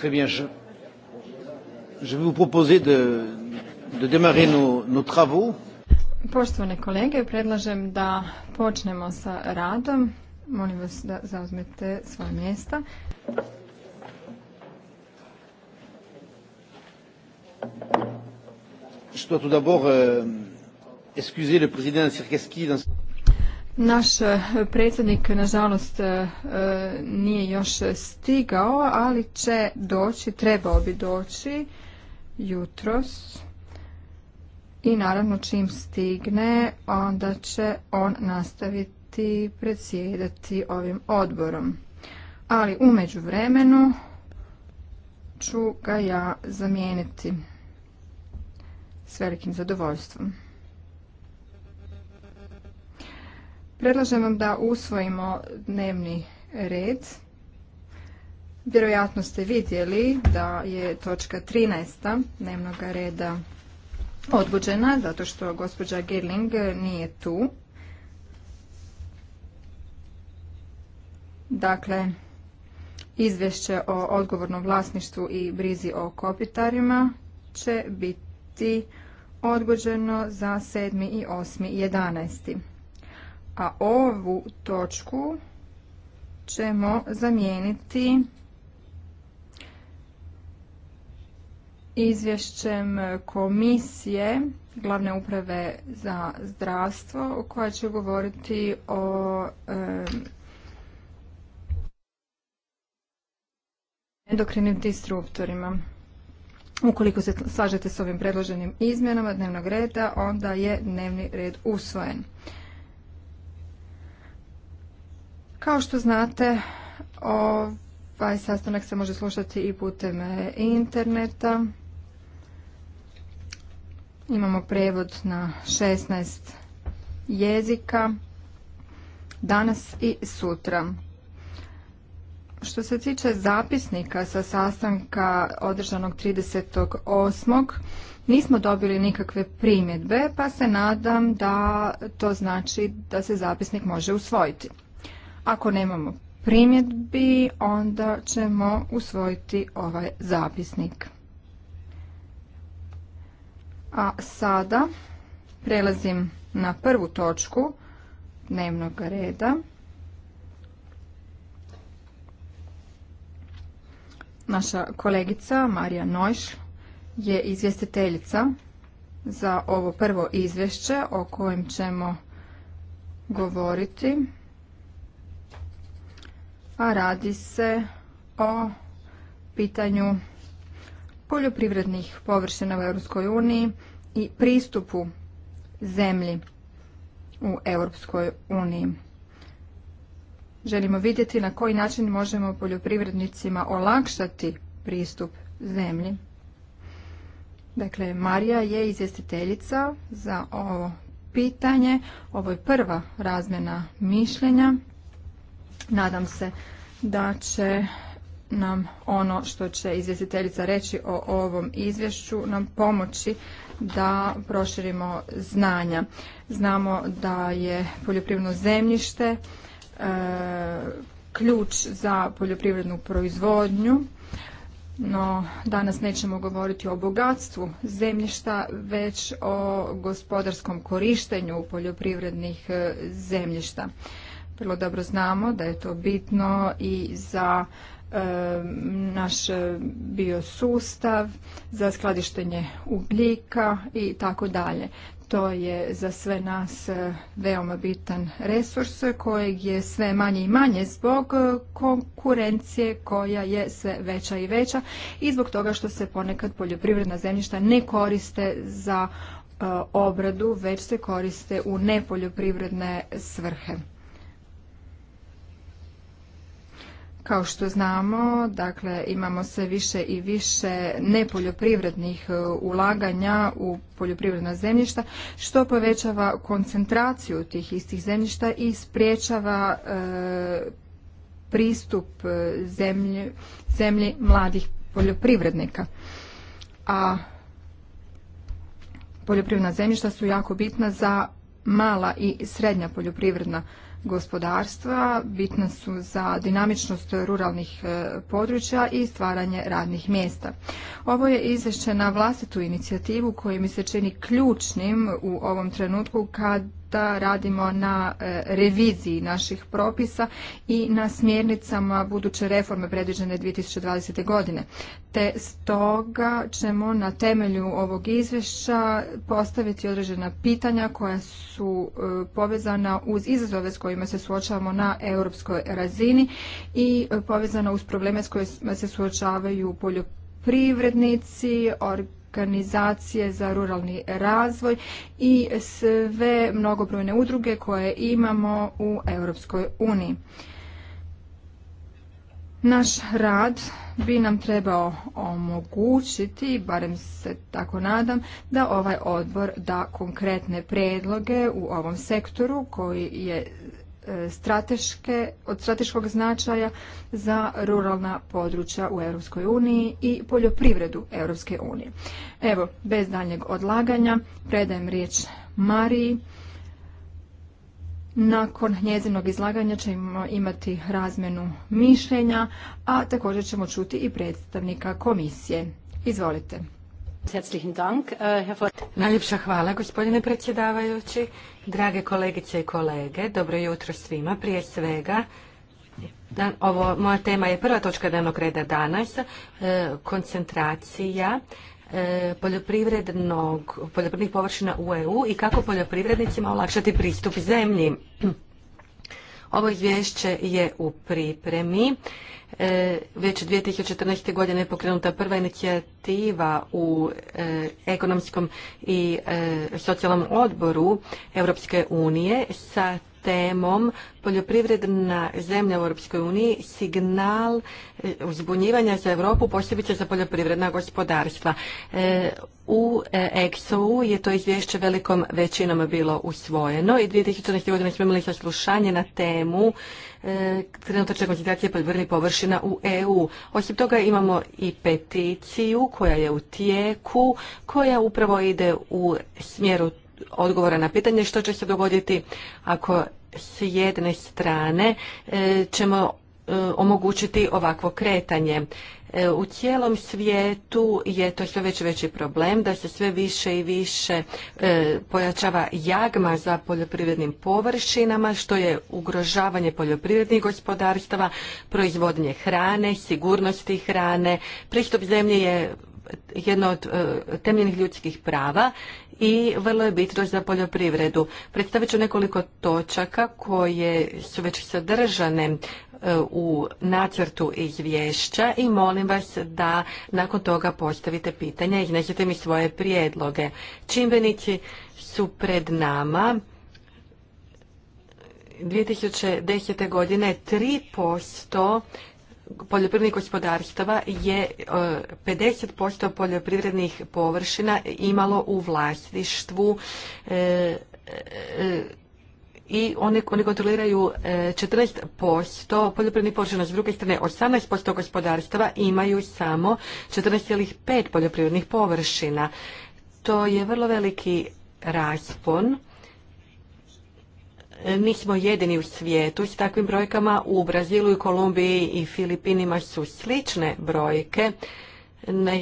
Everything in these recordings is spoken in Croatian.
Très bien. Je, je vais vous proposer de, de démarrer nos, nos travaux. Poštovane kolege, predlažem da počnemo sa radom. Molim vas da zauzmete svoje mjesta. Što tu da d'abord euh, excusez le président Sirkeski dans naš e, predsjednik, nažalost, e, nije još stigao, ali će doći, trebao bi doći jutros. I naravno čim stigne, onda će on nastaviti predsjedati ovim odborom. Ali u međuvremenu ću ga ja zamijeniti s velikim zadovoljstvom. Predlažem vam da usvojimo dnevni red. Vjerojatno ste vidjeli da je točka 13. dnevnog reda odgođena zato što gospođa gerling nije tu. Dakle, izvješće o odgovornom vlasništvu i brizi o kopitarima će biti odgođeno za 7. i 8. i 11 a ovu točku ćemo zamijeniti izvješćem komisije glavne uprave za zdravstvo koja će govoriti o endokrinim disruptorima. Ukoliko se slažete s ovim predloženim izmjenama dnevnog reda, onda je dnevni red usvojen. Kao što znate, ovaj sastanak se može slušati i putem interneta. Imamo prevod na 16 jezika danas i sutra. Što se tiče zapisnika sa sastanka održanog 38. nismo dobili nikakve primjedbe, pa se nadam da to znači da se zapisnik može usvojiti. Ako nemamo primjedbi, onda ćemo usvojiti ovaj zapisnik. A sada prelazim na prvu točku dnevnog reda. Naša kolegica Marija Nojš je izvjestiteljica za ovo prvo izvješće o kojem ćemo govoriti a radi se o pitanju poljoprivrednih površina u Europskoj uniji i pristupu zemlji u Europskoj uniji. Želimo vidjeti na koji način možemo poljoprivrednicima olakšati pristup zemlji. Dakle, Marija je izvjestiteljica za ovo pitanje. Ovo je prva razmjena mišljenja. Nadam se da će nam ono što će izvjestiteljica reći o ovom izvješću nam pomoći da proširimo znanja. Znamo da je poljoprivredno zemljište e, ključ za poljoprivrednu proizvodnju, no danas nećemo govoriti o bogatstvu zemljišta, već o gospodarskom korištenju poljoprivrednih e, zemljišta. Vrlo dobro znamo da je to bitno i za e, naš biosustav, za skladištenje ugljika i tako dalje. To je za sve nas e, veoma bitan resurs kojeg je sve manje i manje zbog e, konkurencije koja je sve veća i veća i zbog toga što se ponekad poljoprivredna zemljišta ne koriste za obradu, već se koriste u nepoljoprivredne svrhe. Kao što znamo, dakle, imamo sve više i više nepoljoprivrednih e, ulaganja u poljoprivredna zemljišta, što povećava koncentraciju tih istih zemljišta i spriječava e, pristup e, zemlji, zemlji mladih poljoprivrednika. A poljoprivredna zemljišta su jako bitna za mala i srednja poljoprivredna gospodarstva, bitna su za dinamičnost ruralnih e, područja i stvaranje radnih mjesta. Ovo je izvješće na vlastitu inicijativu koji mi se čini ključnim u ovom trenutku kad da radimo na e, reviziji naših propisa i na smjernicama buduće reforme predviđene 2020. godine. Te stoga ćemo na temelju ovog izvješća postaviti određena pitanja koja su e, povezana uz izazove s kojima se suočavamo na europskoj razini i e, povezana uz probleme s kojima se suočavaju poljoprivrednici, organizacije organizacije za ruralni razvoj i sve mnogobrojne udruge koje imamo u Europskoj uniji. Naš rad bi nam trebao omogućiti, barem se tako nadam, da ovaj odbor da konkretne predloge u ovom sektoru koji je E, strateške, od strateškog značaja za ruralna područja u Europskoj uniji i poljoprivredu Europske unije. Evo, bez daljnjeg odlaganja, predajem riječ Mariji. Nakon njezinog izlaganja ćemo imati razmenu mišljenja, a također ćemo čuti i predstavnika komisije. Izvolite. Äh, Najljepša hvala gospodine predsjedavajući, drage kolegice i kolege, dobro jutro svima. Prije svega, ovo, moja tema je prva točka dnevnog reda danas, e, koncentracija e, poljoprivrednog, poljoprivrednih površina u EU i kako poljoprivrednicima olakšati pristup zemlji. Ovo izvješće je u pripremi. E, već 2014. godine je pokrenuta prva inicijativa u e, ekonomskom i e, socijalnom odboru Europske unije sa temom poljoprivredna zemlja u Europskoj uniji signal e, uzbunjivanja za Europu, posebice za poljoprivredna gospodarstva. E, u e, EXO-u je to izvješće velikom većinom bilo usvojeno i 2014. godine smo imali saslušanje na temu trenutačne koncentracije poljoprivrednih površina u EU. Osim toga imamo i peticiju koja je u tijeku, koja upravo ide u smjeru odgovora na pitanje što će se dogoditi ako s jedne strane e, ćemo e, omogućiti ovakvo kretanje. E, u cijelom svijetu je to sve već veći problem da se sve više i više pojačava jagma za poljoprivrednim površinama što je ugrožavanje poljoprivrednih gospodarstava, proizvodnje hrane, sigurnosti hrane. Pristup zemlje je jedno od temeljnih ljudskih prava i vrlo je bitno za poljoprivredu. Predstavit ću nekoliko točaka koje su već sadržane e, u nacrtu izvješća i molim vas da nakon toga postavite pitanja i iznesete mi svoje prijedloge. Čimbenici su pred nama. 2010. godine 3% poljoprivrednih gospodarstava je 50% e, poljoprivrednih površina imalo u vlasništvu e, e, i oni, oni kontroliraju 14% poljoprivrednih površina. S druge strane, 18% gospodarstava imaju samo 14,5 poljoprivrednih površina. To je vrlo veliki raspon nismo e, jedini u svijetu s takvim brojkama. U Brazilu i Kolumbiji i Filipinima su slične brojke,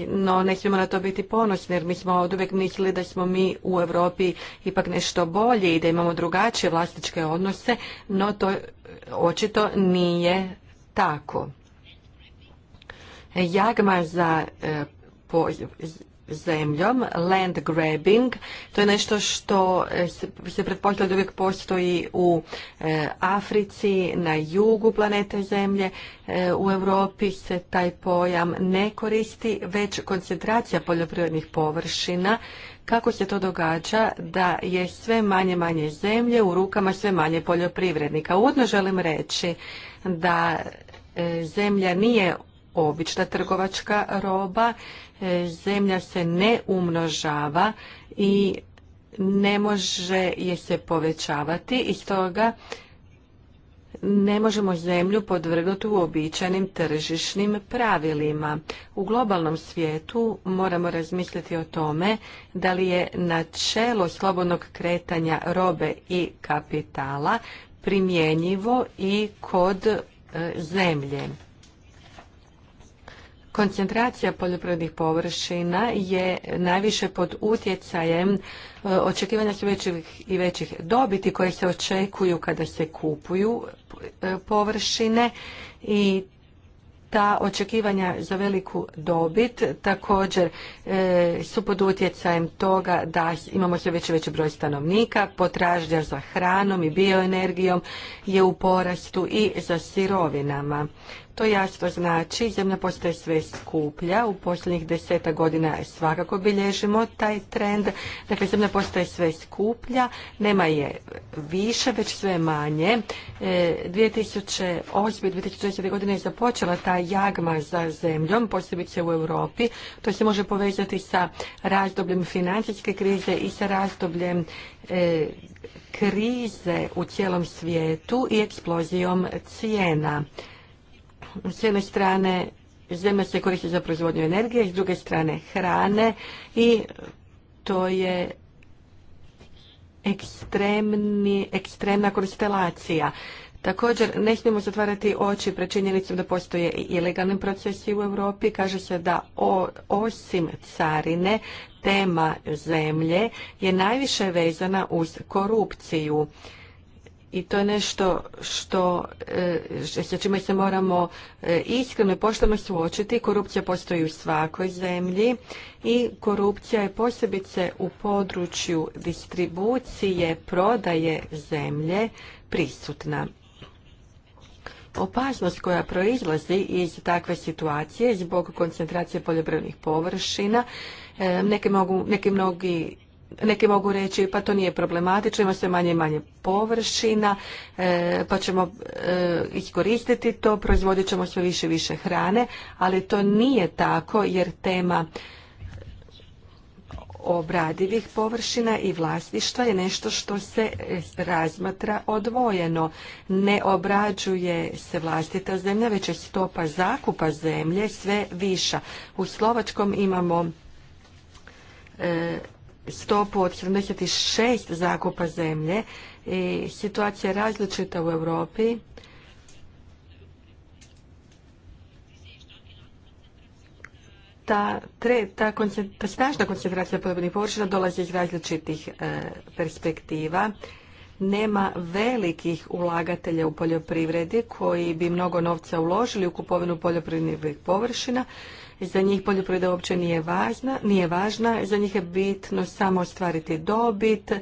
no ne smijemo na to biti ponosni jer mi smo od uvijek mislili da smo mi u Europi ipak nešto bolji i da imamo drugačije vlasničke odnose, no to očito nije tako. E, jagma za e, zemljom, land grabbing, to je nešto što eh, se pretpostavlja da uvijek postoji u eh, Africi, na jugu planete zemlje, eh, u Europi se taj pojam ne koristi, već koncentracija poljoprivrednih površina, kako se to događa da je sve manje manje zemlje u rukama sve manje poljoprivrednika. Uvodno želim reći da zemlja nije obična trgovačka roba, e, zemlja se ne umnožava i ne može je se povećavati i stoga ne možemo zemlju podvrgnuti uobičajenim tržišnim pravilima. U globalnom svijetu moramo razmisliti o tome da li je načelo slobodnog kretanja robe i kapitala primjenjivo i kod e, zemlje. Koncentracija poljoprivrednih površina je najviše pod utjecajem e, očekivanja sve većih i većih dobiti koje se očekuju kada se kupuju e, površine i ta očekivanja za veliku dobit također e, su pod utjecajem toga da imamo sve veći veći broj stanovnika, potražnja za hranom i bioenergijom je u porastu i za sirovinama. To jasno znači, zemlja postaje sve skuplja, u posljednjih deseta godina svakako bilježimo taj trend, dakle zemlja postaje sve skuplja, nema je više, već sve manje. E, 2008. i 2010. godine je započela ta jagma za zemljom, posebice u Europi. To se može povezati sa razdobljem financijske krize i sa razdobljem e, krize u cijelom svijetu i eksplozijom cijena. S jedne strane zemlja se koristi za proizvodnju energije, s druge strane hrane i to je ekstremni, ekstremna konstelacija. Također, ne smijemo zatvarati oči pred činjenicom da postoje ilegalni procesi u Europi. Kaže se da o, osim carine, tema zemlje je najviše vezana uz korupciju i to je nešto što e, sa čime se moramo e, iskreno i pošteno suočiti. Korupcija postoji u svakoj zemlji i korupcija je posebice u području distribucije, prodaje zemlje prisutna. Opasnost koja proizlazi iz takve situacije zbog koncentracije poljoprivrednih površina, e, neki, neki mnogi neki mogu reći pa to nije problematično, ima sve manje i manje površina, e, pa ćemo e, ih koristiti to, proizvodit ćemo sve više i više hrane, ali to nije tako jer tema obradivih površina i vlasništva je nešto što se razmatra odvojeno. Ne obrađuje se vlastita zemlja, već je stopa zakupa zemlje sve viša. U Slovačkom imamo e, stopu od 76 zakupa zemlje i situacija je različita u Europi. Ta, snažna koncentracija poljoprivrednih površina dolazi iz različitih e, perspektiva. Nema velikih ulagatelja u poljoprivredi koji bi mnogo novca uložili u kupovinu poljoprivrednih površina. Za njih poljoprivreda uopće nije važna, nije važna, za njih je bitno samo ostvariti dobit,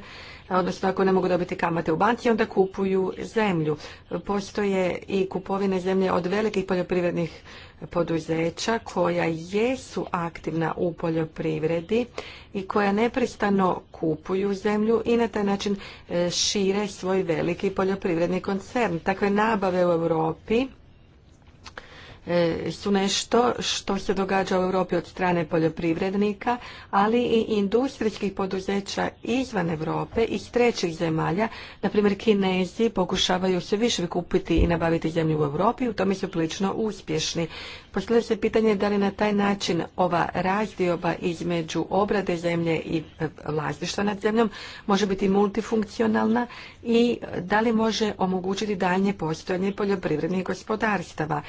odnosno ako ne mogu dobiti kamate u banci, onda kupuju zemlju. Postoje i kupovine zemlje od velikih poljoprivrednih poduzeća koja jesu aktivna u poljoprivredi i koja neprestano kupuju zemlju i na taj način e, šire svoj veliki poljoprivredni koncern. Takve nabave u Europi E, su nešto što se događa u Europi od strane poljoprivrednika, ali i industrijskih poduzeća izvan Europe, iz trećih zemalja. Na primjer, Kinezi pokušavaju se više kupiti i nabaviti zemlju u Europi u tome su prilično uspješni. Postavlja se pitanje da li na taj način ova razdioba između obrade zemlje i vlasništva nad zemljom može biti multifunkcionalna i da li može omogućiti daljnje postojanje poljoprivrednih gospodarstava.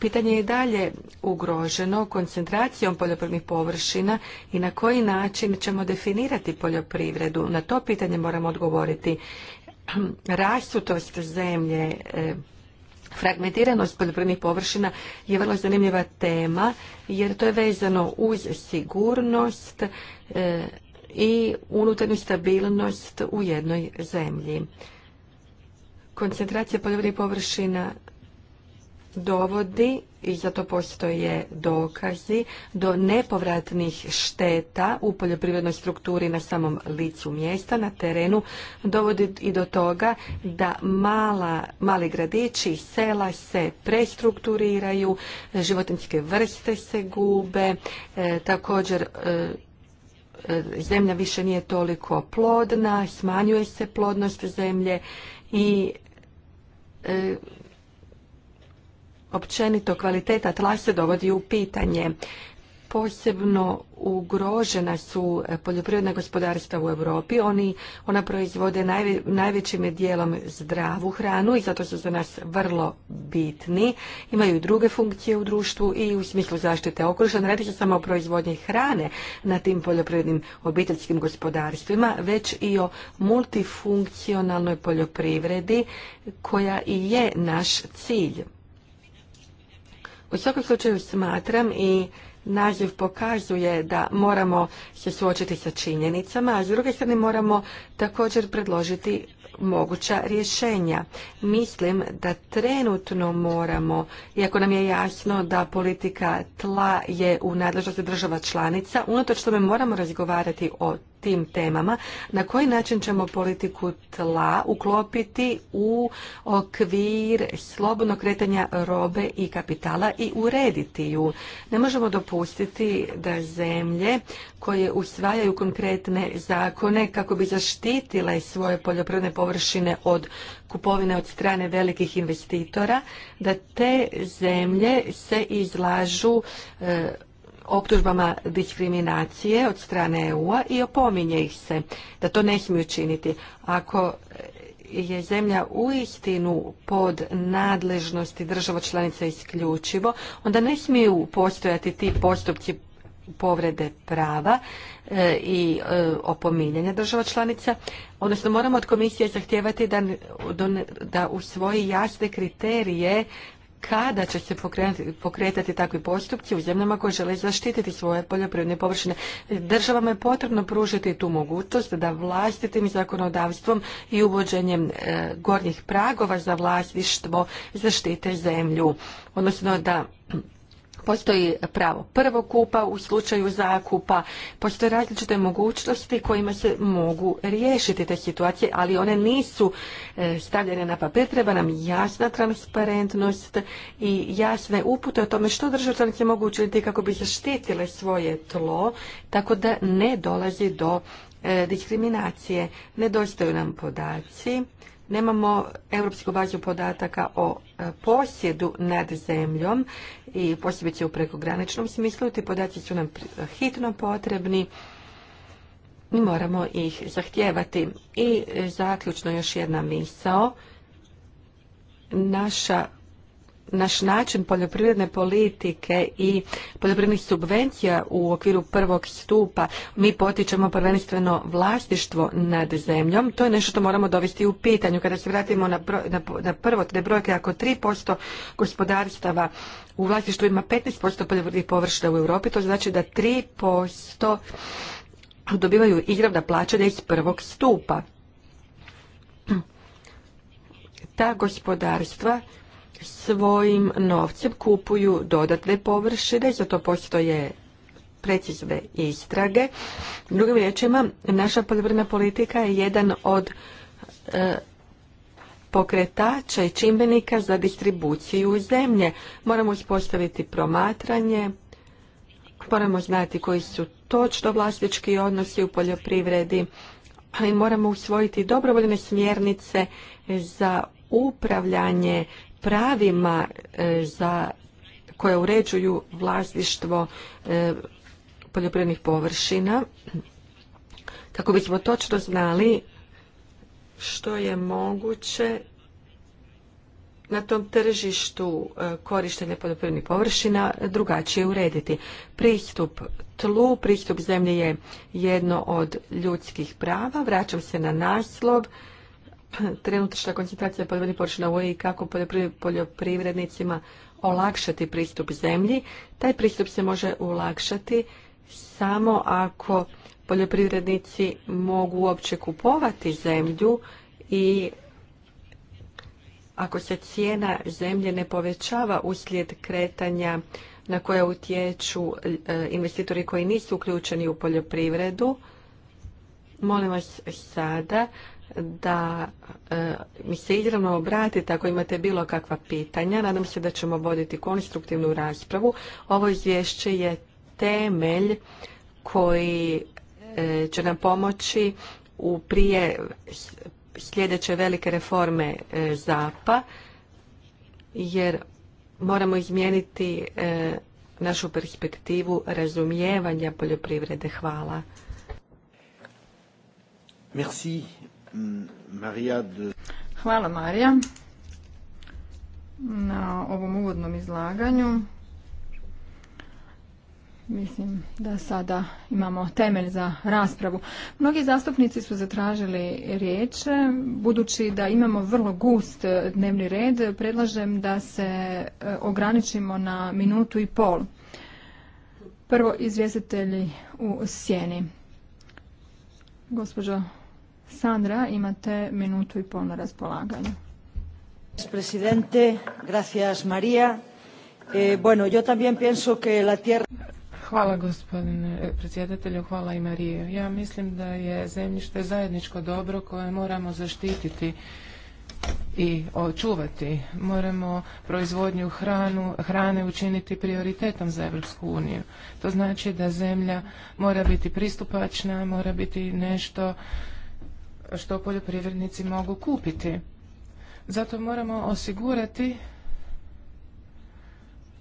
Pitanje je dalje ugroženo koncentracijom poljoprivrednih površina i na koji način ćemo definirati poljoprivredu. Na to pitanje moramo odgovoriti. Rasutost zemlje, e, fragmentiranost poljoprivrednih površina je vrlo zanimljiva tema jer to je vezano uz sigurnost e, i unutarnju stabilnost u jednoj zemlji. Koncentracija poljoprivrednih površina dovodi i za to postoje dokazi do nepovratnih šteta u poljoprivrednoj strukturi na samom licu mjesta na terenu dovodi i do toga da mali gradići sela se prestrukturiraju životinske vrste se gube e, također e, e, zemlja više nije toliko plodna smanjuje se plodnost zemlje i općenito kvaliteta tla se dovodi u pitanje. Posebno ugrožena su poljoprivredna gospodarstva u Europi. Oni, ona proizvode najvećim dijelom zdravu hranu i zato su za nas vrlo bitni. Imaju druge funkcije u društvu i u smislu zaštite okoliša. Ne radi se samo o proizvodnji hrane na tim poljoprivrednim obiteljskim gospodarstvima, već i o multifunkcionalnoj poljoprivredi koja i je naš cilj. U svakom slučaju smatram i naziv pokazuje da moramo se suočiti sa činjenicama, a s druge strane moramo također predložiti moguća rješenja. Mislim da trenutno moramo, iako nam je jasno da politika tla je u nadležnosti država članica, unatoč tome moramo razgovarati o tim temama, na koji način ćemo politiku tla uklopiti u okvir slobodnog kretanja robe i kapitala i urediti ju. Ne možemo dopustiti da zemlje koje usvajaju konkretne zakone kako bi zaštitile svoje poljoprivredne površine od kupovine od strane velikih investitora, da te zemlje se izlažu e, optužbama diskriminacije od strane EU-a i opominje ih se da to ne smiju činiti. Ako je zemlja u istinu pod nadležnosti država članica isključivo, onda ne smiju postojati ti postupci povrede prava e, i e, opominjanja država članica. Odnosno moramo od komisije zahtijevati da, da usvoji jasne kriterije kada će se pokretati, takvi postupci u zemljama koje žele zaštititi svoje poljoprivredne površine. Državama je potrebno pružiti tu mogućnost da vlastitim zakonodavstvom i uvođenjem e, gornjih pragova za vlasništvo zaštite zemlju. Odnosno da Postoji pravo prvokupa u slučaju zakupa, postoje različite mogućnosti kojima se mogu riješiti te situacije, ali one nisu e, stavljene na papir. Treba nam jasna transparentnost i jasne upute o tome što države članice mogu učiniti kako bi zaštitile svoje tlo, tako da ne dolazi do e, diskriminacije. Nedostaju nam podaci, nemamo europsku bazu podataka o E, posjedu nad zemljom i posebice u prekograničnom smislu. Ti podaci su nam hitno potrebni i moramo ih zahtijevati. I zaključno još jedna misao. Naša naš način poljoprivredne politike i poljoprivrednih subvencija u okviru prvog stupa mi potičemo prvenstveno vlasništvo nad zemljom. To je nešto što moramo dovesti u pitanju. Kada se vratimo na, prvo, na, prvotne brojke, ako 3% gospodarstava u vlasništvu ima 15% poljoprivrednih površina u Europi, to znači da 3% dobivaju izravna plaćanja iz prvog stupa. Ta gospodarstva svojim novcem kupuju dodatne površine, za to postoje precizne istrage. Drugim riječima, naša poljoprivredna politika je jedan od e, pokretača i čimbenika za distribuciju zemlje. Moramo uspostaviti promatranje, moramo znati koji su točno vlasnički odnosi u poljoprivredi, ali moramo usvojiti dobrovoljne smjernice za upravljanje pravima e, za koje uređuju vlasništvo e, poljoprivrednih površina kako bismo točno znali što je moguće na tom tržištu e, korištenja poljoprivrednih površina drugačije urediti. Pristup tlu, pristup zemlje je jedno od ljudskih prava. Vraćam se na naslov trenutačna koncentracija poljoprivrednih površina u i kako poljoprivrednicima olakšati pristup zemlji. Taj pristup se može ulakšati samo ako poljoprivrednici mogu uopće kupovati zemlju i ako se cijena zemlje ne povećava uslijed kretanja na koje utječu e, investitori koji nisu uključeni u poljoprivredu. Molim vas sada da e, mi se izravno obratite ako imate bilo kakva pitanja. Nadam se da ćemo voditi konstruktivnu raspravu. Ovo izvješće je temelj koji e, će nam pomoći u prije sljedeće velike reforme e, ZAPA, jer moramo izmijeniti našu perspektivu razumijevanja poljoprivrede. Hvala. Merci, Hvala Marija na ovom uvodnom izlaganju. Mislim da sada imamo temelj za raspravu. Mnogi zastupnici su zatražili riječ. Budući da imamo vrlo gust dnevni red, predlažem da se e, ograničimo na minutu i pol. Prvo izvjestitelji u sjeni. Gospođo Sandra, imate minutu i pol na raspolaganju. Presidente, gracias María. Eh, bueno, yo también pienso que la tierra... Hvala gospodine predsjedatelju, hvala i Marije. Ja mislim da je zemljište zajedničko dobro koje moramo zaštititi i očuvati. Moramo proizvodnju hranu, hrane učiniti prioritetom za Evropsku uniju. To znači da zemlja mora biti pristupačna, mora biti nešto što poljoprivrednici mogu kupiti. Zato moramo osigurati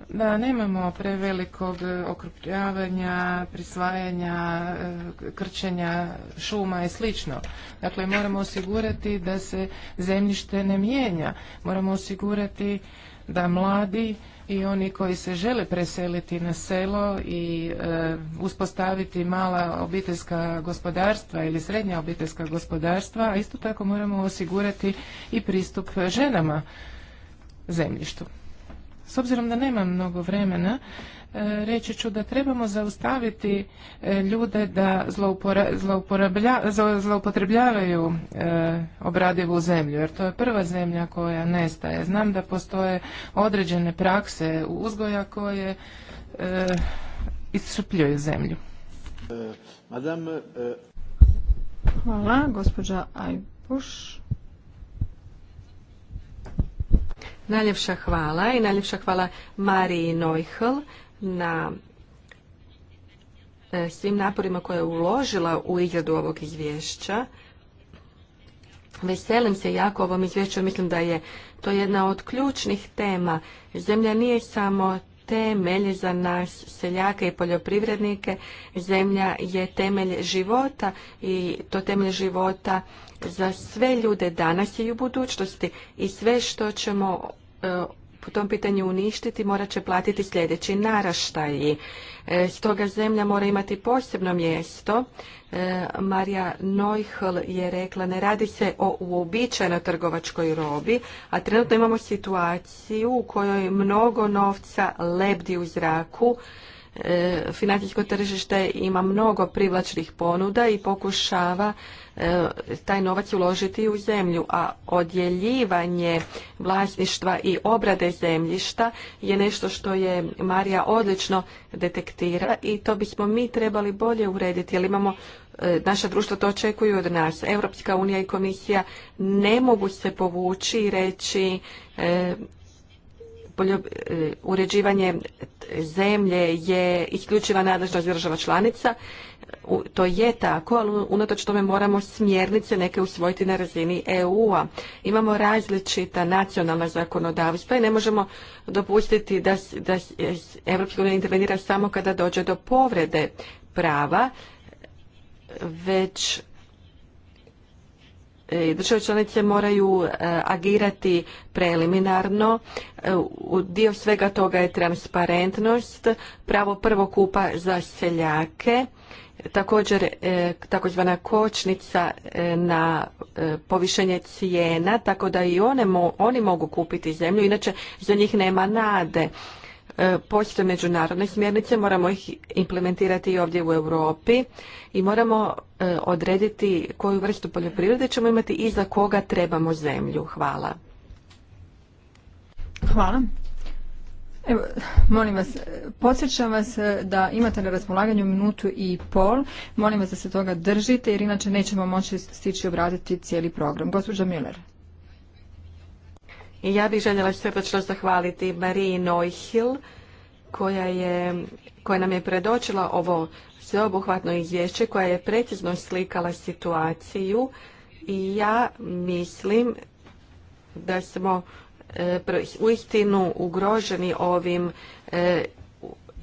da nemamo prevelikog okrupnjavanja, prisvajanja, e, krčenja šuma i slično. Dakle, moramo osigurati da se zemljište ne mijenja. Moramo osigurati da mladi i oni koji se žele preseliti na selo i e, uspostaviti mala obiteljska gospodarstva ili srednja obiteljska gospodarstva, a isto tako moramo osigurati i pristup ženama zemljištu. S obzirom da nemam mnogo vremena, E, reći ću da trebamo zaustaviti e, ljude da zloupotrebljavaju e, obradivu zemlju, jer to je prva zemlja koja nestaje. Znam da postoje određene prakse uzgoja koje iscrpljuju zemlju. Hvala, gospođa Ajbuš. Najljepša hvala i najljepša hvala Mariji Neuhl na e, svim naporima koje je uložila u izradu ovog izvješća. Veselim se jako ovom izvješću, mislim da je to jedna od ključnih tema. Zemlja nije samo temelj za nas seljake i poljoprivrednike, zemlja je temelj života i to temelj života za sve ljude danas i u budućnosti i sve što ćemo e, po tom pitanju uništiti morat će platiti sljedeći naraštaji. E, stoga zemlja mora imati posebno mjesto. E, Marija Neuhl je rekla ne radi se o uobičajenoj trgovačkoj robi, a trenutno imamo situaciju u kojoj mnogo novca lebdi u zraku E, financijsko tržište ima mnogo privlačnih ponuda i pokušava e, taj novac uložiti u zemlju, a odjeljivanje vlasništva i obrade zemljišta je nešto što je Marija odlično detektira i to bismo mi trebali bolje urediti, jer imamo e, naša društva to očekuju od nas. Europska unija i komisija ne mogu se povući i reći E, uređivanje zemlje je isključiva nadležnost država članica. To je tako, ali unatoč tome moramo smjernice neke usvojiti na razini EU-a. Imamo različita nacionalna zakonodavstva i ne možemo dopustiti da, da unija intervenira samo kada dođe do povrede prava, već E, države članice moraju e, agirati preliminarno. E, dio svega toga je transparentnost, pravo prvokupa za seljake, također takozvana kočnica na povišenje cijena, tako da i oni mogu kupiti zemlju, inače za njih nema nade. E, postoje međunarodne smjernice, moramo ih implementirati i ovdje u Europi i moramo e, odrediti koju vrstu poljoprivrede ćemo imati i za koga trebamo zemlju. Hvala. Hvala. Evo, molim vas, podsjećam vas e, da imate na raspolaganju minutu i pol. Molim vas da se toga držite jer inače nećemo moći stići obraditi cijeli program. Gospođa Miller. I ja bih željela srdačno zahvaliti Mariji Neuhil koja, je, koja nam je predočila ovo sveobuhvatno izvješće koja je precizno slikala situaciju i ja mislim da smo e, uistinu ugroženi ovim e,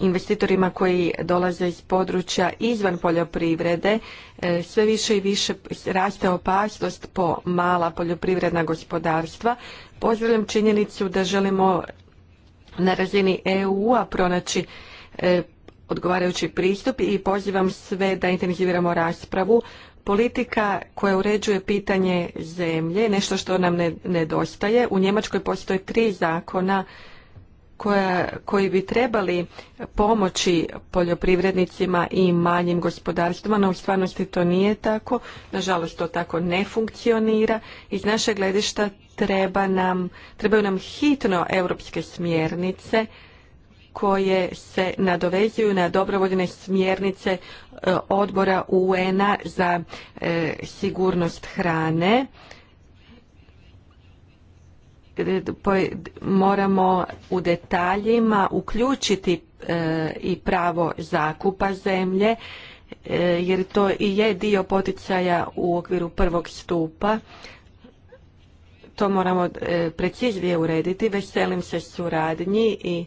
investitorima koji dolaze iz područja izvan poljoprivrede e, sve više i više raste opasnost po mala poljoprivredna gospodarstva. Pozdravljam činjenicu da želimo na razini EU-a pronaći e, odgovarajući pristup i pozivam sve da intenziviramo raspravu. Politika koja uređuje pitanje zemlje, nešto što nam nedostaje. U Njemačkoj postoje tri zakona koja, koji bi trebali pomoći poljoprivrednicima i manjim gospodarstvima, no u stvarnosti to nije tako, nažalost to tako ne funkcionira. Iz našeg gledišta treba nam, trebaju nam hitno europske smjernice koje se nadovezuju na dobrovoljne smjernice e, odbora UN-a za e, sigurnost hrane moramo u detaljima uključiti e, i pravo zakupa zemlje e, jer to i je dio poticaja u okviru prvog stupa. To moramo e, preciznije urediti. Veselim se suradnji i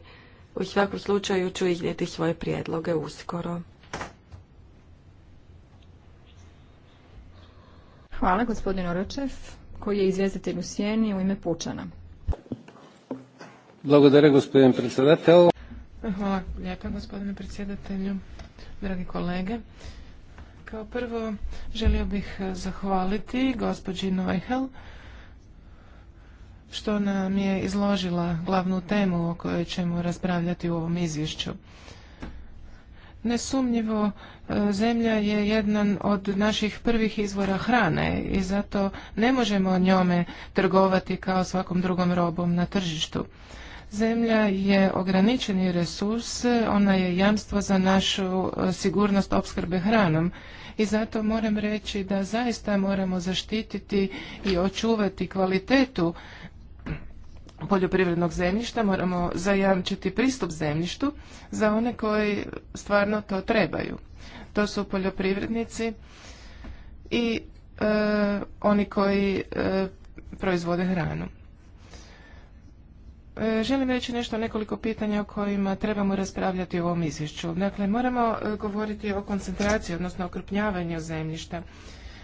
u svakom slučaju ću iznijeti svoje prijedloge uskoro. Hvala gospodin Oročev koji je izvjestitelj u Sjeni u ime Pučana. Благодаря, господин председател. Hvala lijepa, gospodine predsjedatelju, dragi kolege. Kao prvo želio bih zahvaliti gospođi Neuhel što nam je izložila glavnu temu o kojoj ćemo raspravljati u ovom izvješću. Nesumnjivo, e, zemlja je jedan od naših prvih izvora hrane i zato ne možemo njome trgovati kao svakom drugom robom na tržištu. Zemlja je ograničeni resurs, ona je jamstvo za našu e, sigurnost opskrbe hranom i zato moram reći da zaista moramo zaštititi i očuvati kvalitetu poljoprivrednog zemljišta, moramo zajamčiti pristup zemljištu za one koji stvarno to trebaju. To su poljoprivrednici i e, oni koji e, proizvode hranu. E, želim reći nešto nekoliko pitanja o kojima trebamo raspravljati u ovom izvješću. Dakle, moramo govoriti o koncentraciji, odnosno okrupnjavanju zemljišta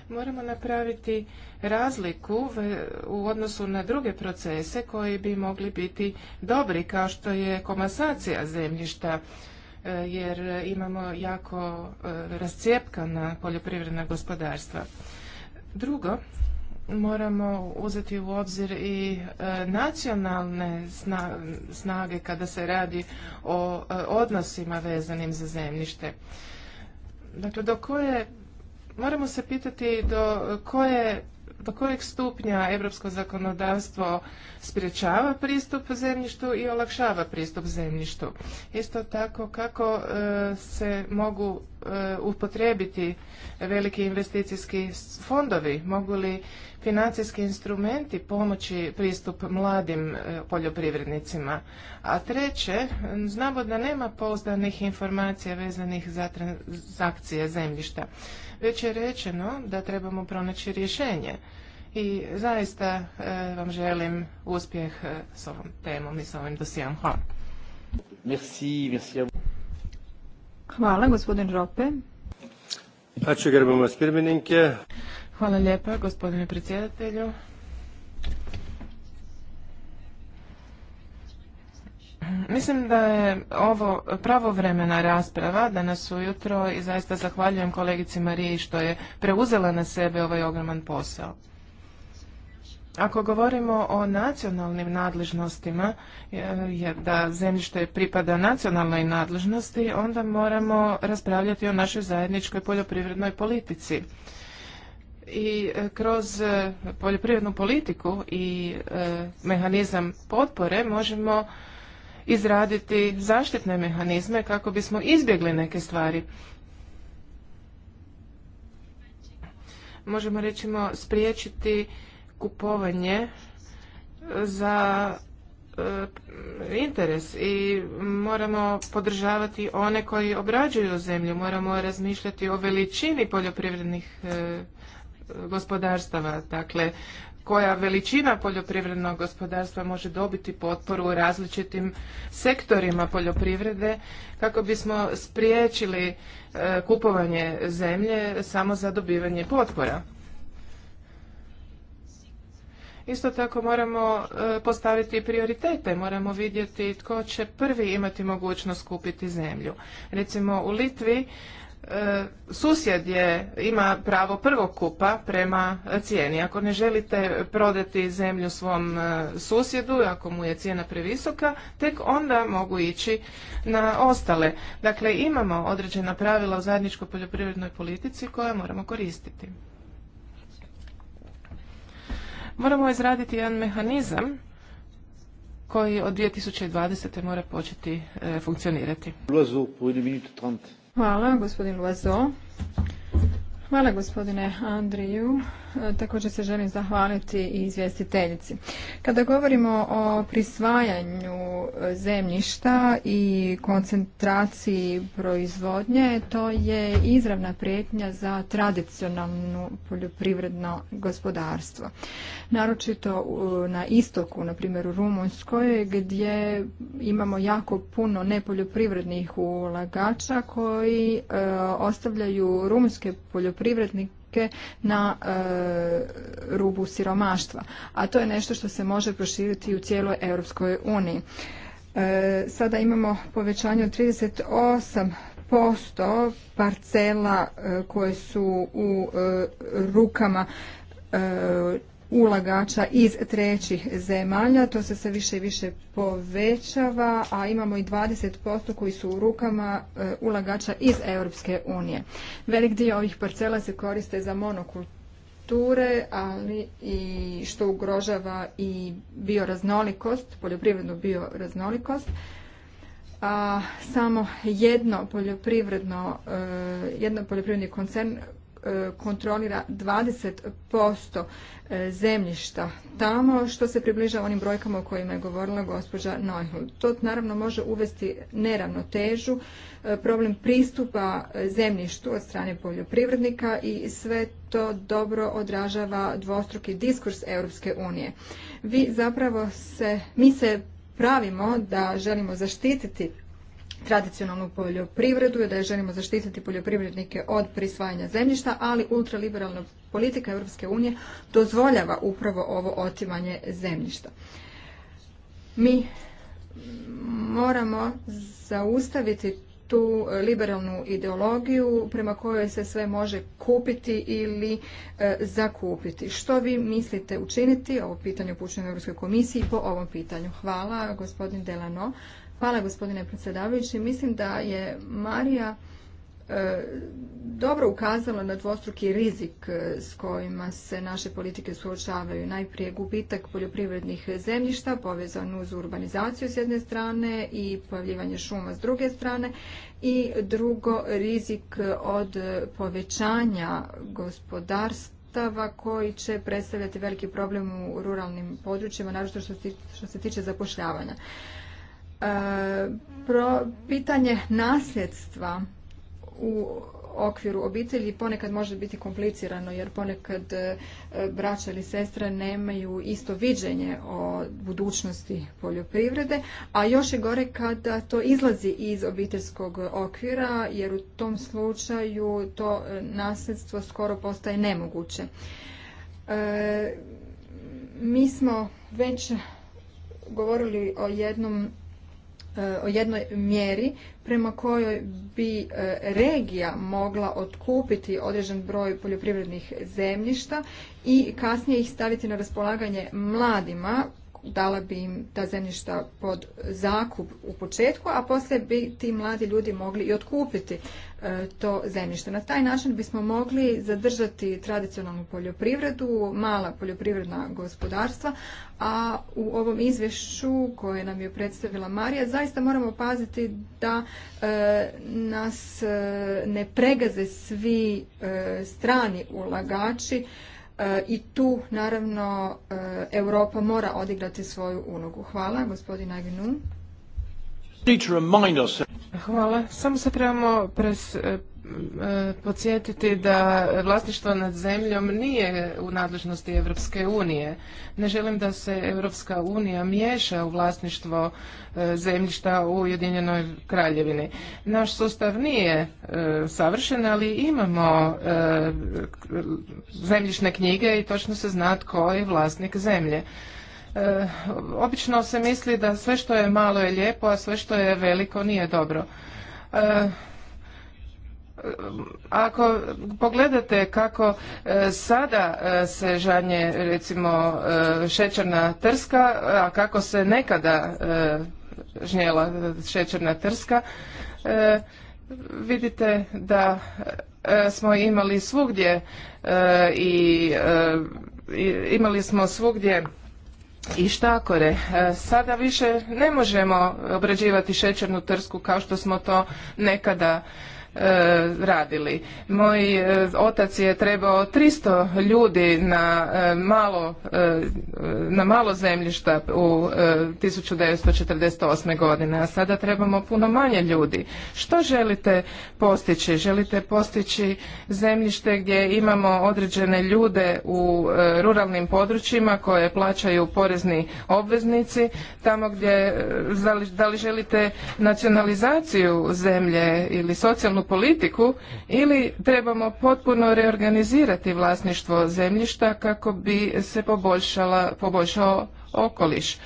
moramo napraviti razliku u odnosu na druge procese koji bi mogli biti dobri, kao što je komasacija zemljišta, e, jer imamo jako e, rascijepkana poljoprivredna gospodarstva. Drugo, moramo uzeti u obzir i e, nacionalne snage kada se radi o odnosima vezanim za zemljište. Dakle, do koje Moramo se pitati do koje do kojeg stupnja europsko zakonodavstvo sprječava pristup zemljištu i olakšava pristup zemljištu. Isto tako kako e, se mogu e, upotrijebiti veliki investicijski fondovi, mogu li financijski instrumenti pomoći pristup mladim e, poljoprivrednicima. A treće, znamo da nema pouzdanih informacija vezanih za transakcije zemljišta. Već je rečeno da trebamo pronaći rješenje. I zaista e, vam želim uspjeh e, s ovom temom i s ovim dosijom. Hvala. Hvala, gospodin Hvala lijepa, gospodine predsjedatelju. Mislim da je ovo pravovremena rasprava danas ujutro i zaista zahvaljujem kolegici Mariji što je preuzela na sebe ovaj ogroman posao. Ako govorimo o nacionalnim nadležnostima, jer da zemljište pripada nacionalnoj nadležnosti, onda moramo raspravljati o našoj zajedničkoj poljoprivrednoj politici i e, kroz e, poljoprivrednu politiku i e, mehanizam potpore možemo izraditi zaštitne mehanizme kako bismo izbjegli neke stvari. Možemo recimo, spriječiti kupovanje za interes i moramo podržavati one koji obrađuju zemlju, moramo razmišljati o veličini poljoprivrednih gospodarstava. Dakle, koja veličina poljoprivrednog gospodarstva može dobiti potporu u različitim sektorima poljoprivrede kako bismo spriječili e, kupovanje zemlje samo za dobivanje potpora. Isto tako moramo e, postaviti prioritete, moramo vidjeti tko će prvi imati mogućnost kupiti zemlju. Recimo u Litvi E, susjed je, ima pravo prvokupa prema cijeni. Ako ne želite prodati zemlju svom e, susjedu, ako mu je cijena previsoka, tek onda mogu ići na ostale. Dakle, imamo određena pravila u zajedničkoj poljoprivrednoj politici koja moramo koristiti. Moramo izraditi jedan mehanizam koji od 2020. mora početi e, funkcionirati. Ulazu 30. Hvala, gospodin Loazo. Hvala, gospodine Andriju, također se želim zahvaliti i izvjestiteljici. Kada govorimo o prisvajanju zemljišta i koncentraciji proizvodnje, to je izravna prijetnja za tradicionalno poljoprivredno gospodarstvo. Naročito na istoku, na primjer u Rumunjskoj, gdje imamo jako puno nepoljoprivrednih ulagača koji e, ostavljaju rumunjske poljoprivrednike Afrike na e, rubu siromaštva. A to je nešto što se može proširiti u cijeloj Europskoj uniji. E, sada imamo povećanje od 38 posto parcela e, koje su u rukama ulagača iz trećih zemalja. To se sve više i više povećava, a imamo i 20% koji su u rukama e, ulagača iz Europske unije. Velik dio ovih parcela se koriste za monokulture, ali i što ugrožava i bioraznolikost, poljoprivrednu bioraznolikost. A samo jedno poljoprivredno, e, jedno poljoprivredni koncern E, kontrolira 20% e, zemljišta tamo, što se približa onim brojkama o kojima je govorila gospođa Neuhl. To naravno može uvesti neravnotežu, e, problem pristupa zemljištu od strane poljoprivrednika i sve to dobro odražava dvostruki diskurs Europske unije. Vi zapravo se, mi se pravimo da želimo zaštititi tradicionalnu poljoprivredu i da je želimo zaštititi poljoprivrednike od prisvajanja zemljišta, ali ultraliberalna politika Europske unije dozvoljava upravo ovo otimanje zemljišta. Mi moramo zaustaviti tu liberalnu ideologiju prema kojoj se sve može kupiti ili e, zakupiti. Što vi mislite učiniti? Ovo pitanje upućujem Europskoj komisiji po ovom pitanju. Hvala, gospodin Delano. Hvala gospodine predsjedavajući. Mislim da je Marija e, dobro ukazala na dvostruki rizik e, s kojima se naše politike suočavaju. Najprije gubitak poljoprivrednih zemljišta povezan uz urbanizaciju s jedne strane i pojavljivanje šuma s druge strane i drugo rizik od povećanja gospodarstava koji će predstavljati veliki problem u ruralnim područjima, naročito što se tiče zapošljavanja. E, pro, pitanje nasljedstva u okviru obitelji ponekad može biti komplicirano jer ponekad e, braća ili sestre nemaju isto viđenje o budućnosti poljoprivrede, a još je gore kada to izlazi iz obiteljskog okvira jer u tom slučaju to e, nasljedstvo skoro postaje nemoguće. mi smo već govorili o jednom E, o jednoj mjeri prema kojoj bi e, regija mogla otkupiti određen broj poljoprivrednih zemljišta i kasnije ih staviti na raspolaganje mladima dala bi im ta zemljišta pod zakup u početku, a poslije bi ti mladi ljudi mogli i otkupiti e, to zemljište. Na taj način bismo mogli zadržati tradicionalnu poljoprivredu, mala poljoprivredna gospodarstva, a u ovom izvješću koje nam je predstavila Marija zaista moramo paziti da e, nas e, ne pregaze svi strani ulagači E, i tu naravno e, Europa mora odigrati svoju ulogu. Hvala, gospodin Aginu. Hvala. Samo se trebamo pres, E, podsjetiti da vlasništvo nad zemljom nije u nadležnosti Europske unije. Ne želim da se Europska unija miješa u vlasništvo e, zemljišta u Ujedinjenoj kraljevini. Naš sustav nije e, savršen, ali imamo zemljišne knjige i točno se zna tko je vlasnik zemlje. Obično se misli da sve što je malo je lijepo, a sve što je veliko nije dobro ako pogledate kako e, sada e, se žanje recimo e, šećerna trska, a kako se nekada žnjela šećerna trska, vidite da smo imali svugdje i imali smo svugdje i štakore. Sada više ne možemo obrađivati šećernu trsku kao što smo to nekada E, radili. Moj e, otac je trebao 300 ljudi na e, malo, na malo zemljišta u 1948. godine, a sada trebamo puno manje ljudi. Što želite postići? Želite postići zemljište gdje imamo određene ljude u ruralnim područjima koje plaćaju porezni obveznici, tamo gdje da li želite nacionalizaciju zemlje ili socijalnu politiku ili trebamo potpuno reorganizirati vlasništvo zemljišta kako bi se poboljšao okoliš.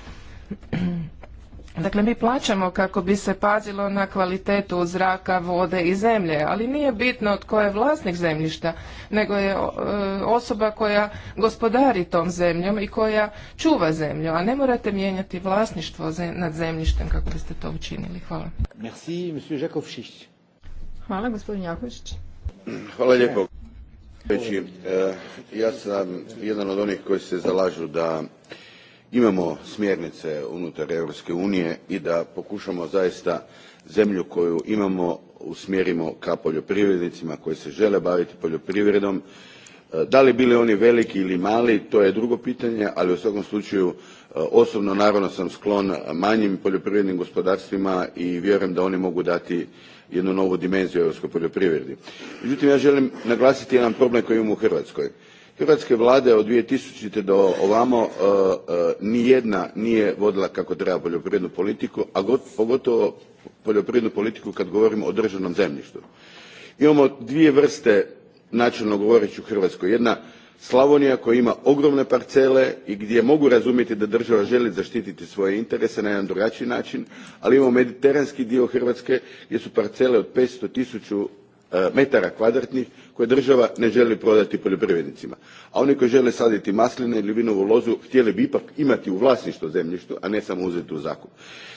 Dakle, mi plaćamo kako bi se pazilo na kvalitetu zraka, vode i zemlje, ali nije bitno tko je vlasnik zemljišta, nego je e, osoba koja gospodari tom zemljom i koja čuva zemlju, a ne morate mijenjati vlasništvo nad zemljištem kako biste to učinili. Hvala. Merci, Hvala, gospodin Jaković. Hvala lijepo. Eh, ja sam jedan od onih koji se zalažu da imamo smjernice unutar Europske unije i da pokušamo zaista zemlju koju imamo usmjerimo ka poljoprivrednicima koji se žele baviti poljoprivredom. Eh, da li bili oni veliki ili mali, to je drugo pitanje, ali u svakom slučaju eh, osobno naravno sam sklon manjim poljoprivrednim gospodarstvima i vjerujem da oni mogu dati jednu novu dimenziju europskoj poljoprivredi. međutim ja želim naglasiti jedan problem koji imamo u hrvatskoj. hrvatske vlade od. 2000. do ovamo e, e, nijedna nije vodila kako treba poljoprivrednu politiku a pogotovo poljoprivrednu politiku kad govorimo o državnom zemljištu. imamo dvije vrste načelno govoreći u hrvatskoj jedna slavonija koja ima ogromne parcele i gdje mogu razumjeti da država želi zaštititi svoje interese na jedan drugačiji način ali imamo mediteranski dio hrvatske gdje su parcele od petsto hundred metara kvadratnih koje država ne želi prodati poljoprivrednicima a oni koji žele saditi masline ili vinovu lozu htjeli bi ipak imati u vlasništvu zemljište a ne samo uzeti u zakup.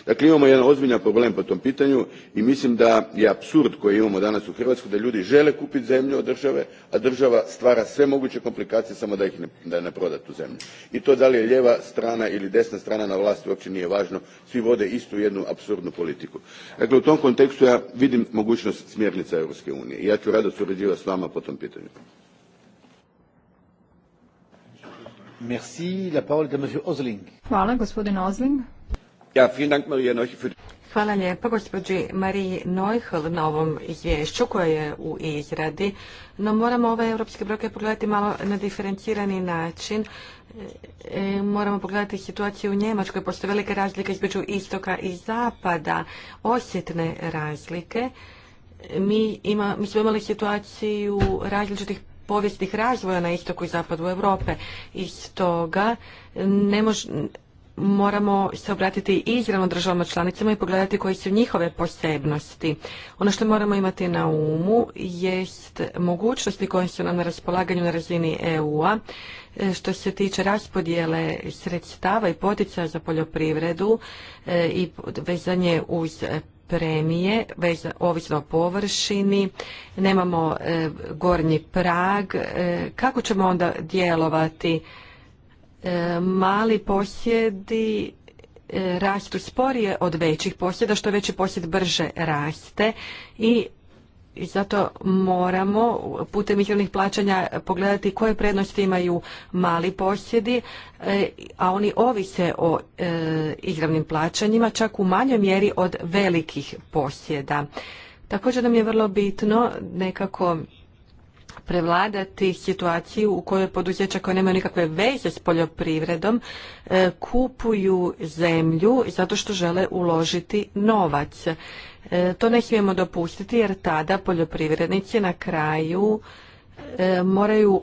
dakle imamo jedan ozbiljan problem po tom pitanju i mislim da je apsurd koji imamo danas u hrvatskoj da ljudi žele kupiti zemlju od države a država stvara sve moguće komplikacije samo da, ih ne, da ne proda tu zemlju. i to da li je lijeva strana ili desna strana na vlasti uopće nije važno svi vode istu jednu apsurdnu politiku. dakle u tom kontekstu ja vidim mogućnost smjernica europske unije i ja ću rado surađivati s vama po tom pitanju. Hvala, lijepa gospođi Mariji Neuhl na ovom izvješću koje je u izradi, no moramo ove europske brojke pogledati malo na diferencirani način. E, moramo pogledati situaciju u Njemačkoj, postoje velike razlike između istoka i zapada, osjetne razlike. Mi, mi smo imali situaciju različitih povijesnih razvoja na istoku i zapadu Europe. I stoga ne mož, moramo se obratiti izravno državama članicama i pogledati koje su njihove posebnosti. Ono što moramo imati na umu jest mogućnosti koje su nam na raspolaganju na razini EU-a e, što se tiče raspodjele sredstava i poticaja za poljoprivredu e, i vezanje uz premije, već ovisno o površini, nemamo e, gornji prag. E, kako ćemo onda djelovati? E, mali posjedi rastu sporije od većih posjeda, što veći posjed brže raste i i zato moramo putem izravnih plaćanja pogledati koje prednosti imaju mali posjedi, e, a oni ovise o e, izravnim plaćanjima čak u manjoj mjeri od velikih posjeda. Također nam je vrlo bitno nekako prevladati situaciju u kojoj poduzeća koja nemaju nikakve veze s poljoprivredom e, kupuju zemlju zato što žele uložiti novac. E, to ne smijemo dopustiti jer tada poljoprivrednici na kraju e, moraju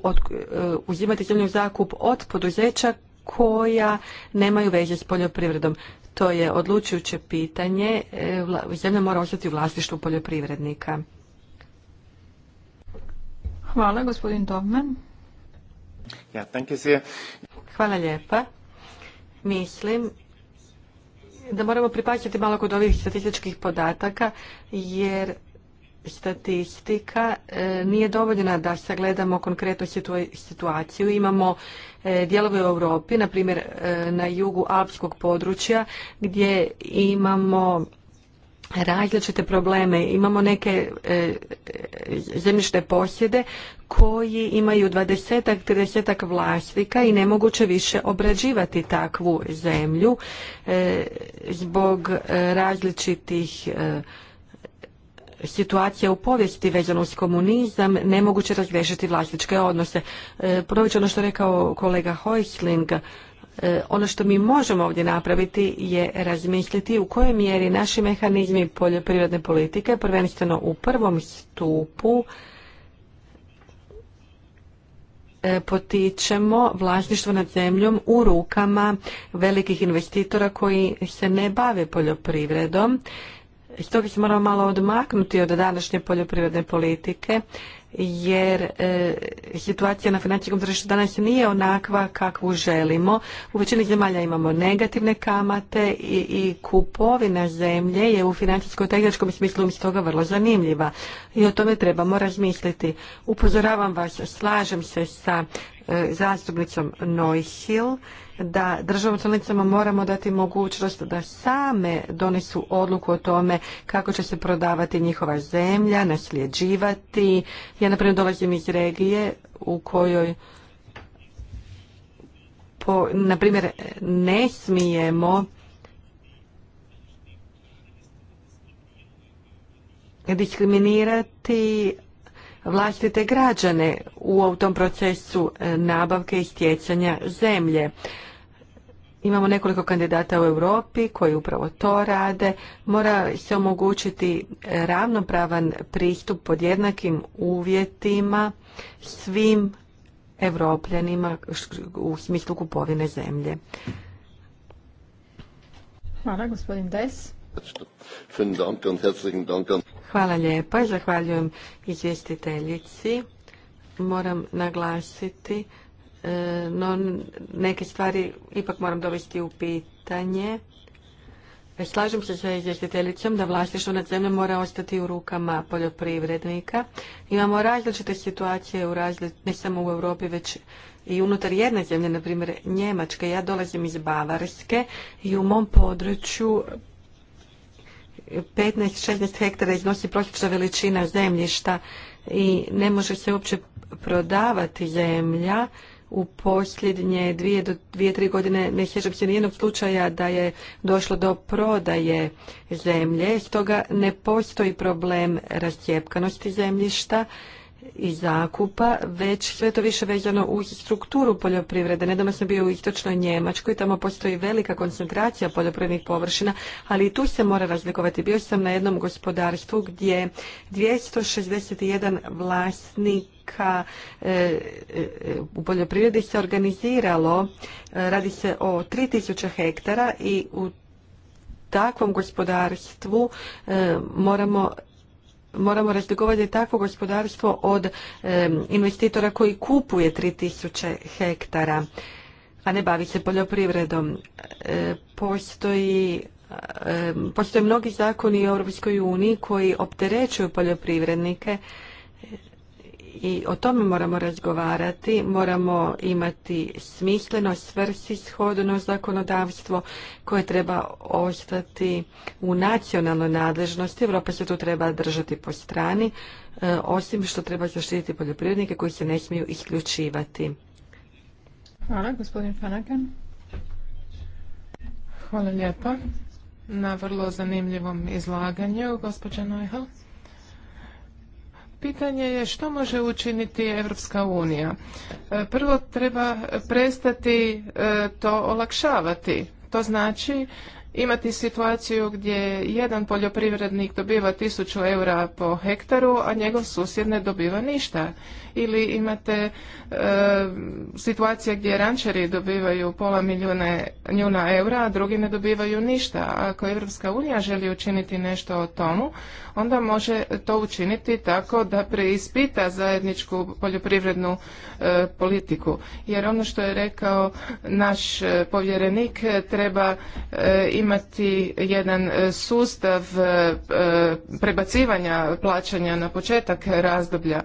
uzimati zemlju zakup od poduzeća koja nemaju veze s poljoprivredom. To je odlučujuće pitanje. Zemlja mora ostati u vlasništvu poljoprivrednika. Hvala, gospodin Dovman. Ja, Hvala lijepa. Mislim da moramo pripaziti malo kod ovih statističkih podataka, jer statistika e, nije dovoljna da sagledamo konkretnu situaciju. Imamo e, dijelove u Europi, na primjer e, na jugu Alpskog područja, gdje imamo različite probleme. Imamo neke e, posjede koji imaju dvadesetak, tridesetak vlasnika i nemoguće više obrađivati takvu zemlju e, zbog e, različitih e, situacija u povijesti vezano uz komunizam nemoguće razriješiti vlasničke odnose. E, ono što je rekao kolega Hojsling, E, ono što mi možemo ovdje napraviti je razmisliti u kojoj mjeri naši mehanizmi poljoprivredne politike, prvenstveno u prvom stupu, e, potičemo vlasništvo nad zemljom u rukama velikih investitora koji se ne bave poljoprivredom. Stoga se moramo malo odmaknuti od današnje poljoprivredne politike jer e, situacija na financijskom tržištu danas nije onakva kakvu želimo. U većini zemalja imamo negativne kamate i, i kupovina zemlje je u financijsko-tehničkom smislu toga vrlo zanimljiva i o tome trebamo razmisliti. Upozoravam vas, slažem se sa E, zastupnicom Neuhil da državom članicama moramo dati mogućnost da same donesu odluku o tome kako će se prodavati njihova zemlja, nasljeđivati. Ja primjer, dolazim iz regije u kojoj po, na primjer ne smijemo diskriminirati vlastite građane u tom procesu e, nabavke i stjecanja zemlje. Imamo nekoliko kandidata u Europi koji upravo to rade. Mora se omogućiti e, ravnopravan pristup pod jednakim uvjetima svim evropljanima u smislu kupovine zemlje. Hvala, gospodin Des. Hvala lijepa zahvaljujem izvjestiteljici. Moram naglasiti, e, no neke stvari ipak moram dovesti u pitanje. E, slažem se sa izvjestiteljicom da vlastištvo nad zemljom mora ostati u rukama poljoprivrednika. Imamo različite situacije u ne samo u Europi, već i unutar jedne zemlje, na primjer Njemačke. Ja dolazim iz Bavarske i u mom području 15-16 hektara iznosi prosječna veličina zemljišta i ne može se uopće prodavati zemlja u posljednje dvije do dvije, tri godine ne sjećam se nijednog slučaja da je došlo do prodaje zemlje, stoga ne postoji problem rascijepkanosti zemljišta i zakupa, već sve to više vezano u strukturu poljoprivrede. Nedavno sam bio u istočnoj Njemačkoj, tamo postoji velika koncentracija poljoprivrednih površina, ali i tu se mora razlikovati. Bio sam na jednom gospodarstvu gdje 261 vlasnika e, e, u poljoprivredi se organiziralo, e, radi se o 3000 hektara i u takvom gospodarstvu moramo moramo razlikovati takvo gospodarstvo od investitora koji kupuje 3000 hektara, a ne bavi se poljoprivredom. E, postoji Postoje mnogi zakoni u Europskoj uniji koji opterećuju poljoprivrednike i o tome moramo razgovarati, moramo imati smisleno, svrsishodno zakonodavstvo koje treba ostati u nacionalnoj nadležnosti. Europa se tu treba držati po strani, e, osim što treba zaštititi poljoprivrednike koji se ne smiju isključivati. Hvala, gospodin Panagan. Hvala lijepa na vrlo zanimljivom izlaganju, gospođa Neuhaus. Pitanje je što može učiniti Evropska unija. E, prvo treba prestati e, to olakšavati. To znači imati situaciju gdje jedan poljoprivrednik dobiva tisuću eura po hektaru, a njegov susjed ne dobiva ništa. Ili imate e, situacije gdje rančeri dobivaju pola milijuna, njuna eura, a drugi ne dobivaju ništa. Ako Evropska unija želi učiniti nešto o tomu, onda može to učiniti tako da preispita zajedničku poljoprivrednu e, politiku. Jer ono što je rekao naš e, povjerenik e, treba imati jedan sustav prebacivanja plaćanja na početak razdoblja.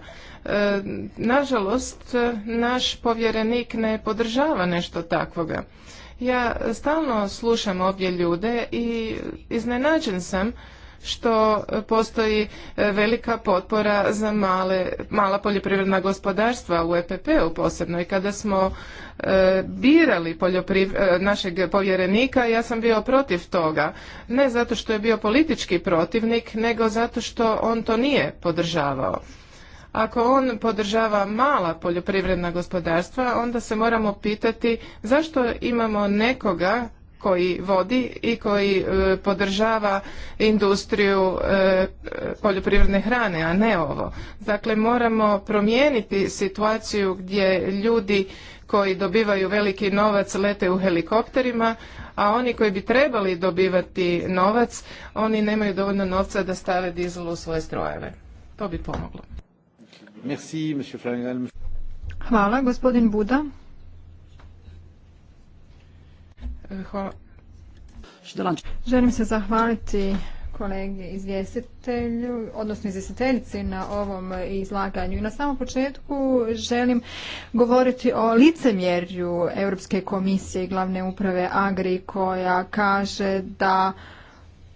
Nažalost, naš povjerenik ne podržava nešto takvoga. Ja stalno slušam ovdje ljude i iznenađen sam što postoji e, velika potpora za male, mala poljoprivredna gospodarstva u EPP-u posebno i kada smo e, birali e, našeg povjerenika ja sam bio protiv toga ne zato što je bio politički protivnik nego zato što on to nije podržavao ako on podržava mala poljoprivredna gospodarstva onda se moramo pitati zašto imamo nekoga koji vodi i koji e, podržava industriju e, poljoprivredne hrane, a ne ovo. Dakle, moramo promijeniti situaciju gdje ljudi koji dobivaju veliki novac lete u helikopterima, a oni koji bi trebali dobivati novac, oni nemaju dovoljno novca da stave dizel u svoje strojeve. To bi pomoglo. Hvala, gospodin Buda. Hvala. Želim se zahvaliti kolegi izvjestitelju, odnosno izvjestiteljici na ovom izlaganju. I na samom početku želim govoriti o licemjerju Europske komisije i glavne uprave Agri koja kaže da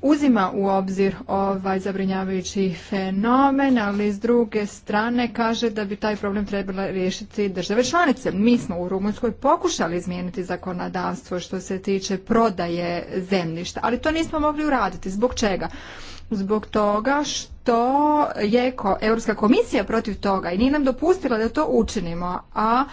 uzima u obzir ovaj zabrinjavajući fenomen, ali s druge strane kaže da bi taj problem trebala riješiti države članice. Mi smo u Rumunjskoj pokušali izmijeniti zakonodavstvo što se tiče prodaje zemljišta, ali to nismo mogli uraditi. Zbog čega? Zbog toga što je Europska komisija protiv toga i nije nam dopustila da to učinimo, a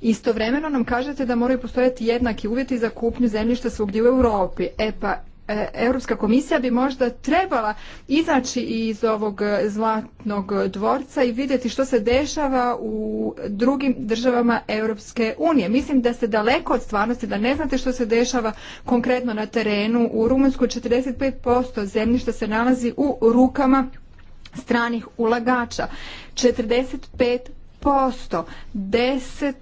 istovremeno nam kažete da moraju postojati jednaki uvjeti za kupnju zemljišta svugdje u Europi. E pa E, Europska komisija bi možda trebala izaći iz ovog zlatnog dvorca i vidjeti što se dešava u drugim državama Europske unije. Mislim da ste daleko od stvarnosti, da ne znate što se dešava konkretno na terenu. U Rumunjskoj 45% zemljišta se nalazi u rukama stranih ulagača. 45%, 10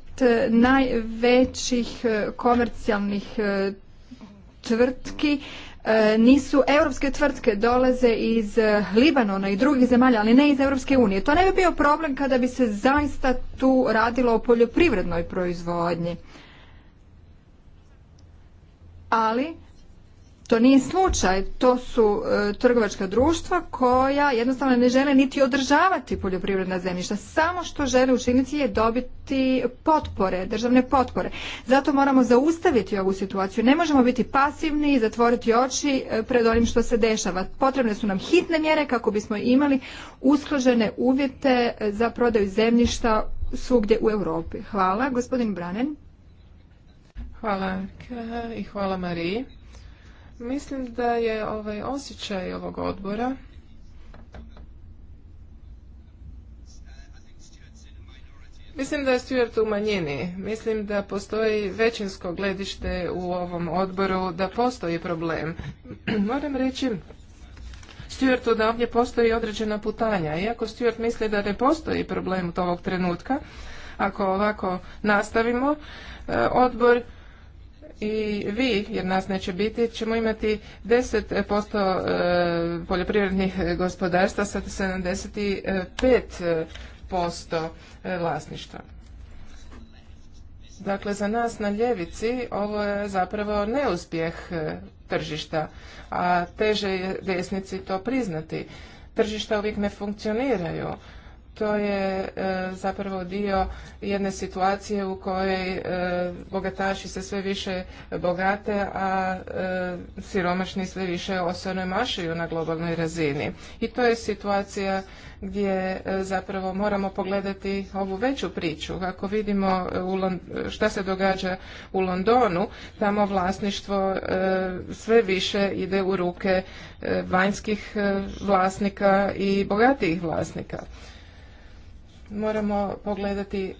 najvećih komercijalnih e, tvrtki E, nisu europske tvrtke dolaze iz e, Libanona i drugih zemalja, ali ne iz Europske unije. To ne bi bio problem kada bi se zaista tu radilo o poljoprivrednoj proizvodnji. Ali to nije slučaj, to su e, trgovačka društva koja jednostavno ne žele niti održavati poljoprivredna zemljišta. Samo što žele učiniti je dobiti potpore, državne potpore. Zato moramo zaustaviti ovu situaciju. Ne možemo biti pasivni i zatvoriti oči e, pred onim što se dešava. Potrebne su nam hitne mjere kako bismo imali usklažene uvjete e, za prodaju zemljišta svugdje u Europi. Hvala. Gospodin Branen. Hvala i hvala Mariji. Mislim da je ovaj osjećaj ovog odbora Mislim da je Stuart u manjini. Mislim da postoji većinsko gledište u ovom odboru da postoji problem. Moram reći Stuartu da ovdje postoji određena putanja. Iako Stuart misli da ne postoji problem u ovog trenutka, ako ovako nastavimo, e, odbor i vi, jer nas neće biti, ćemo imati 10% e, poljoprivrednih gospodarstva sa 75% e, e, vlasništva. Dakle, za nas na ljevici ovo je zapravo neuspjeh tržišta, a teže je desnici to priznati. Tržišta uvijek ne funkcioniraju to je e, zapravo dio jedne situacije u kojoj e, bogataši se sve više bogate, a e, siromašni sve više mašaju na globalnoj razini. I to je situacija gdje zapravo moramo pogledati ovu veću priču. Ako vidimo u šta se događa u Londonu, tamo vlasništvo sve više ide u ruke vanjskih vlasnika i bogatijih vlasnika moramo pogledati e,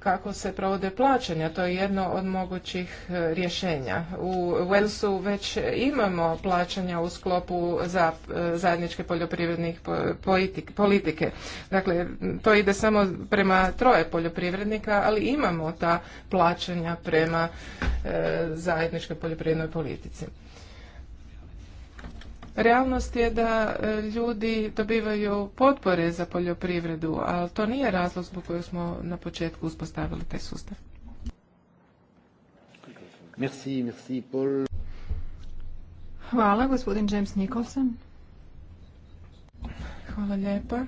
kako se provode plaćanja. To je jedno od mogućih e, rješenja. U Walesu već imamo plaćanja u sklopu za e, zajedničke poljoprivrednih politike. Dakle, to ide samo prema troje poljoprivrednika, ali imamo ta plaćanja prema zajedničkoj poljoprivrednoj politici. Realnost je da e, ljudi dobivaju potpore za poljoprivredu, ali to nije razlog zbog kojeg smo na početku uspostavili taj sustav. Merci, merci, Paul. Hvala, gospodin James Nicholson. Hvala lijepa. E,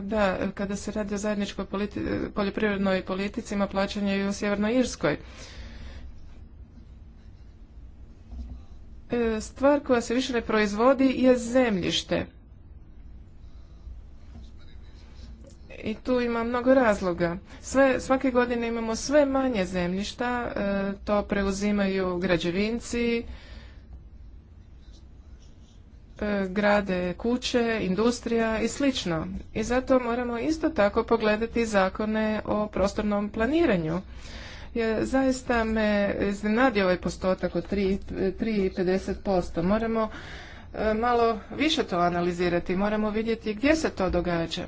da, kada se radi o zajedničkoj poljoprivrednoj politici ima plaćanje i u Sjevernoj Irskoj. E, stvar koja se više ne proizvodi je zemljište. I tu ima mnogo razloga. Sve, svake godine imamo sve manje zemljišta, e, to preuzimaju građevinci, e, grade kuće, industrija i slično. I zato moramo isto tako pogledati zakone o prostornom planiranju zaista me iznenadio ovaj postotak od 3,50%. Moramo e, malo više to analizirati, moramo vidjeti gdje se to događa.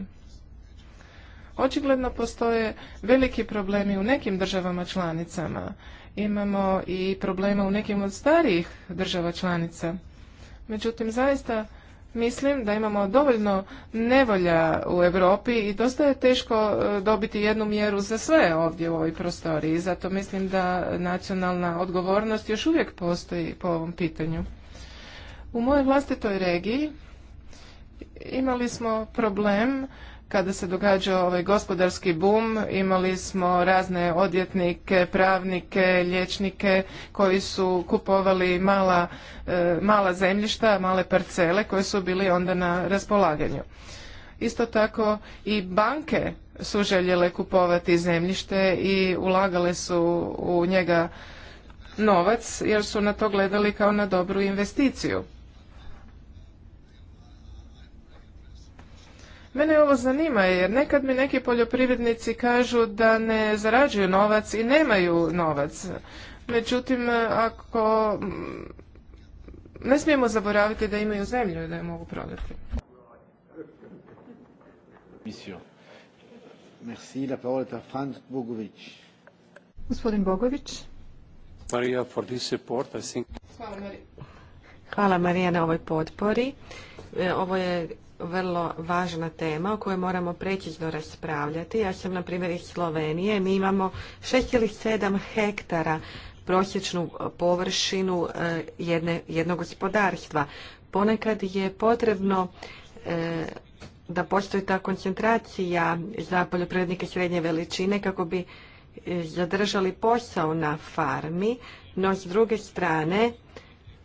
Očigledno postoje veliki problemi u nekim državama članicama. Imamo i problema u nekim od starijih država članica. Međutim, zaista Mislim da imamo dovoljno nevolja u Europi i dosta je teško e, dobiti jednu mjeru za sve ovdje u ovoj prostoriji. Zato mislim da nacionalna odgovornost još uvijek postoji po ovom pitanju. U mojoj vlastitoj regiji imali smo problem kada se događao ovaj gospodarski bum imali smo razne odvjetnike, pravnike, liječnike koji su kupovali mala, e, mala zemljišta, male parcele koje su bili onda na raspolaganju. Isto tako i banke su željele kupovati zemljište i ulagale su u njega novac jer su na to gledali kao na dobru investiciju. Mene ovo zanima jer nekad mi neki poljoprivrednici kažu da ne zarađuju novac i nemaju novac. Međutim, ako ne smijemo zaboraviti da imaju zemlju i da je mogu prodati. Merci, la parole est Gospodin Bogović. Hvala, Marija. Hvala Marija na ovoj potpori. E, ovo je vrlo važna tema o kojoj moramo precizno raspravljati. Ja sam na primjer iz Slovenije. Mi imamo 6,7 hektara prosječnu površinu eh, jednog gospodarstva. Ponekad je potrebno eh, da postoji ta koncentracija za poljoprivrednike srednje veličine kako bi eh, zadržali posao na farmi, no s druge strane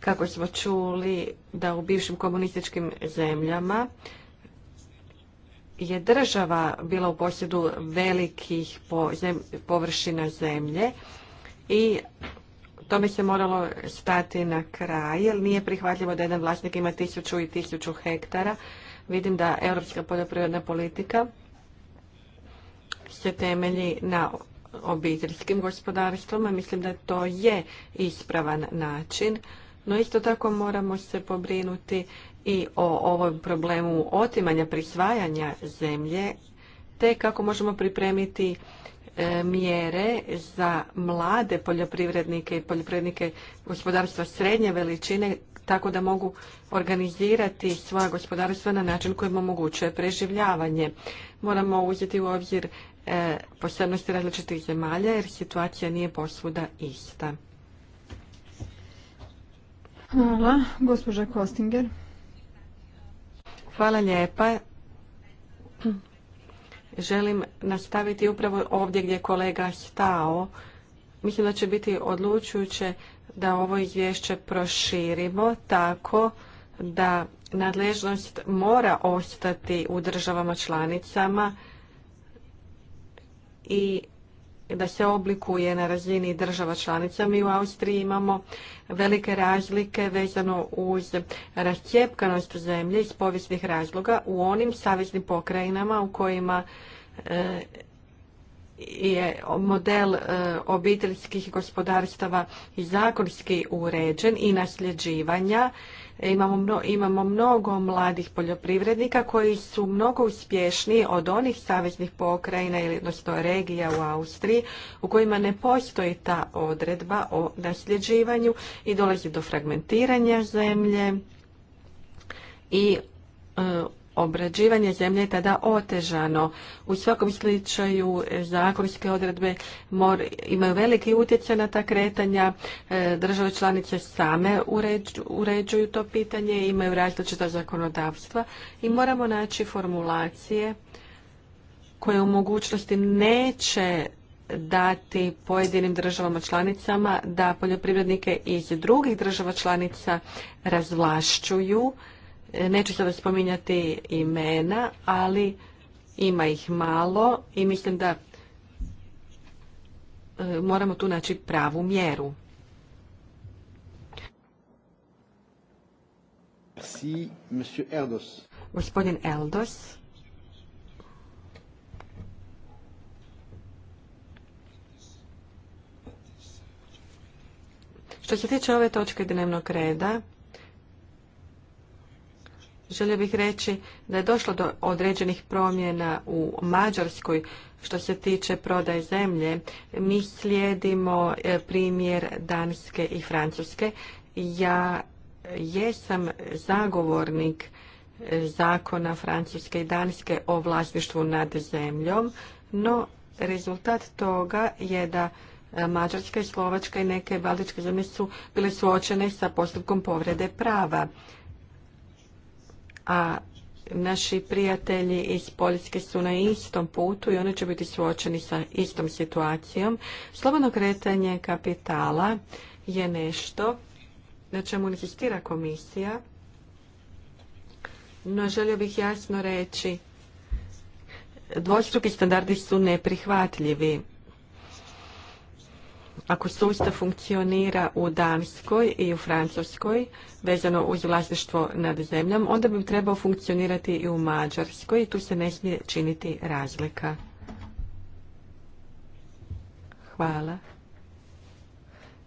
kako smo čuli da u bivšim komunističkim zemljama je država bila u posjedu velikih površina zemlje i tome se moralo stati na kraj, jer nije prihvatljivo da jedan vlasnik ima tisuću i tisuću hektara. Vidim da europska poljoprivredna politika se temelji na obiteljskim a Mislim da to je ispravan način, no isto tako moramo se pobrinuti i o ovom problemu otimanja, prisvajanja zemlje, te kako možemo pripremiti e, mjere za mlade poljoprivrednike i poljoprivrednike gospodarstva srednje veličine tako da mogu organizirati svoja gospodarstva na način koji im omogućuje preživljavanje. Moramo uzeti u obzir e, posebnosti različitih zemalja jer situacija nije posvuda ista. Hvala, gospođa Kostinger. Hvala lijepa. Želim nastaviti upravo ovdje gdje je kolega stao. Mislim da će biti odlučujuće da ovo izvješće proširimo tako da nadležnost mora ostati u državama članicama i da se oblikuje na razini država članica. Mi u Austriji imamo velike razlike vezano uz rascijepkanost zemlje iz povijesnih razloga u onim saveznim pokrajinama u kojima e, je model e, obiteljskih gospodarstava i zakonski uređen i nasljeđivanja Imamo, imamo mnogo mladih poljoprivrednika koji su mnogo uspješniji od onih saveznih pokrajina ili odnosno regija u Austriji u kojima ne postoji ta odredba o nasljeđivanju i dolazi do fragmentiranja zemlje i e, obrađivanje zemlje je tada otežano. U svakom slučaju e, zakonske odredbe imaju veliki utjecaj na ta kretanja. E, države članice same uređuju to pitanje, imaju različita zakonodavstva i moramo naći formulacije koje u mogućnosti neće dati pojedinim državama članicama da poljoprivrednike iz drugih država članica razvlašćuju Neću sada spominjati imena, ali ima ih malo i mislim da e, moramo tu naći pravu mjeru. monsieur Erdos. Gospodin Eldos. Što se tiče ove točke dnevnog reda, Želio bih reći da je došlo do određenih promjena u Mađarskoj što se tiče prodaje zemlje. Mi slijedimo e, primjer Danske i Francuske. Ja jesam zagovornik e, zakona Francuske i Danske o vlasništvu nad zemljom, no rezultat toga je da e, Mađarska i Slovačka i neke baltičke zemlje su bile suočene sa postupkom povrede prava a naši prijatelji iz Poljske su na istom putu i oni će biti suočeni sa istom situacijom. Slobodno kretanje kapitala je nešto na čemu insistira komisija, no želio bih jasno reći, dvostruki standardi su neprihvatljivi ako sustav funkcionira u Danskoj i u Francuskoj vezano uz vlasništvo nad zemljom, onda bi trebao funkcionirati i u Mađarskoj i tu se ne smije činiti razlika. Hvala.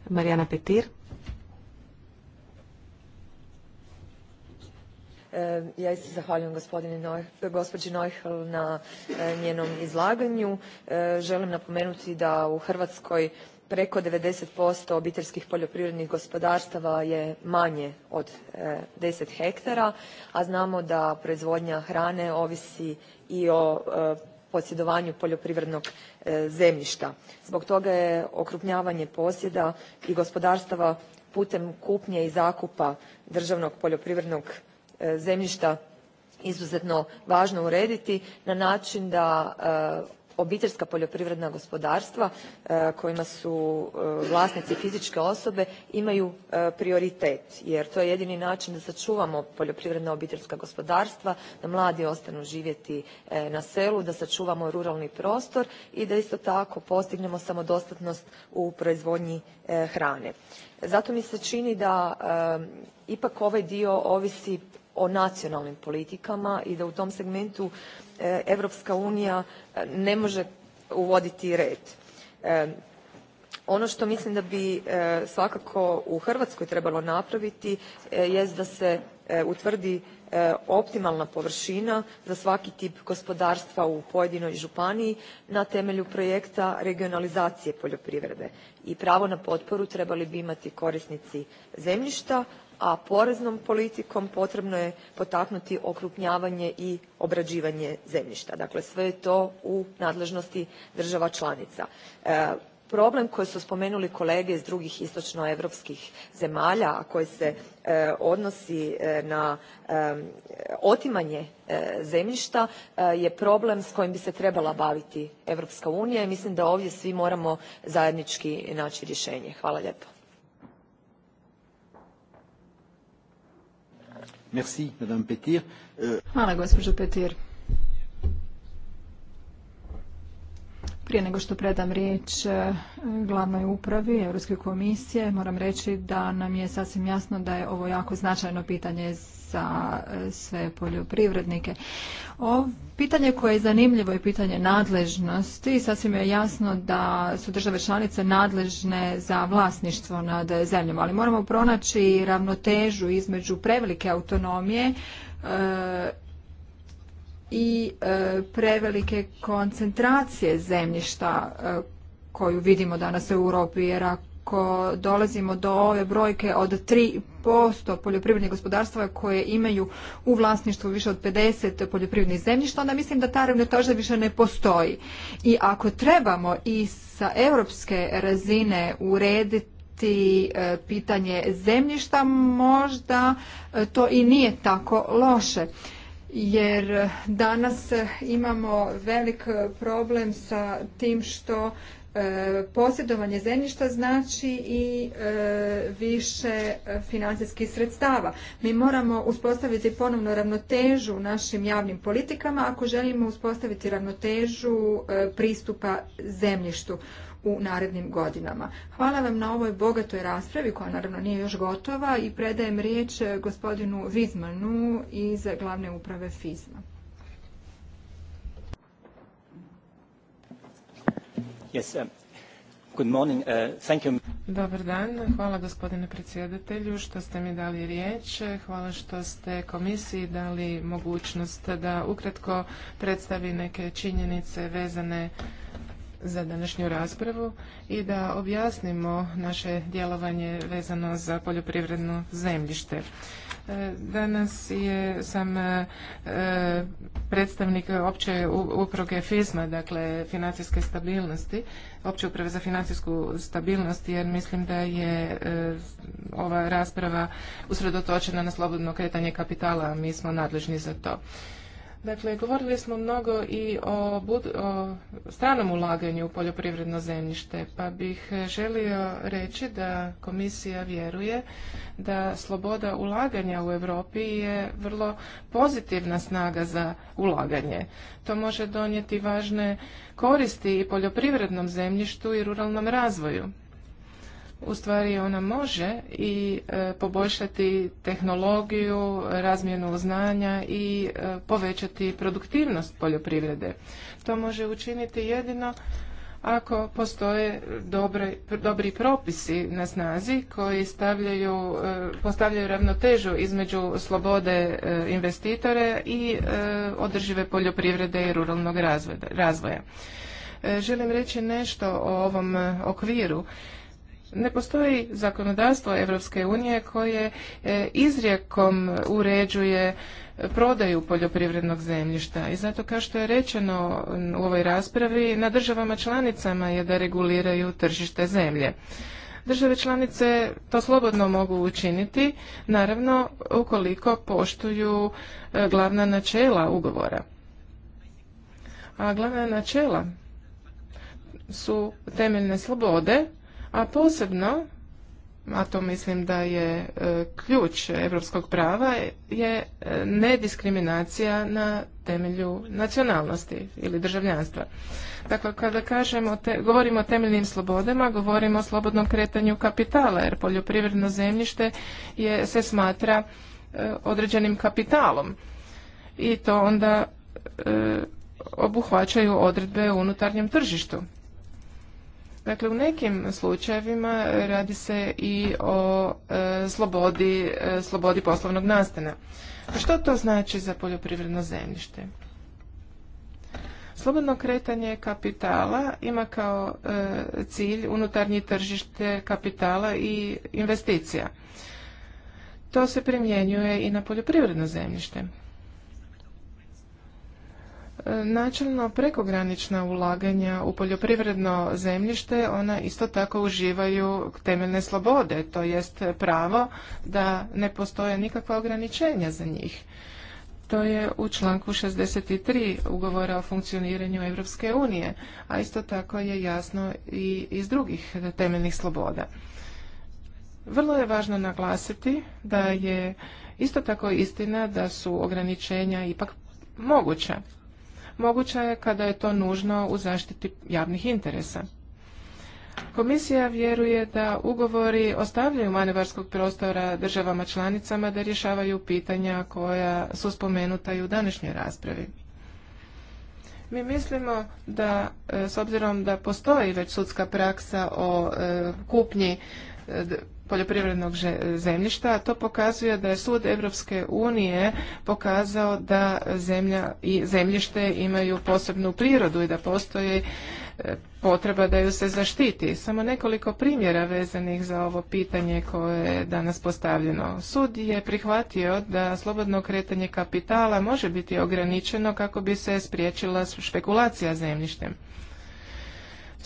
Marijana Petir. E, ja se zahvaljujem gospođi Neuhl na e, njenom izlaganju. E, želim napomenuti da u Hrvatskoj preko 90% obiteljskih poljoprivrednih gospodarstava je manje od 10 e, hektara, a znamo da proizvodnja hrane ovisi i o e, posjedovanju poljoprivrednog e, zemljišta. Zbog toga je okrupnjavanje posjeda i gospodarstava putem kupnje i zakupa državnog poljoprivrednog zemljišta izuzetno važno urediti na način da obiteljska poljoprivredna gospodarstva e, kojima su e, vlasnici fizičke osobe imaju e, prioritet jer to je jedini način da sačuvamo poljoprivredna obiteljska gospodarstva da mladi ostanu živjeti na selu da sačuvamo ruralni prostor i da isto tako postignemo samodostatnost u proizvodnji hrane. zato mi se čini da ipak ovaj dio ovisi o nacionalnim politikama i da u tom segmentu Europska eh, unija eh, ne može uvoditi red. Eh, ono što mislim da bi svakako u Hrvatskoj trebalo napraviti jest da se utvrdi optimalna površina za svaki tip gospodarstva u pojedinoj županiji na temelju projekta regionalizacije poljoprivrede i pravo na potporu trebali bi imati korisnici zemljišta a poreznom politikom potrebno je potaknuti okrupnjavanje i obrađivanje zemljišta. Dakle, sve je to u nadležnosti država članica. E, problem koji su spomenuli kolege iz drugih istočnoeuropskih zemalja, a koji se e, odnosi e, na otimanje zemljišta je problem s kojim bi se trebala baviti Europska unija i mislim da ovdje svi moramo zajednički naći rješenje. Hvala lijepo. Euh, Hvala, gospođo Petir. Prije nego što predam riječ e, glavnoj upravi Europske komisije, moram reći da nam je sasvim jasno da je ovo jako značajno pitanje za e, sve poljoprivrednike. O, pitanje koje je zanimljivo je pitanje nadležnosti. Sasvim je jasno da su države članice nadležne za vlasništvo nad zemljom, ali moramo pronaći ravnotežu između prevelike autonomije e, i e, prevelike koncentracije zemljišta koju vidimo danas u Europi jer ako dolazimo do ove brojke od 3% poljoprivrednih gospodarstva koje imaju u vlasništvu više od 50 poljoprivrednih zemljišta, onda mislim da ta ravnoteža više ne postoji. I ako trebamo i sa europske razine urediti e, pitanje zemljišta možda e, to i nije tako loše jer danas imamo velik problem sa tim što E, posjedovanje zemljišta znači i e, više financijskih sredstava. Mi moramo uspostaviti ponovno ravnotežu našim javnim politikama ako želimo uspostaviti ravnotežu e, pristupa zemljištu u narednim godinama. Hvala vam na ovoj bogatoj raspravi koja naravno nije još gotova i predajem riječ gospodinu Vizmanu iz glavne uprave FISMA. Um, uh, Dobar dan, hvala gospodine predsjedatelju što ste mi dali riječ, hvala što ste komisiji dali mogućnost da ukratko predstavi neke činjenice vezane za današnju raspravu i da objasnimo naše djelovanje vezano za poljoprivredno zemljište. E, danas je sam e, predstavnik opće uproge FISMA, dakle financijske stabilnosti, opće uprave za financijsku stabilnost, jer mislim da je e, ova rasprava usredotočena na slobodno kretanje kapitala, a mi smo nadležni za to. Dakle, govorili smo mnogo i o, stranom ulaganju u poljoprivredno zemljište, pa bih e, želio reći da komisija vjeruje da sloboda ulaganja u Europi je vrlo pozitivna snaga za ulaganje. To može donijeti važne koristi i poljoprivrednom zemljištu i ruralnom razvoju u stvari ona može i e, poboljšati tehnologiju, razmjenu znanja i e, povećati produktivnost poljoprivrede. To može učiniti jedino ako postoje dobre, dobri propisi na snazi koji stavljaju, e, postavljaju ravnotežu između slobode investitore i održive poljoprivrede i ruralnog razvoja. Želim reći nešto o ovom okviru ne postoji zakonodavstvo Europske unije koje e, izrijekom uređuje prodaju poljoprivrednog zemljišta i zato kao što je rečeno u ovoj raspravi na državama članicama je da reguliraju tržište zemlje. Države članice to slobodno mogu učiniti, naravno ukoliko poštuju e, glavna načela ugovora. A glavna načela su temeljne slobode a posebno a to mislim da je e, ključ europskog prava je e, nediskriminacija na temelju nacionalnosti ili državljanstva. Dakle, kada kažemo, te, govorimo o temeljnim slobodama, govorimo o slobodnom kretanju kapitala, jer poljoprivredno zemljište je, se smatra e, određenim kapitalom. I to onda obuhvaćaju odredbe u unutarnjem tržištu. Dakle, u nekim slučajevima radi se i o e, e, slobodi, poslovnog nastana. Što to znači za poljoprivredno zemljište? Slobodno kretanje kapitala ima kao e, cilj unutarnje tržište kapitala i investicija. To se primjenjuje i na poljoprivredno zemljište. Načelno prekogranična ulaganja u poljoprivredno zemljište, ona isto tako uživaju temeljne slobode, to jest pravo da ne postoje nikakva ograničenja za njih. To je u članku 63 ugovora o funkcioniranju Europske unije, a isto tako je jasno i iz drugih temeljnih sloboda. Vrlo je važno naglasiti da je isto tako istina da su ograničenja ipak moguća moguća je kada je to nužno u zaštiti javnih interesa. Komisija vjeruje da ugovori ostavljaju manevarskog prostora državama članicama da rješavaju pitanja koja su spomenuta i u današnjoj raspravi. Mi mislimo da, e, s obzirom da postoji već sudska praksa o e, kupnji e, poljoprivrednog zemljišta. To pokazuje da je sud Europske unije pokazao da zemlja i zemljište imaju posebnu prirodu i da postoji e, potreba da ju se zaštiti. Samo nekoliko primjera vezanih za ovo pitanje koje je danas postavljeno. Sud je prihvatio da slobodno kretanje kapitala može biti ograničeno kako bi se spriječila špekulacija zemljištem.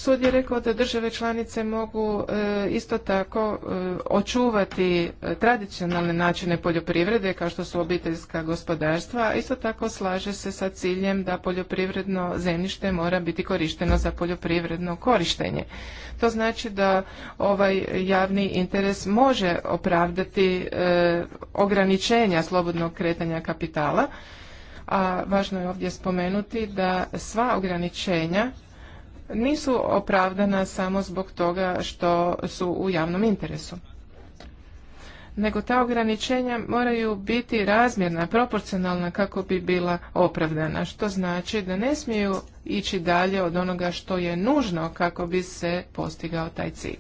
Sud je rekao da države članice mogu e, isto tako e, očuvati e, tradicionalne načine poljoprivrede kao što su obiteljska gospodarstva, a isto tako slaže se sa ciljem da poljoprivredno zemljište mora biti korišteno za poljoprivredno korištenje. To znači da ovaj javni interes može opravdati ograničenja slobodnog kretanja kapitala, a važno je ovdje spomenuti da sva ograničenja nisu opravdana samo zbog toga što su u javnom interesu nego ta ograničenja moraju biti razmjerna, proporcionalna kako bi bila opravdana, što znači da ne smiju ići dalje od onoga što je nužno kako bi se postigao taj cilj.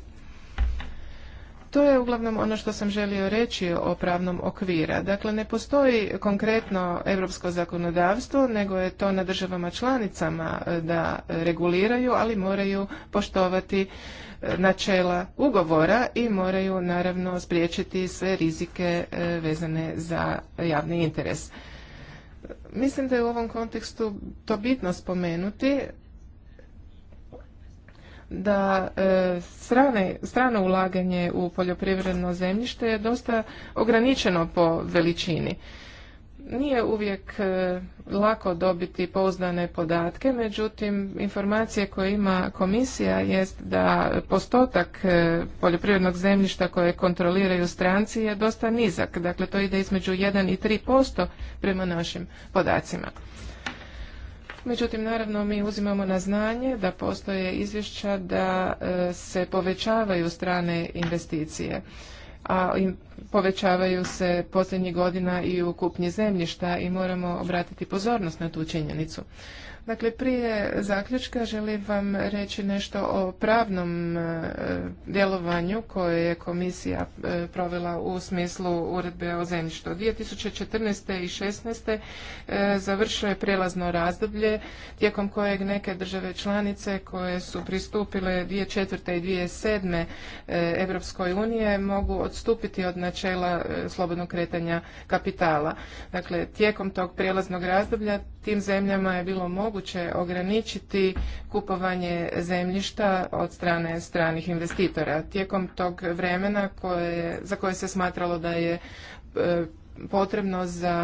To je uglavnom ono što sam želio reći o pravnom okvira. Dakle, ne postoji konkretno europsko zakonodavstvo, nego je to na državama članicama e, da reguliraju, ali moraju poštovati e, načela ugovora i moraju naravno spriječiti sve rizike e, vezane za javni interes. Mislim da je u ovom kontekstu to bitno spomenuti da e, strano ulaganje u poljoprivredno zemljište je dosta ograničeno po veličini. Nije uvijek e, lako dobiti pouzdane podatke, međutim informacije koje ima komisija jest da postotak e, poljoprivrednog zemljišta koje kontroliraju stranci je dosta nizak, dakle to ide između 1 i 3% prema našim podacima. Međutim, naravno, mi uzimamo na znanje da postoje izvješća da e, se povećavaju strane investicije, a povećavaju se posljednjih godina i u kupnji zemljišta i moramo obratiti pozornost na tu činjenicu. Dakle, prije zaključka želim vam reći nešto o pravnom e, djelovanju koje je komisija e, provela u smislu uredbe o zemljištu. 2014. i 2016. E, završio je prijelazno razdoblje tijekom kojeg neke države članice koje su pristupile 2004. i 2007. Europskoj unije mogu odstupiti od načela slobodnog kretanja kapitala. Dakle, tijekom tog prijelaznog razdoblja tim zemljama je bilo moguće moguće ograničiti kupovanje zemljišta od strane stranih investitora. Tijekom tog vremena koje, za koje se smatralo da je e, potrebno za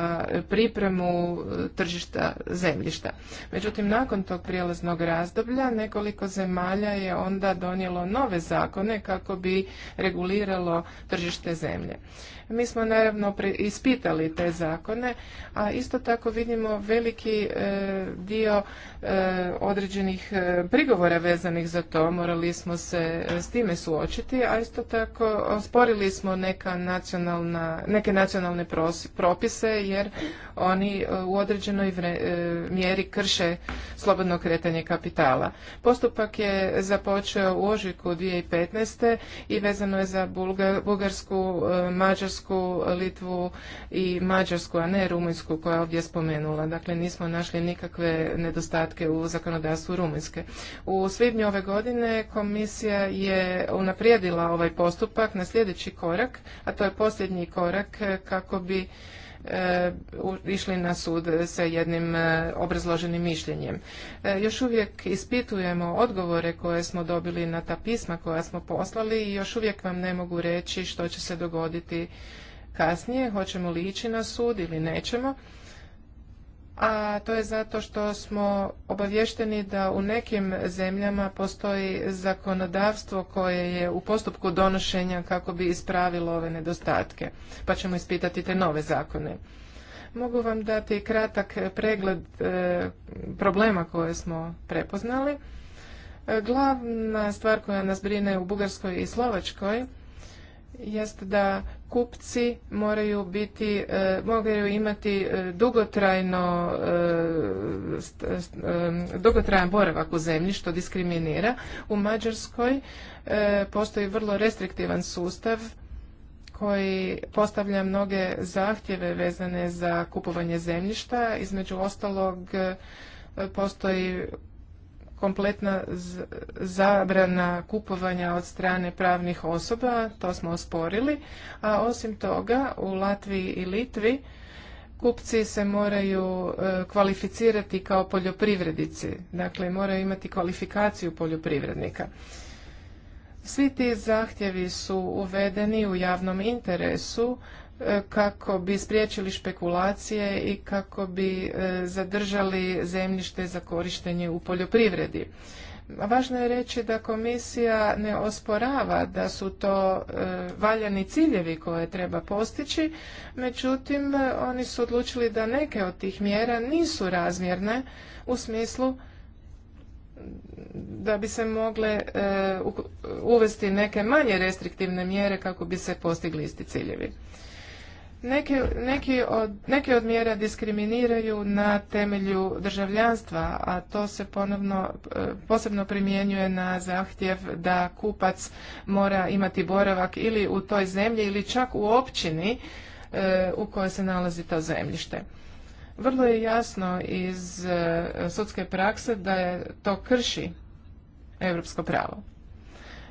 pripremu e, tržišta zemljišta. Međutim, nakon tog prijelaznog razdoblja nekoliko zemalja je onda donijelo nove zakone kako bi reguliralo tržište zemlje. Mi smo naravno ispitali te zakone, a isto tako vidimo veliki e, dio e, određenih e, prigovora vezanih za to. Morali smo se s time suočiti, a isto tako osporili smo neka nacionalna, neke nacionalne propise jer oni u određenoj mjeri krše slobodno kretanje kapitala. Postupak je započeo u ožujku 2015. i vezano je za bugarsku Mađarsku, Bugarsku, Litvu i Mađarsku, a ne Rumunjsku koja je ovdje spomenula. Dakle, nismo našli nikakve nedostatke u zakonodavstvu Rumunjske. U svibnju ove godine komisija je unaprijedila ovaj postupak na sljedeći korak, a to je posljednji korak kako bi E, išli na sud sa jednim e, obrazloženim mišljenjem. E, još uvijek ispitujemo odgovore koje smo dobili na ta pisma koja smo poslali i još uvijek vam ne mogu reći što će se dogoditi kasnije, hoćemo li ići na sud ili nećemo a to je zato što smo obavješteni da u nekim zemljama postoji zakonodavstvo koje je u postupku donošenja kako bi ispravilo ove nedostatke, pa ćemo ispitati te nove zakone. Mogu vam dati kratak pregled e, problema koje smo prepoznali. E, glavna stvar koja nas brine u Bugarskoj i Slovačkoj jest da kupci moraju biti, e, moraju imati e, dugotrajno e, dugotrajan boravak u zemlji što diskriminira. U Mađarskoj postoji vrlo restriktivan sustav koji postavlja mnoge zahtjeve vezane za kupovanje zemljišta. Između ostalog postoji kompletna zabrana kupovanja od strane pravnih osoba, to smo osporili, a osim toga u Latviji i Litvi kupci se moraju e, kvalificirati kao poljoprivrednici, dakle moraju imati kvalifikaciju poljoprivrednika. Svi ti zahtjevi su uvedeni u javnom interesu E, kako bi spriječili špekulacije i kako bi e, zadržali zemljište za korištenje u poljoprivredi. Važno je reći da komisija ne osporava da su to e, valjani ciljevi koje treba postići, međutim oni su odlučili da neke od tih mjera nisu razmjerne u smislu da bi se mogle uvesti neke manje restriktivne mjere kako bi se postigli isti ciljevi. Neki, od, neke od mjera diskriminiraju na temelju državljanstva, a to se ponovno e, posebno primjenjuje na zahtjev da kupac mora imati boravak ili u toj zemlji ili čak u općini e, u kojoj se nalazi to zemljište. Vrlo je jasno iz e, sudske prakse da je to krši europsko pravo.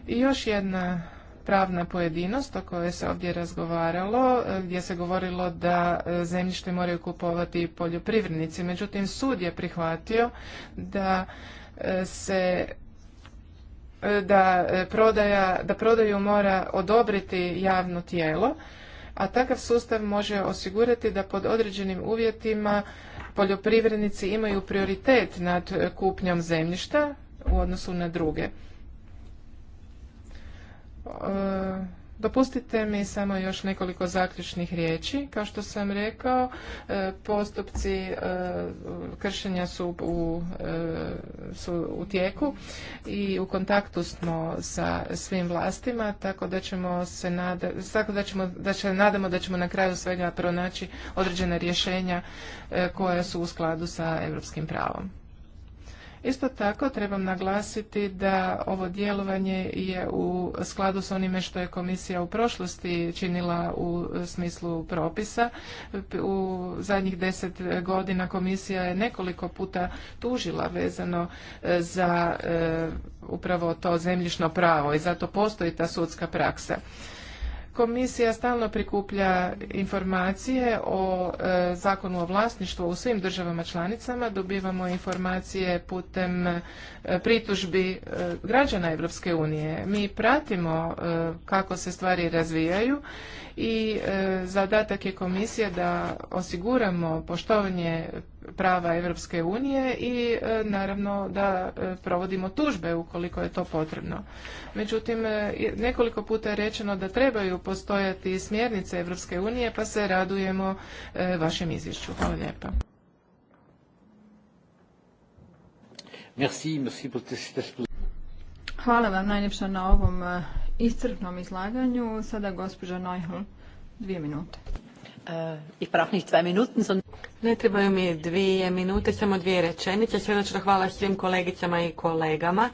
I još jedna pravna pojedinost o kojoj se ovdje razgovaralo, e, gdje se govorilo da e, zemljište moraju kupovati poljoprivrednici. Međutim, sud je prihvatio da e, se da, prodaja, da prodaju mora odobriti javno tijelo, a takav sustav može osigurati da pod određenim uvjetima poljoprivrednici imaju prioritet nad kupnjom zemljišta u odnosu na druge. E, dopustite mi samo još nekoliko zaključnih riječi. Kao što sam rekao, e, postupci e, kršenja su u, u tijeku i u kontaktu smo sa svim vlastima, tako da ćemo se nada, da ćemo, da nadamo da ćemo na kraju svega pronaći određena rješenja koja su u skladu sa europskim pravom. Isto tako trebam naglasiti da ovo djelovanje je u skladu s onime što je komisija u prošlosti činila u smislu propisa. U zadnjih deset godina komisija je nekoliko puta tužila vezano e, za e, upravo to zemljišno pravo i zato postoji ta sudska praksa. Komisija stalno prikuplja informacije o e, zakonu o vlasništvu u svim državama članicama. Dobivamo informacije putem e, pritužbi e, građana Europske unije. Mi pratimo kako se stvari razvijaju i zadatak je komisije da osiguramo poštovanje prava Europske unije i e, naravno da e, provodimo tužbe ukoliko je to potrebno. Međutim, e, nekoliko puta je rečeno da trebaju postojati smjernice Europske unije pa se radujemo vašem izvješću. Hvala lijepa. Hvala vam najljepša na ovom iscrpnom izlaganju. Sada gospođa Neuhl, dvije minute. Eh, ne trebaju mi dvije minute, samo dvije rečenice. Srdačno hvala svim kolegicama i kolegama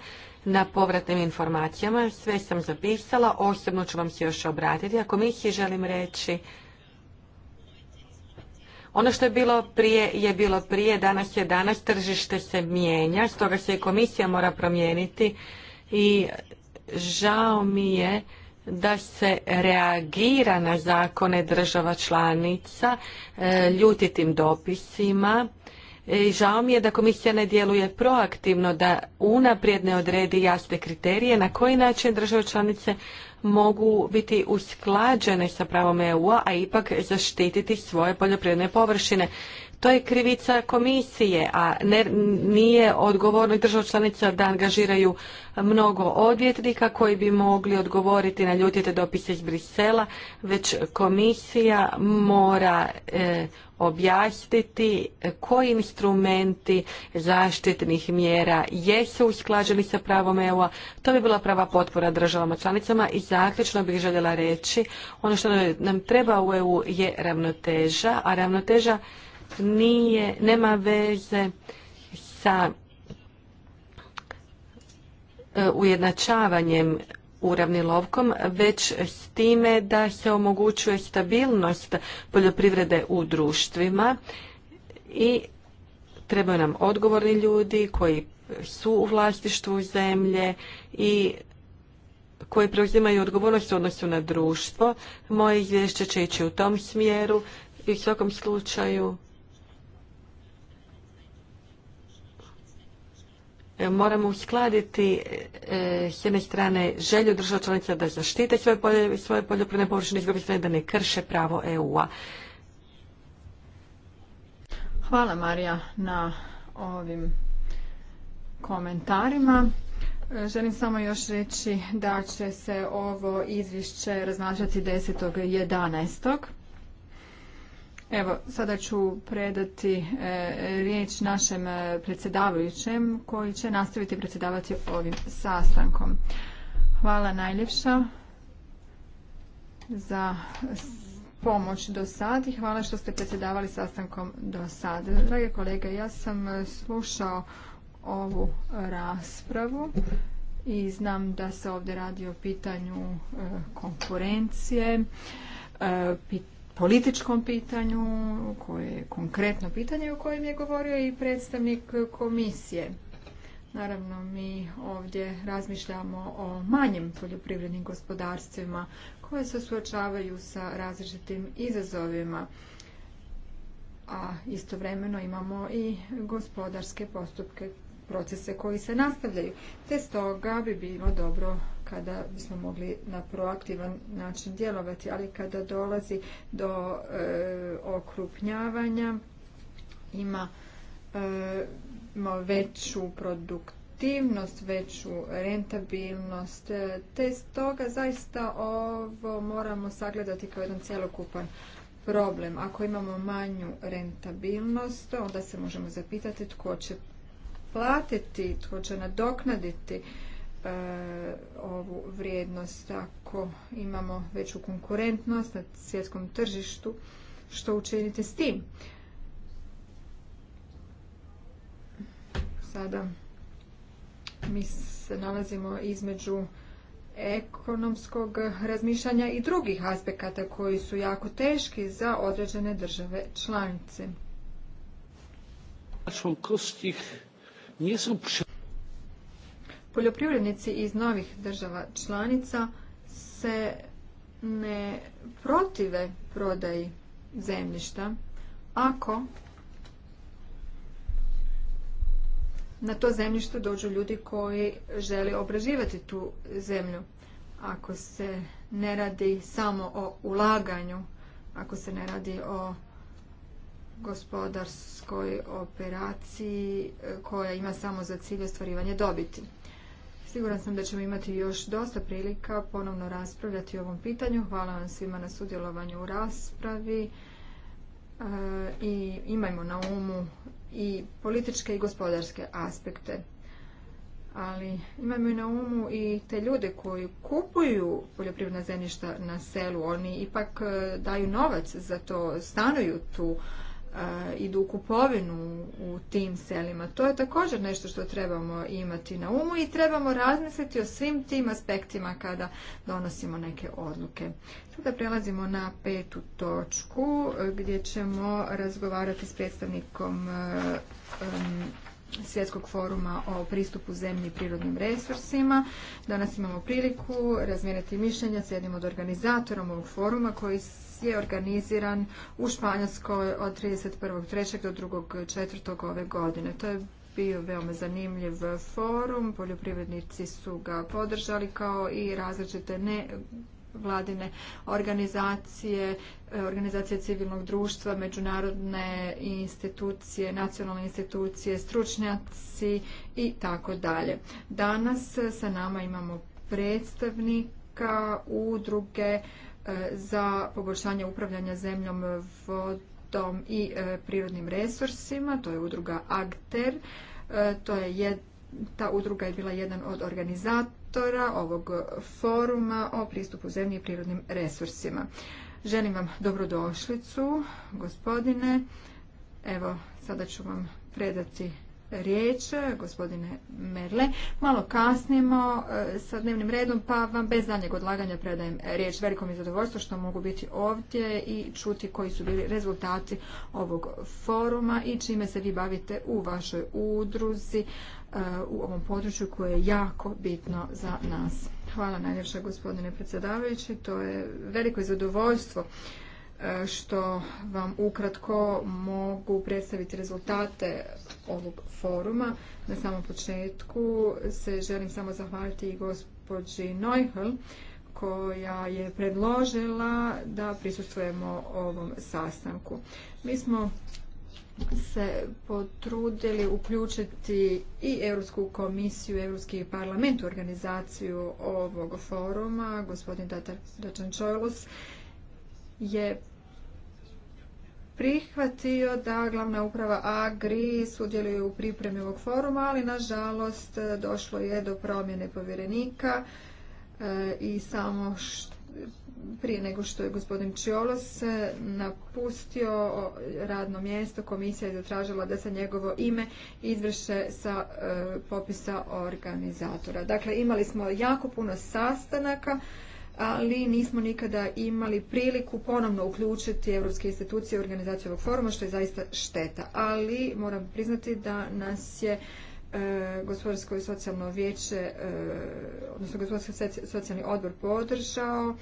na povratnim informacijama. Sve sam zapisala, osobno ću vam se još obratiti. A komisiji želim reći ono što je bilo prije je bilo prije, danas je danas, tržište se mijenja, stoga se i komisija mora promijeniti i žao mi je da se reagira na zakone država članica e, ljutitim dopisima. I e, žao mi je da komisija ne djeluje proaktivno, da unaprijed ne odredi jasne kriterije na koji način države članice mogu biti usklađene sa pravom EU-a, a ipak zaštititi svoje poljoprivredne površine. To je krivica komisije, a nije odgovorno država članica da angažiraju mnogo odvjetnika koji bi mogli odgovoriti na ljutite dopise iz Brisela, već komisija mora e, objasniti koji instrumenti zaštitnih mjera jesu usklađeni sa pravom EU-a. To bi bila prava potpora državama članicama i zaključno bih željela reći ono što nam treba u EU je ravnoteža, a ravnoteža nije, nema veze sa e, ujednačavanjem uravnilovkom, već s time da se omogućuje stabilnost poljoprivrede u društvima i trebaju nam odgovorni ljudi koji su u vlasništvu zemlje i koji preuzimaju odgovornost u odnosu na društvo. Moje izvješće će ići u tom smjeru i u svakom slučaju E, moramo uskladiti e, s jedne strane želju država članica da zaštite svoje, poljoprivredne površine, s druge strane da ne krše pravo EU-a. Hvala Marija na ovim komentarima. E, želim samo još reći da će se ovo izvješće razmatrati 11. Evo, sada ću predati e, riječ našem e, predsjedavajućem koji će nastaviti predsjedavati ovim sastankom. Hvala najljepša za pomoć do sad i hvala što ste predsjedavali sastankom do sad. Drage kolege, ja sam e, slušao ovu raspravu i znam da se ovdje radi o pitanju konkurencije, pitanju političkom pitanju, koje je konkretno pitanje o kojem je govorio i predstavnik komisije. Naravno, mi ovdje razmišljamo o manjim poljoprivrednim gospodarstvima koje se suočavaju sa različitim izazovima, a istovremeno imamo i gospodarske postupke, procese koji se nastavljaju. Te stoga bi bilo dobro kada bismo mogli na proaktivan način djelovati, ali kada dolazi do e, okrupnjavanja e, ima veću produktivnost, veću rentabilnost, e, te stoga zaista ovo moramo sagledati kao jedan cjelokupan problem. Ako imamo manju rentabilnost, onda se možemo zapitati tko će platiti, tko će nadoknaditi ovu vrijednost ako imamo veću konkurentnost na svjetskom tržištu što učinite s tim sada mi se nalazimo između ekonomskog razmišljanja i drugih aspekata koji su jako teški za određene države članice. nisu poljoprivrednici iz novih država članica se ne protive prodaji zemljišta ako na to zemljište dođu ljudi koji žele obraživati tu zemlju. Ako se ne radi samo o ulaganju, ako se ne radi o gospodarskoj operaciji koja ima samo za cilj ostvarivanje dobiti. Siguran sam da ćemo imati još dosta prilika ponovno raspravljati o ovom pitanju. Hvala vam svima na sudjelovanju u raspravi e, i imajmo na umu i političke i gospodarske aspekte. Ali imajmo i na umu i te ljude koji kupuju poljoprivredna zemljišta na selu. Oni ipak e, daju novac za to, stanuju tu idu u kupovinu u tim selima. To je također nešto što trebamo imati na umu i trebamo razmisliti o svim tim aspektima kada donosimo neke odluke. Sada prelazimo na petu točku e, gdje ćemo razgovarati s predstavnikom e, Svjetskog foruma o pristupu zemlji i prirodnim resursima. Danas imamo priliku razmijeniti mišljenja s jednim od organizatorom ovog foruma koji je organiziran u Španjolskoj od 31.3. do 2.4. ove godine. To je bio veoma zanimljiv forum, poljoprivrednici su ga podržali kao i različite ne vladine organizacije, organizacije civilnog društva, međunarodne institucije, nacionalne institucije, stručnjaci i tako dalje. Danas sa nama imamo predstavnika udruge E, za poboljšanje upravljanja zemljom, vodom i e, prirodnim resursima. To je udruga Agter. E, to je jed, ta udruga je bila jedan od organizatora ovog foruma o pristupu zemlji i prirodnim resursima. Želim vam dobrodošlicu, gospodine. Evo, sada ću vam predati riječ, gospodine Merle. Malo kasnimo e, sa dnevnim redom, pa vam bez daljnjeg odlaganja predajem riječ. Veliko mi je zadovoljstvo što mogu biti ovdje i čuti koji su bili rezultati ovog foruma i čime se vi bavite u vašoj udruzi e, u ovom području koje je jako bitno za nas. Hvala najljepša gospodine predsjedavajući. To je veliko zadovoljstvo što vam ukratko mogu predstaviti rezultate ovog foruma. Na samom početku se želim samo zahvaliti i gospođi Neuhl koja je predložila da prisustujemo ovom sastanku. Mi smo se potrudili uključiti i Europsku komisiju, Europski parlament u organizaciju ovog foruma. Gospodin Dačan Čojlus je prihvatio da glavna uprava Agri sudjeluje u pripremi ovog foruma, ali nažalost e, došlo je do promjene povjerenika e, i samo prije nego što je gospodin Čiolos e, napustio radno mjesto, komisija je zatražila da se njegovo ime izvrše sa popisa organizatora. Dakle, imali smo jako puno sastanaka ali nismo nikada imali priliku ponovno uključiti europske institucije u organizaciju ovog foruma, što je zaista šteta. Ali moram priznati da nas je e, gospodarsko i socijalno vijeće, e, odnosno gospodarski socijalni odbor podržao.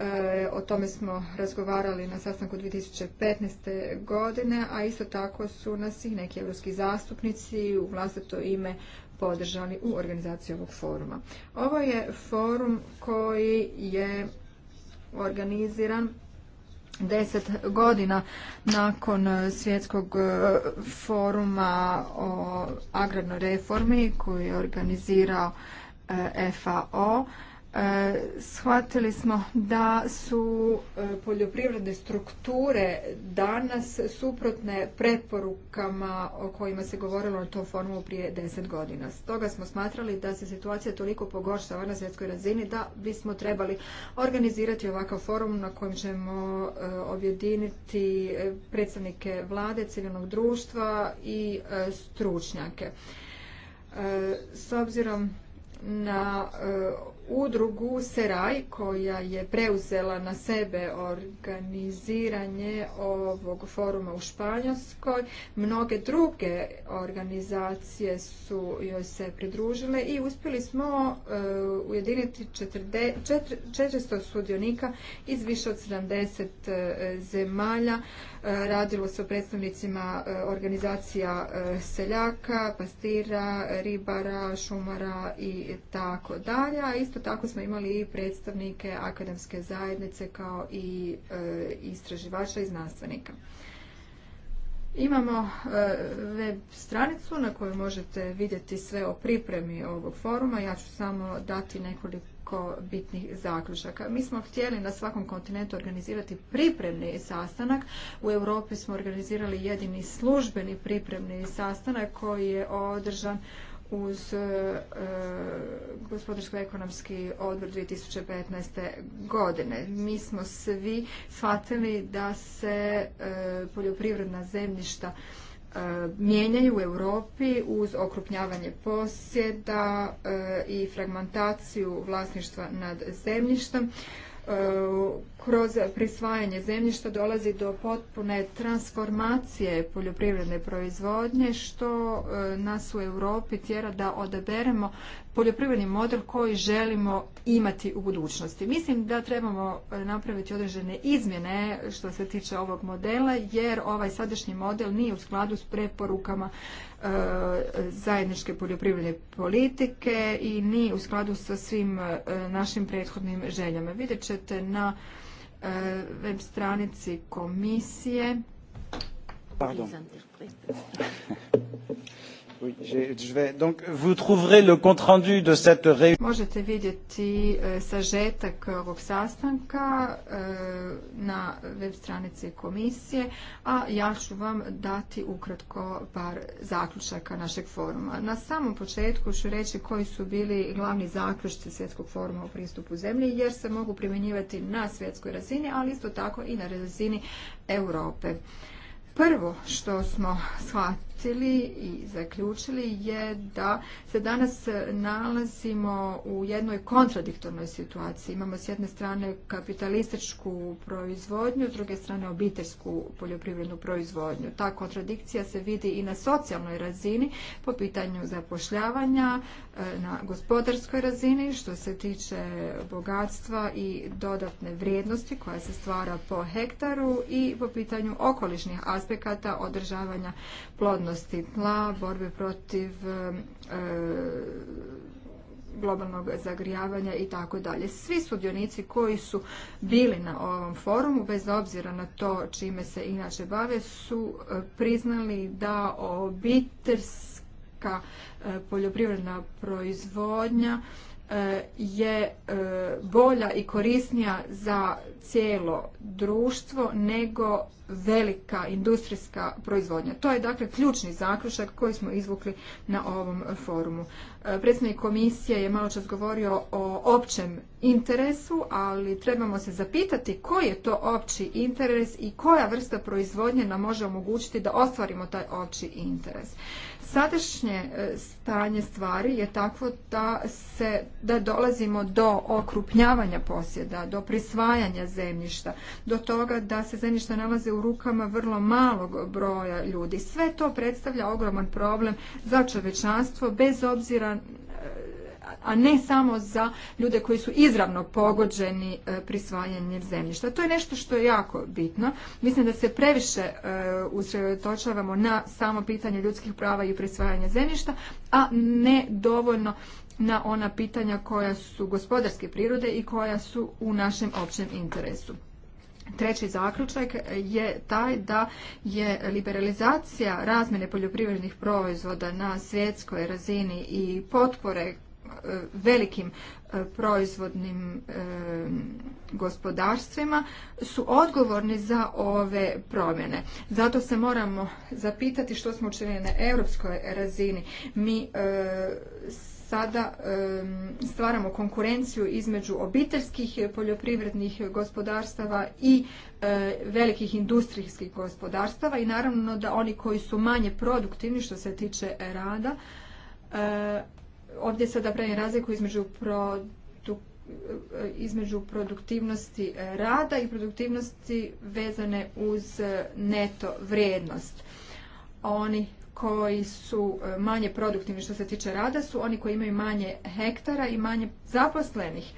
E, o tome smo razgovarali na sastanku 2015. godine, a isto tako su nas i neki europski zastupnici u vlastito ime podržali u organizaciji ovog foruma. Ovo je forum koji je organiziran deset godina nakon svjetskog e, foruma o agrarnoj reformi koji je organizirao e, FAO E, shvatili smo da su e, poljoprivredne strukture danas suprotne preporukama o kojima se govorilo na tom forumu prije deset godina. Stoga smo smatrali da se situacija toliko pogoršava na svjetskoj razini da bismo trebali organizirati ovakav forum na kojem ćemo e, objediniti predstavnike vlade, civilnog društva i stručnjake. S obzirom na udrugu Seraj koja je preuzela na sebe organiziranje ovog foruma u Španjolskoj. Mnoge druge organizacije su joj se pridružile i uspjeli smo e, ujediniti 400 sudionika iz više od 70 e, zemalja E, radilo se o predstavnicima e, organizacija e, seljaka, pastira, ribara, šumara i tako dalje. isto tako smo imali i predstavnike akademske zajednice kao i istraživača i znanstvenika. Imamo web stranicu na kojoj možete vidjeti sve o pripremi ovog foruma. Ja ću samo dati nekoliko bitnih zaključaka. Mi smo htjeli na svakom kontinentu organizirati pripremni sastanak. U Europi smo organizirali jedini službeni pripremni sastanak koji je održan uz e, gospodarsko-ekonomski odbor 2015. godine. Mi smo svi shvatili da se e, poljoprivredna zemljišta E, mijenjaju u Europi uz okrupnjavanje posjeda e, i fragmentaciju vlasništva nad zemljištem. E, kroz prisvajanje zemljišta dolazi do potpune transformacije poljoprivredne proizvodnje što nas u Europi tjera da odaberemo poljoprivredni model koji želimo imati u budućnosti. Mislim da trebamo e, napraviti određene izmjene što se tiče ovog modela jer ovaj sadašnji model nije u skladu s preporukama e, zajedničke poljoprivredne politike i nije u skladu sa svim e, našim prethodnim željama. Vidjet ćete na web stranici komisije. Pardon. Možete vidjeti e, sažetak ovog sastanka e, na web stranici komisije, a ja ću vam dati ukratko par zaključaka našeg foruma. Na samom početku ću reći koji su bili glavni zaključci svjetskog foruma o pristupu zemlji, jer se mogu primjenjivati na svjetskoj razini, ali isto tako i na razini Europe. Prvo što smo shvatili zaključili i zaključili je da se danas nalazimo u jednoj kontradiktornoj situaciji. Imamo s jedne strane kapitalističku proizvodnju, s druge strane obiteljsku poljoprivrednu proizvodnju. Ta kontradikcija se vidi i na socijalnoj razini po pitanju zapošljavanja, e, na gospodarskoj razini što se tiče bogatstva i dodatne vrijednosti koja se stvara po hektaru i po pitanju okolišnih aspekata održavanja plodnosti tla, borbe protiv globalnog zagrijavanja i tako dalje. Svi sudionici koji su bili na ovom forumu, bez obzira na to čime se inače bave, su e, priznali da obiteljska e, poljoprivredna proizvodnja e, je bolja i korisnija za cijelo društvo nego velika industrijska proizvodnja. To je dakle ključni zaključak koji smo izvukli na ovom forumu. E, predsjednik komisije je malo čas govorio o općem interesu, ali trebamo se zapitati koji je to opći interes i koja vrsta proizvodnje nam može omogućiti da ostvarimo taj opći interes. Sadašnje e, stanje stvari je takvo da, se, da dolazimo do okrupnjavanja posjeda, do prisvajanja zemljišta, do toga da se zemljišta nalaze u rukama vrlo malog broja ljudi. Sve to predstavlja ogroman problem za čovečanstvo bez obzira e, a ne samo za ljude koji su izravno pogođeni e, prisvajanjem zemljišta. To je nešto što je jako bitno. Mislim da se previše e, usredotočavamo na samo pitanje ljudskih prava i prisvajanje zemljišta, a ne dovoljno na ona pitanja koja su gospodarske prirode i koja su u našem općem interesu. Treći zaključak je taj da je liberalizacija razmjene poljoprivrednih proizvoda na svjetskoj razini i potpore e, velikim e, proizvodnim e, gospodarstvima su odgovorni za ove promjene. Zato se moramo zapitati što smo učinili na europskoj razini. Mi sada stvaramo konkurenciju između obiteljskih poljoprivrednih gospodarstava i e, velikih industrijskih gospodarstava i naravno da oni koji su manje produktivni što se tiče rada e, ovdje sada pravim razliku između e, između produktivnosti rada i produktivnosti vezane uz neto vrijednost. Oni koji su e, manje produktivni što se tiče rada su oni koji imaju manje hektara i manje zaposlenih.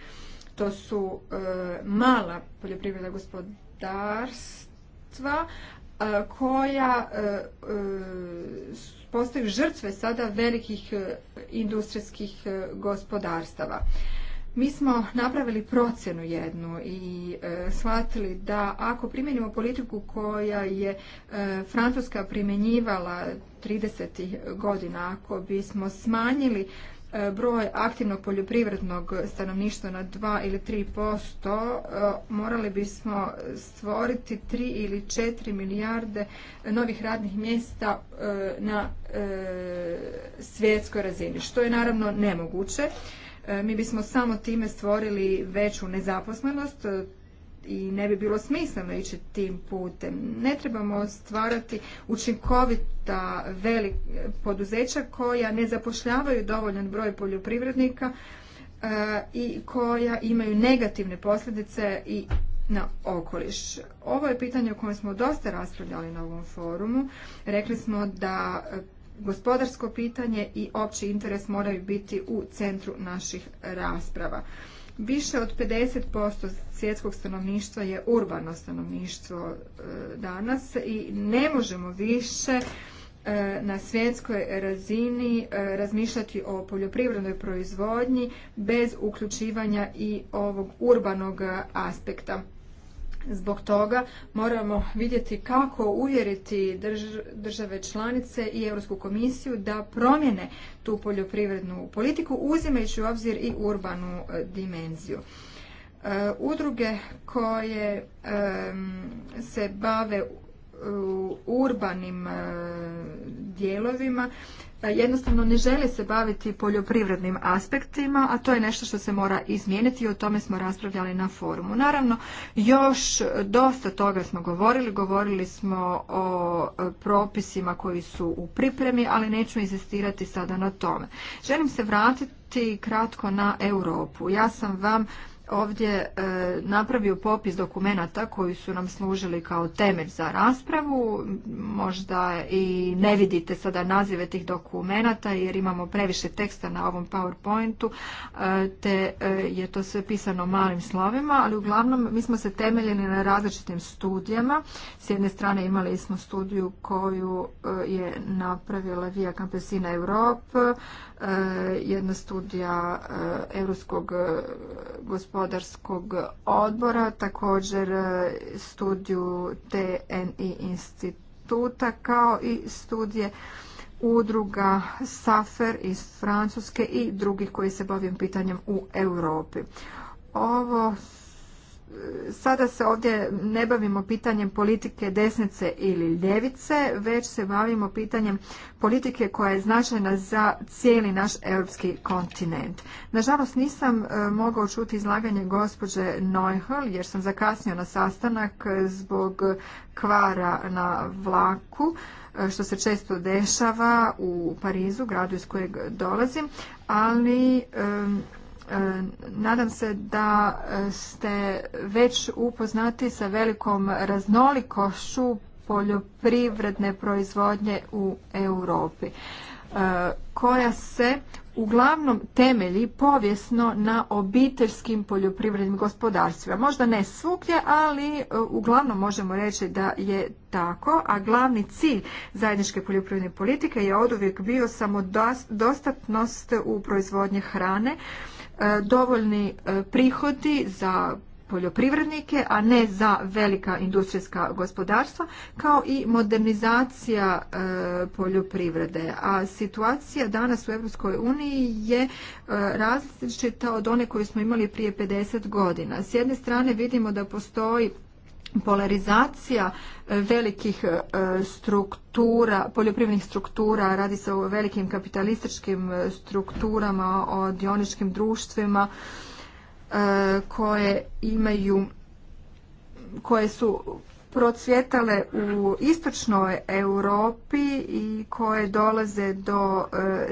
To su e, mala poljoprivredna gospodarstva e, koja postaju žrtve sada velikih industrijskih gospodarstava. Mi smo napravili procjenu jednu i e, shvatili da ako primjenimo politiku koja je e, Francuska primjenjivala 30. godina, ako bismo smanjili e, broj aktivnog poljoprivrednog stanovništva na 2 ili 3%, e, morali bismo stvoriti 3 ili 4 milijarde novih radnih mjesta na svjetskoj razini, što je naravno nemoguće E, mi bismo samo time stvorili veću nezaposlenost e, i ne bi bilo smisleno ići tim putem. Ne trebamo stvarati učinkovita velik poduzeća koja ne zapošljavaju dovoljan broj poljoprivrednika e, i koja imaju negativne posljedice i na okoliš. Ovo je pitanje o kojem smo dosta raspravljali na ovom forumu. Rekli smo da gospodarsko pitanje i opći interes moraju biti u centru naših rasprava. Više od 50% svjetskog stanovništva je urbano stanovništvo e, danas i ne možemo više e, na svjetskoj razini e, razmišljati o poljoprivrednoj proizvodnji bez uključivanja i ovog urbanog aspekta. Zbog toga moramo vidjeti kako uvjeriti države članice i Europsku komisiju da promjene tu poljoprivrednu politiku uzimajući u obzir i urbanu e, dimenziju. E, udruge koje se bave urbanim e, dijelovima jednostavno ne želi se baviti poljoprivrednim aspektima, a to je nešto što se mora izmijeniti i o tome smo raspravljali na forumu. Naravno, još dosta toga smo govorili, govorili smo o propisima koji su u pripremi, ali neću inzistirati sada na tome. Želim se vratiti kratko na Europu. Ja sam vam ovdje e, napravio popis dokumenata koji su nam služili kao temelj za raspravu. Možda i ne vidite sada nazive tih dokumenata jer imamo previše teksta na ovom PowerPointu e, te e, je to sve pisano malim slovima, ali uglavnom mi smo se temeljili na različitim studijama. S jedne strane imali smo studiju koju je napravila Via Campesina Europe Eh, jedna studija eh, Europskog eh, gospodarskog odbora, također studiju TNI instituta kao i studije udruga Safer iz Francuske i drugih koji se bavim pitanjem u Europi. Ovo sada se ovdje ne bavimo pitanjem politike desnice ili ljevice, već se bavimo pitanjem politike koja je značajna za cijeli naš europski kontinent. Nažalost nisam e, mogao čuti izlaganje gospođe Neuhl jer sam zakasnio na sastanak zbog kvara na vlaku e, što se često dešava u Parizu, gradu iz kojeg dolazim, ali E, nadam se da e, ste već upoznati sa velikom raznolikošću poljoprivredne proizvodnje u Europi e, koja se uglavnom temelji povijesno na obiteljskim poljoprivrednim gospodarstvima. Možda ne svugdje, ali uglavnom možemo reći da je tako, a glavni cilj zajedničke poljoprivredne politike je oduvijek bio samodostatnost u proizvodnje hrane E, dovoljni e, prihodi za poljoprivrednike, a ne za velika industrijska gospodarstva, kao i modernizacija e, poljoprivrede. A situacija danas u Europskoj uniji je različita od one koju smo imali prije 50 godina. S jedne strane vidimo da postoji polarizacija e, velikih e, struktura, poljoprivrednih struktura, radi se o velikim kapitalističkim e, strukturama, o dioničkim društvima koje imaju koje su procvjetale u istočnoj Europi i koje dolaze do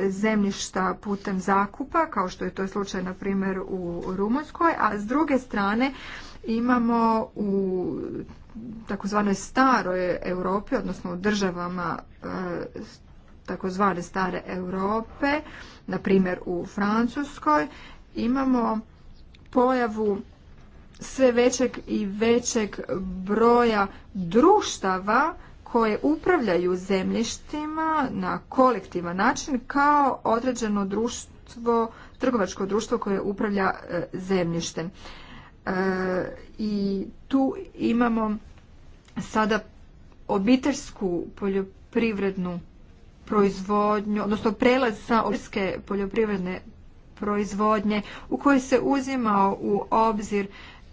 zemljišta putem zakupa, kao što je to slučaj na primjer u Rumunjskoj, a s druge strane imamo u takozvanoj staroj Europi, odnosno u državama e, takozvane stare Europe, na primjer u Francuskoj, imamo pojavu sve većeg i većeg broja društava koje upravljaju zemljištima na kolektivan način kao određeno društvo, trgovačko društvo koje upravlja e, zemljištem. E, i tu imamo sada obiteljsku poljoprivrednu proizvodnju, odnosno prelaz sa obiteljske poljoprivredne proizvodnje u kojoj se uzimao u obzir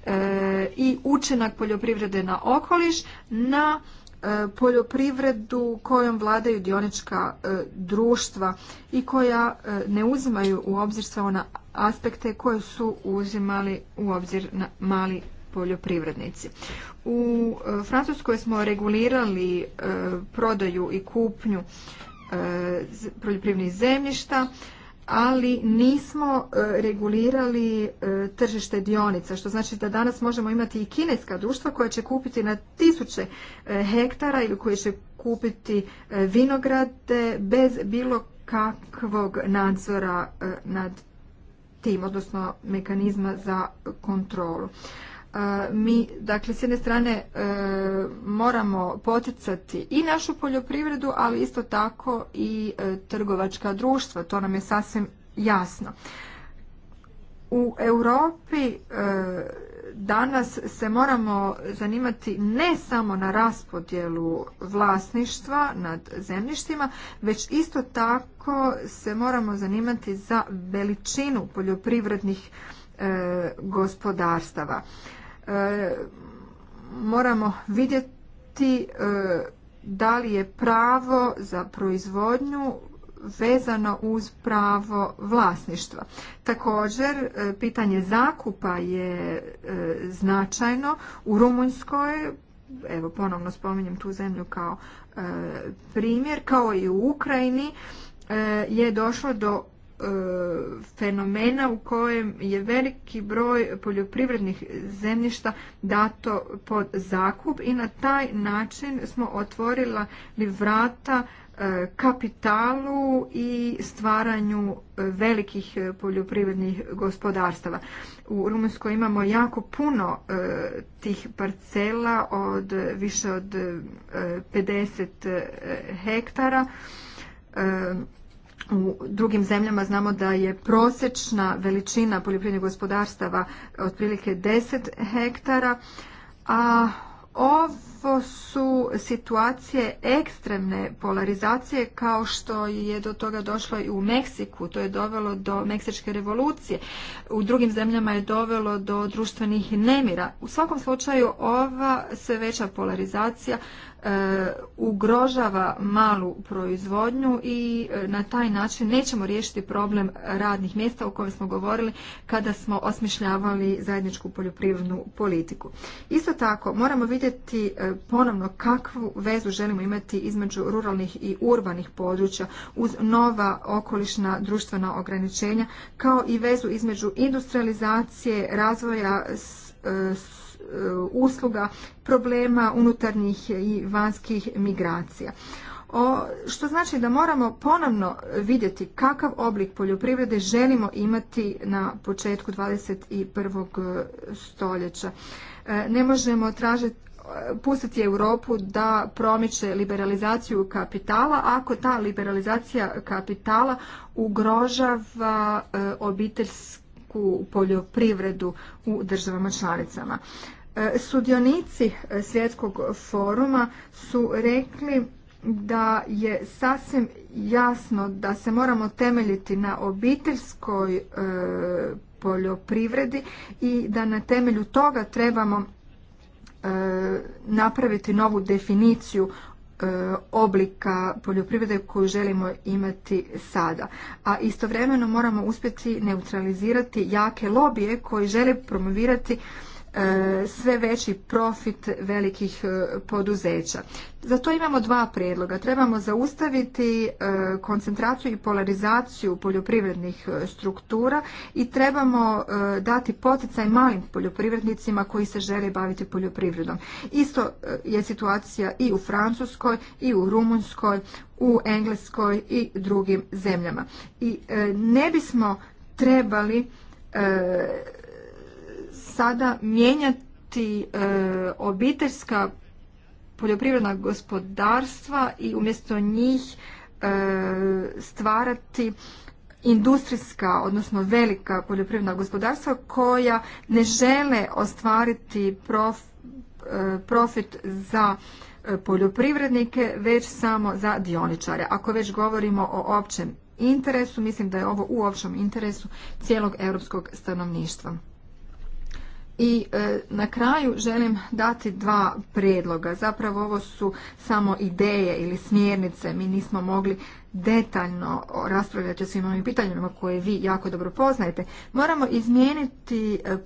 e, i učenak poljoprivrede na okoliš na e, poljoprivredu kojom vladaju dionička društva i koja ne uzimaju u obzir sva ona aspekte koje su uzimali u obzir na mali poljoprivrednici. U e, Francuskoj smo regulirali e, prodaju i kupnju e, poljoprivrednih zemljišta, ali nismo regulirali tržište dionica, što znači da danas možemo imati i kineska društva koja će kupiti na tisuće hektara ili koje će kupiti vinograde bez bilo kakvog nadzora nad tim, odnosno mekanizma za kontrolu. E, mi, dakle, s jedne strane e, moramo poticati i našu poljoprivredu, ali isto tako i e, trgovačka društva. To nam je sasvim jasno. U Europi danas se moramo zanimati ne samo na raspodjelu vlasništva nad zemljištima, već isto tako se moramo zanimati za veličinu poljoprivrednih e, gospodarstava. E, moramo vidjeti e, da li je pravo za proizvodnju vezano uz pravo vlasništva. Također, e, pitanje zakupa je e, značajno. U Rumunjskoj, evo ponovno spominjem tu zemlju kao e, primjer, kao i u Ukrajini, je došlo do fenomena u kojem je veliki broj poljoprivrednih zemljišta dato pod zakup i na taj način smo otvorila vrata E, kapitalu i stvaranju e, velikih e, poljoprivrednih gospodarstava. U Rumunjskoj imamo jako puno tih parcela od više od 50 hektara. U drugim zemljama znamo da je prosječna veličina poljoprivrednih gospodarstava otprilike 10 hektara, a ov su situacije ekstremne polarizacije kao što je do toga došlo i u Meksiku. To je dovelo do Meksičke revolucije. U drugim zemljama je dovelo do društvenih nemira. U svakom slučaju ova sve veća polarizacija E, ugrožava malu proizvodnju i e, na taj način nećemo riješiti problem radnih mjesta o kojem smo govorili kada smo osmišljavali zajedničku poljoprivrednu politiku. Isto tako moramo vidjeti e, ponovno kakvu vezu želimo imati između ruralnih i urbanih područja uz nova okolišna društvena ograničenja kao i vezu između industrializacije, razvoja s E, usluga, problema unutarnjih i vanjskih migracija. O, što znači da moramo ponovno vidjeti kakav oblik poljoprivrede želimo imati na početku 21. E, stoljeća. E, ne možemo tražiti pustiti Europu da promiče liberalizaciju kapitala ako ta liberalizacija kapitala ugrožava obiteljsku poljoprivredu u državama članicama. E, sudionici e, svjetskog foruma su rekli da je sasvim jasno da se moramo temeljiti na obiteljskoj e, poljoprivredi i da na temelju toga trebamo napraviti novu definiciju oblika poljoprivrede koju želimo imati sada. A istovremeno moramo uspjeti neutralizirati jake lobije koji žele promovirati E, sve veći profit velikih e, poduzeća. Za to imamo dva prijedloga. Trebamo zaustaviti e, koncentraciju i polarizaciju poljoprivrednih struktura i trebamo dati poticaj malim poljoprivrednicima koji se žele baviti poljoprivredom. Isto je situacija i u Francuskoj, i u Rumunjskoj, u Engleskoj i drugim zemljama. I ne bismo trebali sada mijenjati e, obiteljska poljoprivredna gospodarstva i umjesto njih e, stvarati industrijska, odnosno velika poljoprivredna gospodarstva koja ne žele ostvariti e, profit za poljoprivrednike, već samo za dioničare. Ako već govorimo o općem interesu, mislim da je ovo u općem interesu cijelog europskog stanovništva. I e, na kraju želim dati dva prijedloga. Zapravo ovo su samo ideje ili smjernice. Mi nismo mogli detaljno raspravljati o svim ovim pitanjima koje vi jako dobro poznajete. Moramo izmijeniti e,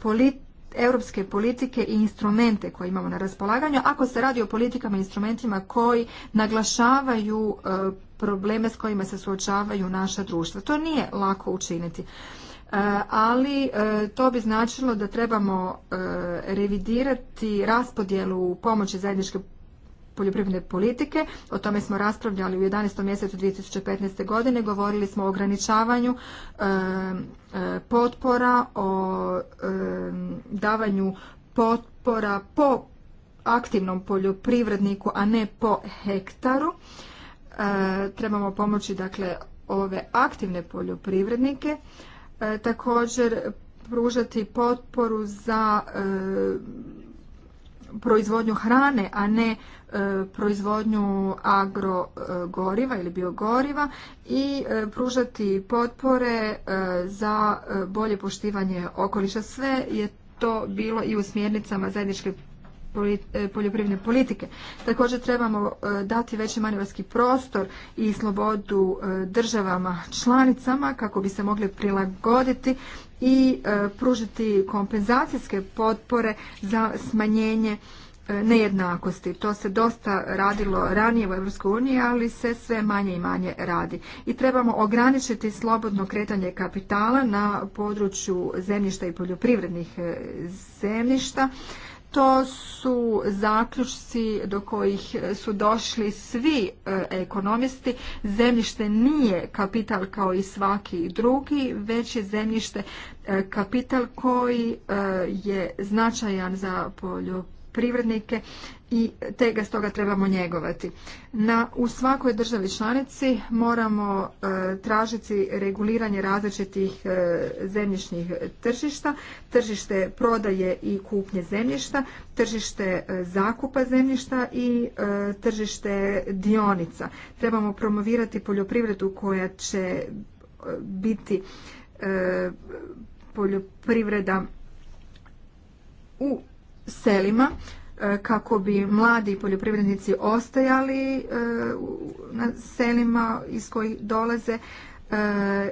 europske politike i instrumente koje imamo na raspolaganju ako se radi o politikama i instrumentima koji naglašavaju e, probleme s kojima se suočavaju naša društva. To nije lako učiniti. E, ali e, to bi značilo da trebamo e, revidirati raspodjelu pomoći zajedničke poljoprivredne politike. O tome smo raspravljali u 11. mjesecu 2015. godine. Govorili smo o ograničavanju potpora, o davanju potpora po aktivnom poljoprivredniku, a ne po hektaru. Trebamo pomoći dakle ove aktivne poljoprivrednike E, također pružati potporu za e, proizvodnju hrane, a ne e, proizvodnju agrogoriva ili biogoriva i pružati potpore za bolje poštivanje okoliša. Sve je to bilo i u smjernicama zajedničke E, poljoprivredne politike. Također trebamo e, dati veći manevarski prostor i slobodu e, državama članicama kako bi se mogli prilagoditi i pružiti kompenzacijske potpore za smanjenje nejednakosti. To se dosta radilo ranije u EU, ali se sve manje i manje radi. I trebamo ograničiti slobodno kretanje kapitala na području zemljišta i poljoprivrednih zemljišta to su zaključci do kojih su došli svi e, ekonomisti. Zemljište nije kapital kao i svaki drugi, već je zemljište e, kapital koji e, je značajan za poljoprivrednike i te ga stoga trebamo njegovati. Na, u svakoj državi članici moramo e, tražiti reguliranje različitih e, zemljišnih tržišta, tržište prodaje i kupnje zemljišta, tržište e, zakupa zemljišta i e, tržište dionica. Trebamo promovirati poljoprivredu koja će biti poljoprivreda u selima E, kako bi mladi poljoprivrednici ostajali e, na selima iz kojih dolaze e,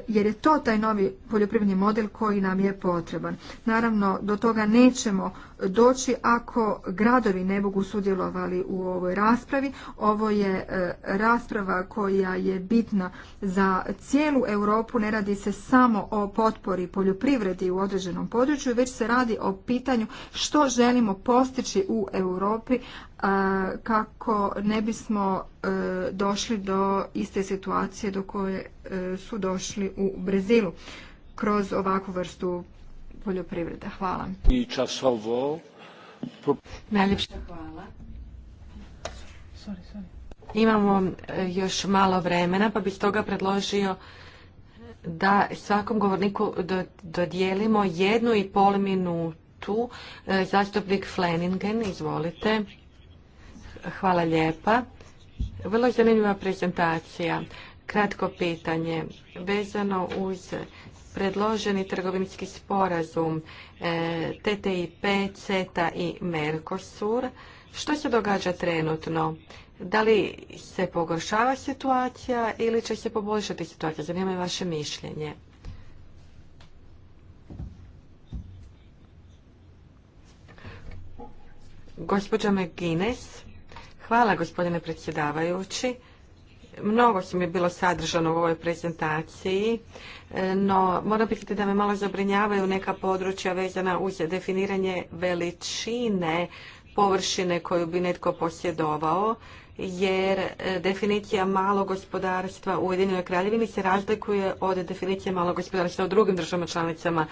jer je to taj novi poljoprivredni model koji nam je potreban. Naravno, do toga nećemo doći ako gradovi ne mogu sudjelovali u ovoj raspravi. Ovo je e, rasprava koja je bitna za cijelu Europu. Ne radi se samo o potpori poljoprivredi u određenom području, već se radi o pitanju što želimo postići u Europi e, kako ne bismo e, došli do iste situacije do koje su došli u Brazilu kroz ovakvu vrstu poljoprivreda. Hvala. Najljepša hvala. Imamo e, još malo vremena, pa bih toga predložio da svakom govorniku dodijelimo jednu i pol minutu. E, zastupnik Fleningen, izvolite. Hvala lijepa. Vrlo zanimljiva prezentacija. Kratko pitanje vezano uz Predloženi trgovinski sporazum e, TTIP, CETA i Mercosur. Što se događa trenutno? Da li se pogoršava situacija ili će se poboljšati situacija? Zanima je vaše mišljenje. Gospođa McGuinness. Hvala gospodine predsjedavajući. Mnogo mi je bilo sadržano u ovoj prezentaciji, e, no moram biti da me malo zabrinjavaju neka područja vezana uz definiranje veličine površine koju bi netko posjedovao, jer e, definicija malog gospodarstva u Ujedinjenoj kraljevini se razlikuje od definicije malog gospodarstva u drugim državama članicama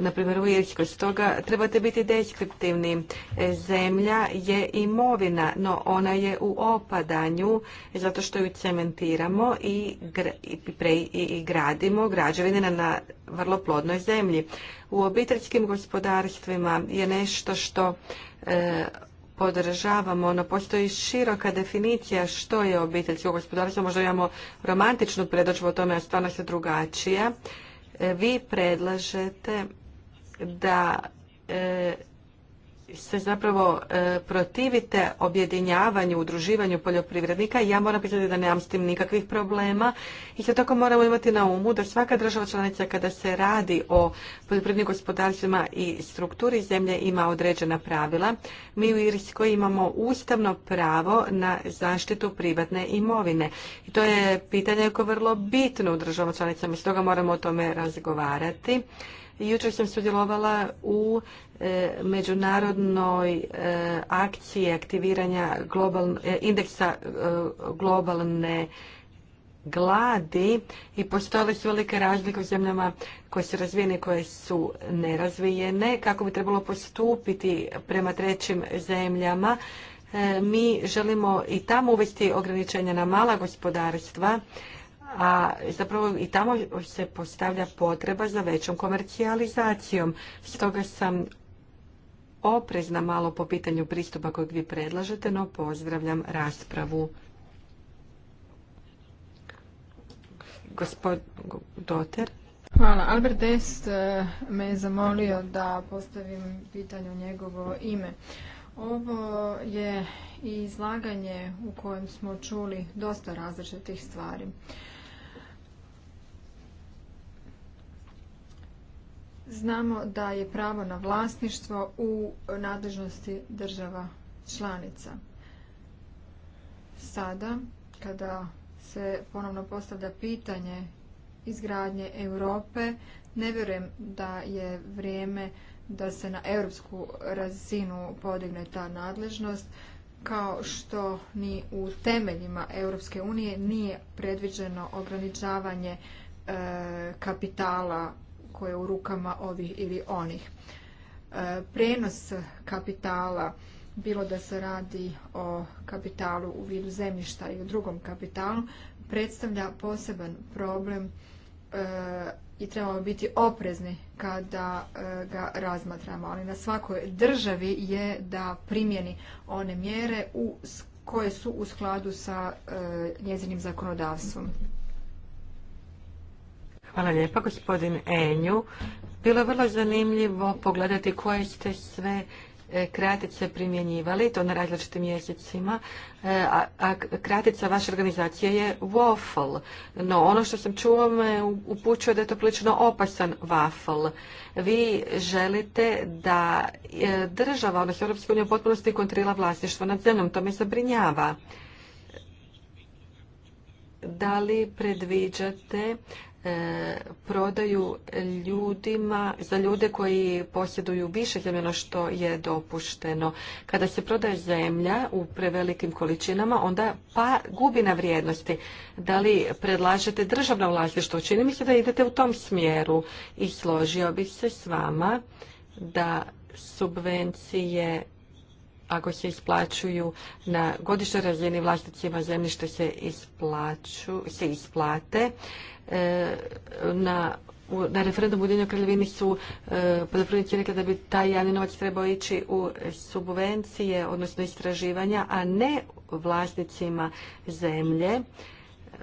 na primjer u Irskoj. Stoga trebate biti deskriptivni. E, zemlja je imovina, no ona je u opadanju zato što ju cementiramo i, i gradimo građevine na vrlo plodnoj zemlji. U obiteljskim gospodarstvima je nešto što e, podržavamo, no postoji široka definicija što je obiteljsko gospodarstvo. Možda imamo romantičnu predođu o tome, a stvarno se drugačija vi predlažete da e, se zapravo e, protivite objedinjavanju, udruživanju poljoprivrednika ja moram pisati da nemam s tim nikakvih problema. i Isto tako moramo imati na umu da svaka država članica kada se radi o poljoprivrednim gospodarstvima i strukturi zemlje ima određena pravila. Mi u Irskoj imamo ustavno pravo na zaštitu privatne imovine. I to je pitanje koje je vrlo bitno u državama članicama, stoga moramo o tome razgovarati. Jučer sam sudjelovala u e, međunarodnoj e, akciji aktiviranja e, indeksa globalne gladi i postojale su velike razlike u zemljama koje su razvijene i koje su nerazvijene, kako bi trebalo postupiti prema trećim zemljama. Mi želimo i tamo uvesti ograničenja na mala gospodarstva, a zapravo i tamo se postavlja potreba za većom komercijalizacijom. Stoga sam oprezna malo po pitanju pristupa kojeg vi predlažete, no pozdravljam raspravu. Gospod Doter. Hvala. Albert Dest eh, me je zamolio da postavim pitanje u njegovo ime. Ovo je izlaganje u kojem smo čuli dosta različitih stvari. Znamo da je pravo na vlasništvo u nadležnosti država članica. Sada, kada se ponovno postavlja pitanje izgradnje Europe, ne vjerujem da je vrijeme da se na europsku razinu podigne ta nadležnost, kao što ni u temeljima Europske unije nije predviđeno ograničavanje e, kapitala koje je u rukama ovih ili onih. E, prenos kapitala, bilo da se radi o kapitalu u vidu zemljišta i u drugom kapitalu, predstavlja poseban problem e, i trebamo biti oprezni kada e, ga razmatramo. Ali na svakoj državi je da primjeni one mjere koje su u skladu sa njezinim zakonodavstvom. Hvala lijepa, gospodin Enju. Bilo je vrlo zanimljivo pogledati koje ste sve e, kratice primjenjivali, to na različitim mjesecima, e, a, kratica vaše organizacije je waffle. No, ono što sam čuo me upućuje da je to prilično opasan waffle. Vi želite da e, država, odnosno Europska unija, u potpunosti kontrola vlasništvo nad zemljom. To me zabrinjava da li predviđate E, prodaju ljudima, za ljude koji posjeduju više ono što je dopušteno. Kada se prodaje zemlja u prevelikim količinama, onda pa gubi na vrijednosti. Da li predlažete državno vlasništvo? Čini mi se da idete u tom smjeru i složio bih se s vama da subvencije ako se isplaćuju na godišnjoj razini vlasnicima zemljište se, se isplate. E, na na referendum u Ujedinjenoj Kraljevini su e, poljoprivrednici rekli da bi taj javni novac trebao ići u subvencije, odnosno istraživanja, a ne vlasnicima zemlje,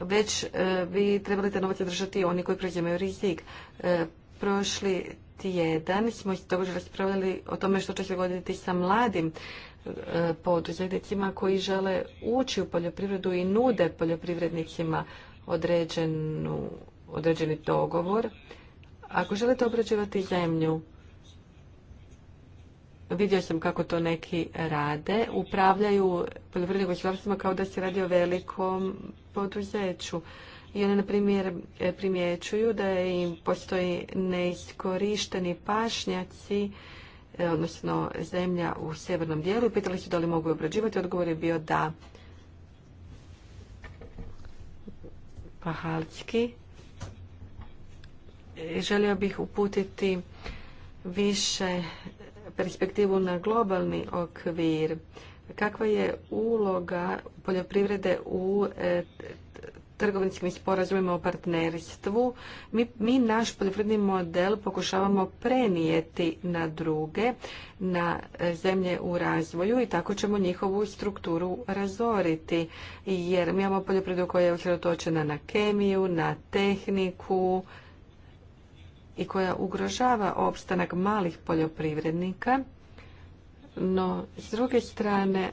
već vi e, bi trebali te novac držati oni koji preuzimaju rizik. prošli tjedan smo se toga raspravljali o tome što će se goditi sa mladim poduzetnicima koji žele ući u poljoprivredu i nude poljoprivrednicima određenu, određeni dogovor. Ako želite obrađivati zemlju, vidio sam kako to neki rade, upravljaju poljoprivrednim gospodarstvima kao da se radi o velikom poduzeću. I one, na primjer, primjećuju da im postoji neiskorišteni pašnjaci, e, odnosno zemlja u sjevernom dijelu. Pitali su da li mogu obrađivati, odgovor je bio da. Pahalski. Želio bih uputiti više perspektivu na globalni okvir. Kakva je uloga poljoprivrede u e, trgovinskim sporazumima o partnerstvu, mi, naš poljoprivredni model pokušavamo prenijeti na druge, na e, zemlje u razvoju i tako ćemo njihovu strukturu razoriti. Jer mi imamo poljoprivredu koja je usredotočena na kemiju, na tehniku i koja ugrožava opstanak malih poljoprivrednika. No, s druge strane,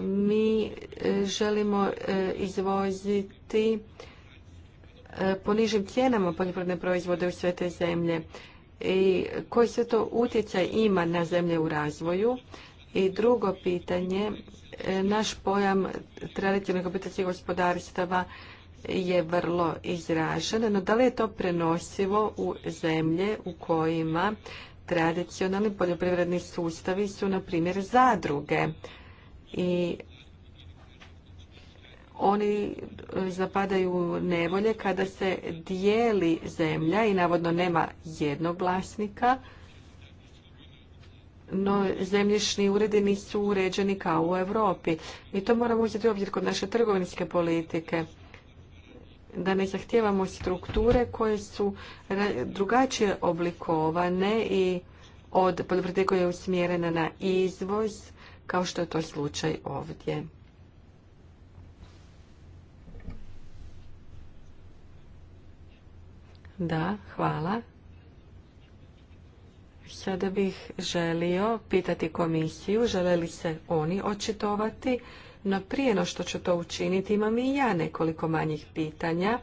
mi e, želimo e, izvoziti e, po nižim cijenama poljoprivredne proizvode u sve te zemlje i koji se to utjecaj ima na zemlje u razvoju. I drugo pitanje, naš pojam tradicionalnih obiteljskih gospodarstava je vrlo izražen, no da li je to prenosivo u zemlje u kojima tradicionalni poljoprivredni sustavi su, na primjer, zadruge? i oni e, zapadaju nevolje kada se dijeli zemlja i navodno nema jednog vlasnika, no zemljišni uredi nisu uređeni kao u Europi. I to moramo uzeti u obzir kod naše trgovinske politike. Da ne zahtijevamo strukture koje su drugačije oblikovane i od poljoprivrede koja je usmjerena na izvoz kao što je to slučaj ovdje. Da, hvala. Sada bih želio pitati komisiju, žele li se oni očitovati, no prije no što ću to učiniti imam i ja nekoliko manjih pitanja.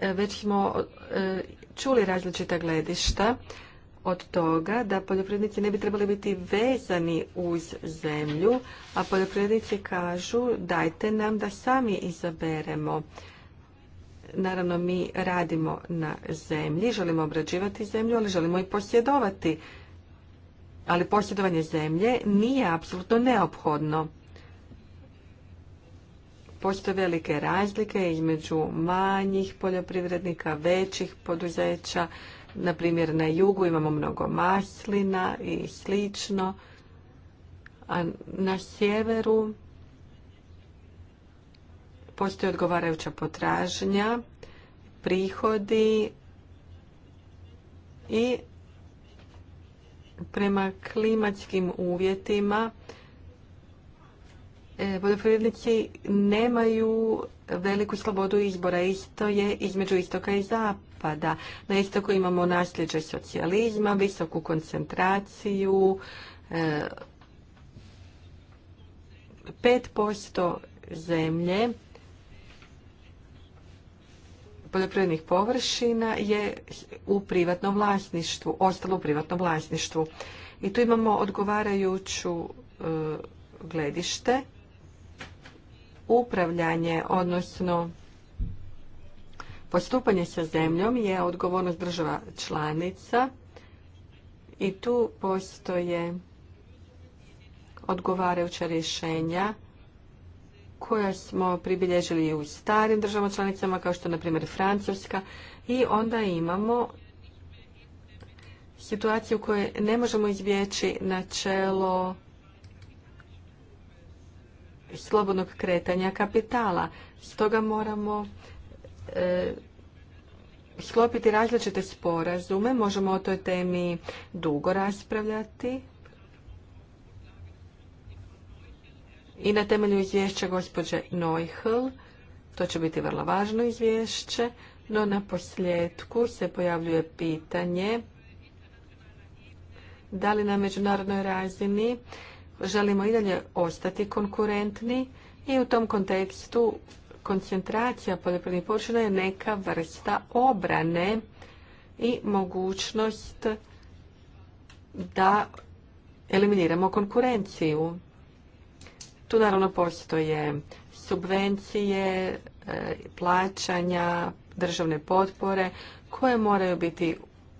E, već smo e, čuli različita gledišta od toga da poljoprivrednici ne bi trebali biti vezani uz zemlju, a poljoprivrednici kažu dajte nam da sami izaberemo. Naravno, mi radimo na zemlji, želimo obrađivati zemlju, ali želimo i posjedovati. Ali posjedovanje zemlje nije apsolutno neophodno. Postoje velike razlike između manjih poljoprivrednika, većih poduzeća, na primjer, na jugu imamo mnogo maslina i slično, a na sjeveru postoji odgovarajuća potražnja, prihodi i prema klimatskim uvjetima e, vodoprivrednici nemaju veliku slobodu izbora. Isto je između istoka i zapada zapada. Na istoku imamo nasljeđe socijalizma, visoku koncentraciju, 5% e, zemlje poljoprivrednih površina je u privatnom vlasništvu, ostalo u privatnom vlasništvu. I tu imamo odgovarajuću e, gledište, upravljanje, odnosno Postupanje sa zemljom je odgovornost država članica i tu postoje odgovarajuća rješenja koja smo pribilježili u starim državama članicama, kao što je, na primjer, Francuska. I onda imamo situaciju u kojoj ne možemo izbjeći načelo slobodnog kretanja kapitala. Stoga moramo E, sklopiti različite sporazume, možemo o toj temi dugo raspravljati. I na temelju izvješća gospođe Neuhl, to će biti vrlo važno izvješće, no na posljedku se pojavljuje pitanje da li na međunarodnoj razini želimo i dalje ostati konkurentni i u tom kontekstu koncentracija poljoprivrednih površina je neka vrsta obrane i mogućnost da eliminiramo konkurenciju. Tu naravno postoje subvencije, e, plaćanja, državne potpore koje moraju biti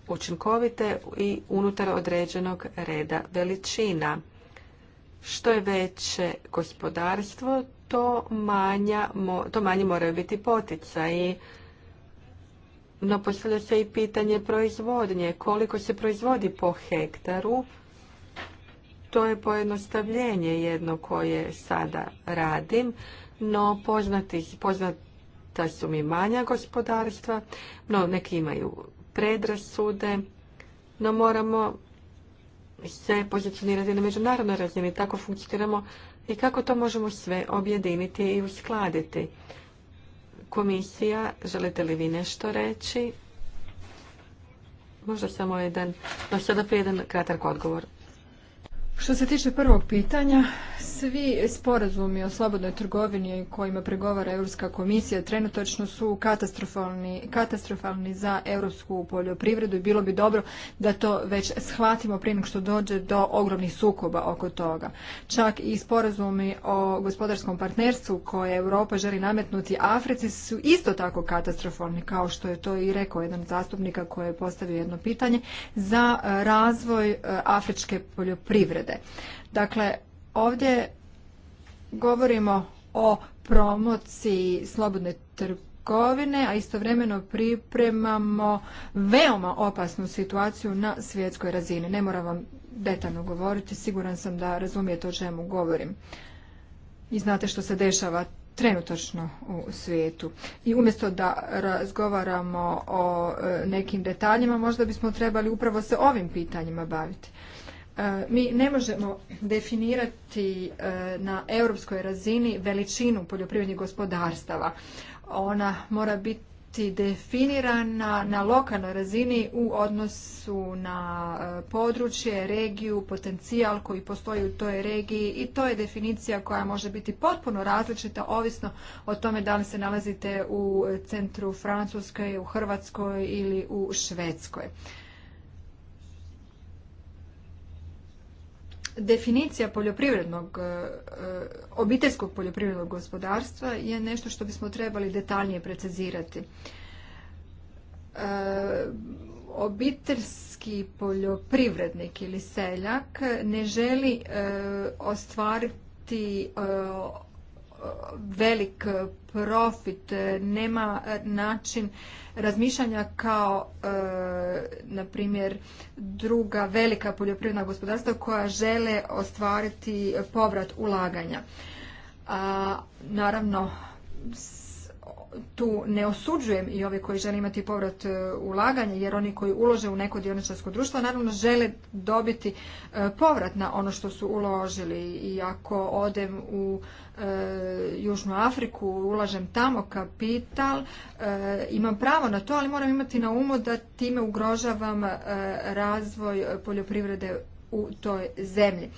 učinkovite i unutar određenog reda veličina. Što je veće gospodarstvo, to, manja, manji moraju biti poticaji. No postavlja se i pitanje proizvodnje. Koliko se proizvodi po hektaru? To je pojednostavljenje jedno koje sada radim, no poznata su mi manja gospodarstva, no neki imaju predrasude, no moramo se pozicionirati na međunarodnoj razini. Tako funkcioniramo i kako to možemo sve objediniti i uskladiti. Komisija, želite li vi nešto reći? Možda samo jedan, no sada prije jedan kratak odgovor. Što se tiče prvog pitanja, svi sporazumi o slobodnoj trgovini kojima pregovara Europska komisija trenutačno su katastrofalni, katastrofalni za europsku poljoprivredu i bilo bi dobro da to već shvatimo prije nego što dođe do ogromnih sukoba oko toga. Čak i sporazumi o gospodarskom partnerstvu koje Europa želi nametnuti Africi su isto tako katastrofalni kao što je to i rekao jedan zastupnika koji je postavio jedno pitanje za razvoj e, afričke poljoprivrede Dakle, ovdje govorimo o promociji slobodne trgovine, a istovremeno pripremamo veoma opasnu situaciju na svjetskoj razini. Ne moram vam detaljno govoriti, siguran sam da razumijete o čemu govorim. I znate što se dešava trenutočno u svijetu. I umjesto da razgovaramo o e, nekim detaljima, možda bismo trebali upravo se ovim pitanjima baviti. E, mi ne možemo definirati e, na europskoj razini veličinu poljoprivrednih gospodarstava. Ona mora biti definirana na lokalnoj razini u odnosu na e, područje, regiju, potencijal koji postoji u toj regiji i to je definicija koja može biti potpuno različita ovisno o tome da li se nalazite u centru Francuske, u Hrvatskoj ili u Švedskoj. definicija poljoprivrednog, e, e, obiteljskog poljoprivrednog gospodarstva je nešto što bismo trebali detaljnije precizirati. E, obiteljski poljoprivrednik ili seljak ne želi ostvariti velik profit, nema način razmišljanja kao e, na primjer druga velika poljoprivredna gospodarstva koja žele ostvariti povrat ulaganja. A, naravno tu ne osuđujem i ove koji žele imati povrat e, ulaganja, jer oni koji ulože u neko dioničarsko društvo, naravno žele dobiti e, povrat na ono što su uložili. I ako odem u e, Južnu Afriku, ulažem tamo kapital, imam pravo na to, ali moram imati na umu da time ugrožavam razvoj poljoprivrede u toj zemlji.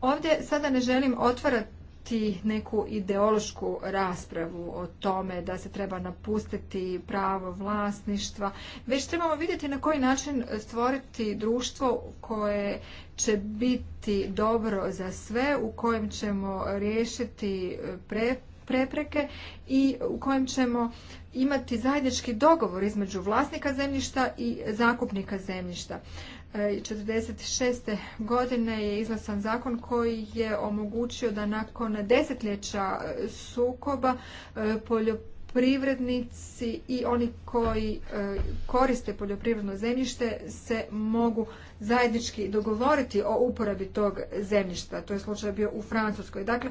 Ovdje sada ne želim otvarati voditi neku ideološku raspravu o tome da se treba napustiti pravo vlasništva, već trebamo vidjeti na koji način stvoriti društvo koje će biti dobro za sve, u kojem ćemo riješiti e, prepreke i u kojem ćemo imati zajednički dogovor između vlasnika zemljišta i zakupnika zemljišta. 1946. godine je izlasan zakon koji je omogućio da nakon desetljeća sukoba e, poljoprivrednici i oni koji e, koriste poljoprivredno zemljište se mogu zajednički dogovoriti o uporabi tog zemljišta. To je slučaj bio u Francuskoj. Dakle,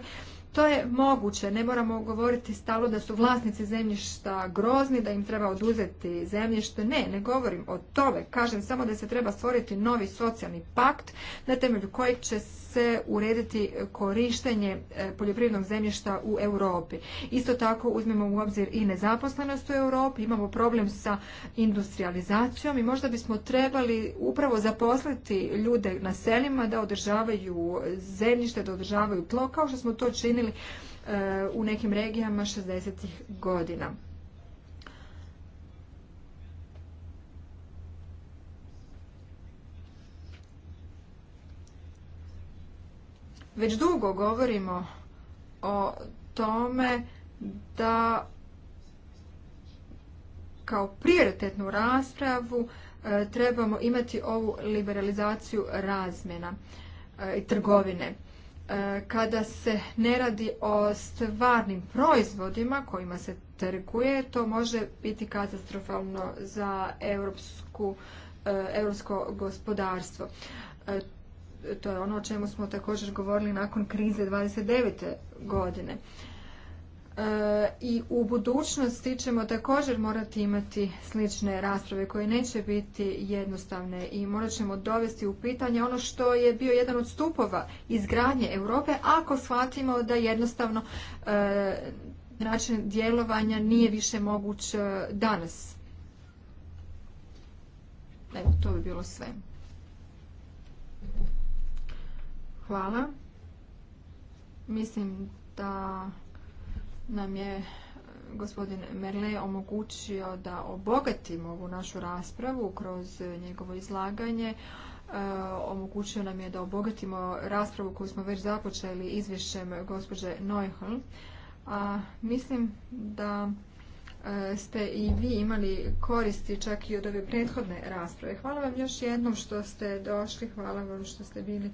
to je moguće, ne moramo govoriti stalo da su vlasnici zemljišta grozni, da im treba oduzeti zemljište. Ne, ne govorim o tome. Kažem samo da se treba stvoriti novi socijalni pakt na temelju kojeg će se urediti korištenje e, poljoprivrednog zemljišta u Europi. Isto tako uzmemo u obzir i nezaposlenost u Europi, imamo problem sa industrializacijom i možda bismo trebali upravo zaposliti ljude na selima da održavaju zemljište, da održavaju tlo, kao što smo to činili e, u nekim regijama 60. godina. Već dugo govorimo o tome da kao prioritetnu raspravu e, trebamo imati ovu liberalizaciju razmjena e, i trgovine. E, kada se ne radi o stvarnim proizvodima kojima se trguje, to može biti katastrofalno za europsku, europsko gospodarstvo to je ono o čemu smo također govorili nakon krize 29. godine. E, I u budućnosti ćemo također morati imati slične rasprave koje neće biti jednostavne i morat ćemo dovesti u pitanje ono što je bio jedan od stupova izgradnje Europe ako shvatimo da jednostavno e, način djelovanja nije više moguć e, danas. Evo, to bi bilo sve. Hvala. Mislim da nam je eh, gospodin Merle omogućio da obogatimo ovu našu raspravu kroz eh, njegovo izlaganje. Eh, omogućio nam je da obogatimo raspravu koju smo već započeli izvješćem gospođe Neuhl. A mislim da ste i vi imali koristi čak i od ove prethodne rasprave. Hvala vam još jednom što ste došli, hvala vam što ste bili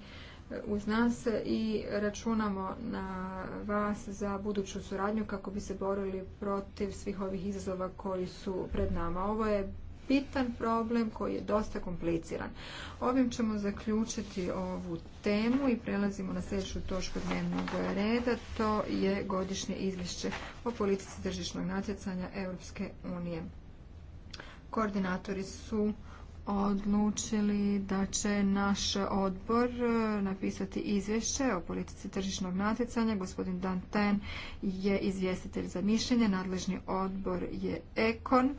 uz nas i računamo na vas za buduću suradnju kako bi se borili protiv svih ovih izazova koji su pred nama. Ovo je bitan problem koji je dosta kompliciran. Ovim ćemo zaključiti ovu temu i prelazimo na sljedeću točku dnevnog reda. To je godišnje izvješće o politici tržišnog natjecanja Europske unije. Koordinatori su odlučili da će naš odbor e, napisati izvješće o politici tržišnog natjecanja. Gospodin Ten je izvjestitelj za mišljenje, nadležni odbor je Ekon.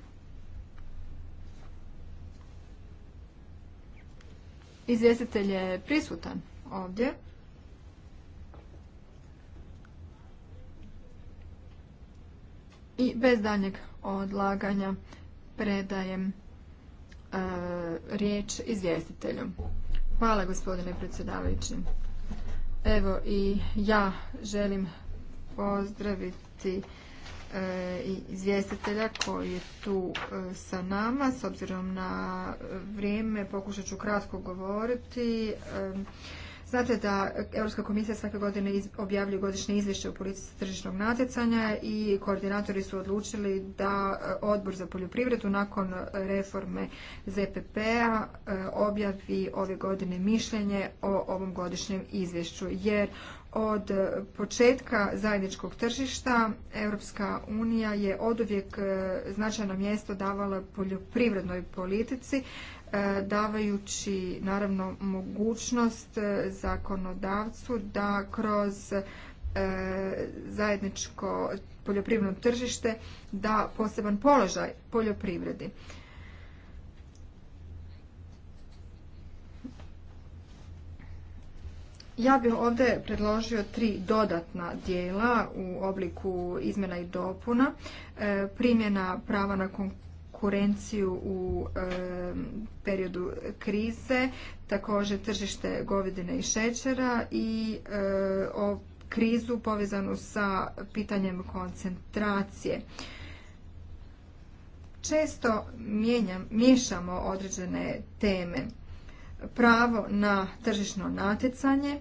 Izvjestitelj je prisutan ovdje. I bez daljnjeg odlaganja predajem riječ izvjestitelju. Hvala gospodine predsjedavajući. Evo i ja želim pozdraviti e, izvjestitelja koji je tu e, sa nama. S obzirom na vrijeme pokušat ću kratko govoriti. E, Znate da Europska komisija svake godine objavljuje godišnje izvješće o politici tržišnog natjecanja i koordinatori su odlučili da e, odbor za poljoprivredu nakon reforme ZPP-a e, objavi ove godine mišljenje o ovom godišnjem izvješću jer od početka zajedničkog tržišta Europska unija je oduvijek e, značajno mjesto davala poljoprivrednoj politici E, davajući naravno mogućnost e, zakonodavcu da kroz e, zajedničko poljoprivredno tržište da poseban položaj poljoprivredi. Ja bih ovdje predložio tri dodatna dijela u obliku izmjena i dopuna. Primjena prava na konkurenciju konkurenciju u periodu krize, također tržište govedine i šećera i eh, o krizu povezanu sa pitanjem koncentracije. Često mijenjam, miješamo određene teme. Pravo na tržišno natjecanje,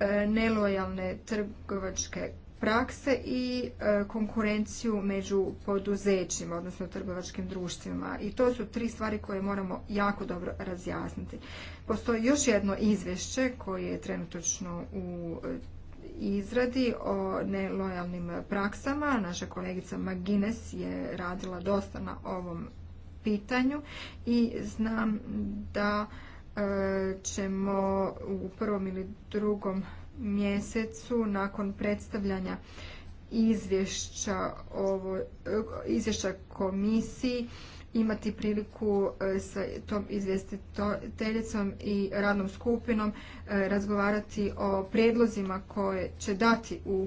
eh, nelojalne trgovačke prakse i e, konkurenciju među poduzećima, odnosno trgovačkim društvima. I to su tri stvari koje moramo jako dobro razjasniti. Postoji još jedno izvješće koje je trenutočno u e, izradi o nelojalnim praksama. Naša kolegica Magines je radila dosta na ovom pitanju i znam da e, ćemo u prvom ili drugom mjesecu nakon predstavljanja izvješća, komisiji imati priliku e, sa tom izvjestiteljicom i radnom skupinom e, razgovarati o prijedlozima koje će dati u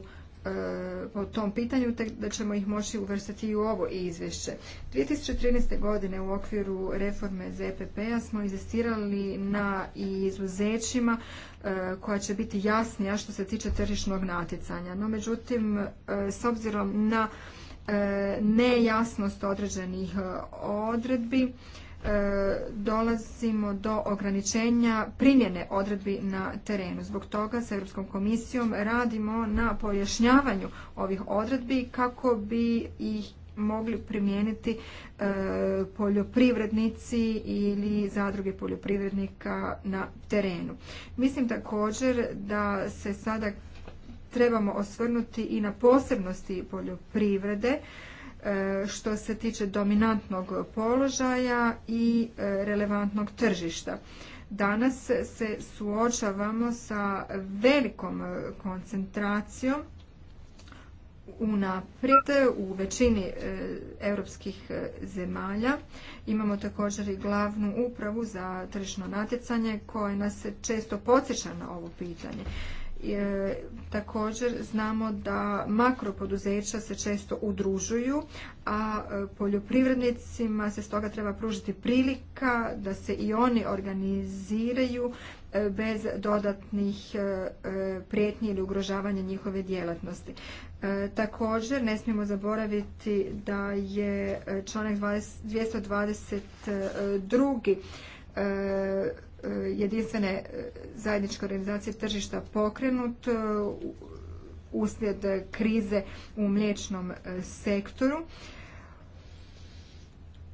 po tom pitanju, te da ćemo ih moći uvrstati i u ovo izvješće. 2013. godine u okviru reforme ZPP-a smo izestirali na izuzećima e, koja će biti jasnija što se tiče tržišnog natjecanja. No, međutim, e, s obzirom na e, nejasnost određenih odredbi, E, dolazimo do ograničenja primjene odredbi na terenu. Zbog toga sa Europskom komisijom radimo na pojašnjavanju ovih odredbi kako bi ih mogli primijeniti e, poljoprivrednici ili zadruge poljoprivrednika na terenu. Mislim također da se sada trebamo osvrnuti i na posebnosti poljoprivrede E, što se tiče dominantnog položaja i e, relevantnog tržišta. Danas se suočavamo sa velikom koncentracijom unaprijed u većini e, europskih zemalja. Imamo također i glavnu upravu za tržišno natjecanje koja nas često podsjeća na ovo pitanje također znamo da makropoduzeća se često udružuju, a e, poljoprivrednicima se stoga treba pružiti prilika da se i oni organiziraju e, bez dodatnih e, prijetnji ili ugrožavanja njihove djelatnosti. Također ne smijemo zaboraviti da je članak 222 E, jedinstvene e, zajedničke organizacije tržišta pokrenut e, uslijed krize u mliječnom sektoru.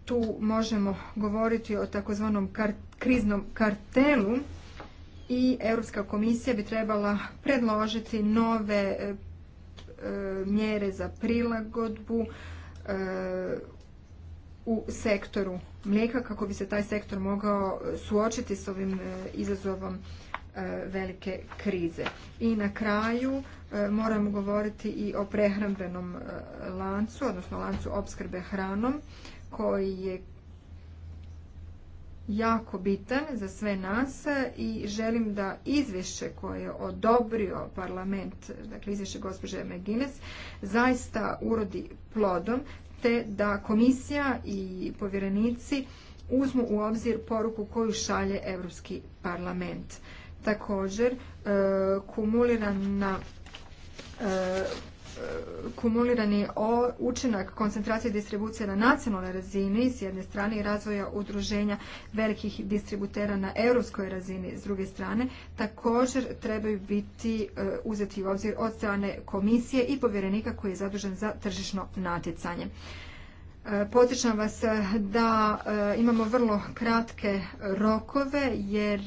Tu možemo govoriti o takozvanom kriznom kartelu i Europska komisija bi trebala predložiti nove mjere za prilagodbu u sektoru mlijeka kako bi se taj sektor mogao suočiti s ovim e, izazovom e, velike krize. I na kraju e, moramo govoriti i o prehrambenom lancu, odnosno lancu opskrbe hranom koji je jako bitan za sve nas i želim da izvješće koje je odobrio parlament, dakle izvješće gospođe Megines, zaista urodi plodom da komisija i povjerenici uzmu u obzir poruku koju šalje Europski parlament. Također, e, kumulirana e, kumulirani učinak koncentracije distribucije na nacionalnoj razini s jedne strane i razvoja udruženja velikih distributera na europskoj razini s druge strane također trebaju biti e, uzeti u obzir od strane komisije i povjerenika koji je zadužen za tržišno natjecanje. E, podsjećam vas da e, imamo vrlo kratke rokove jer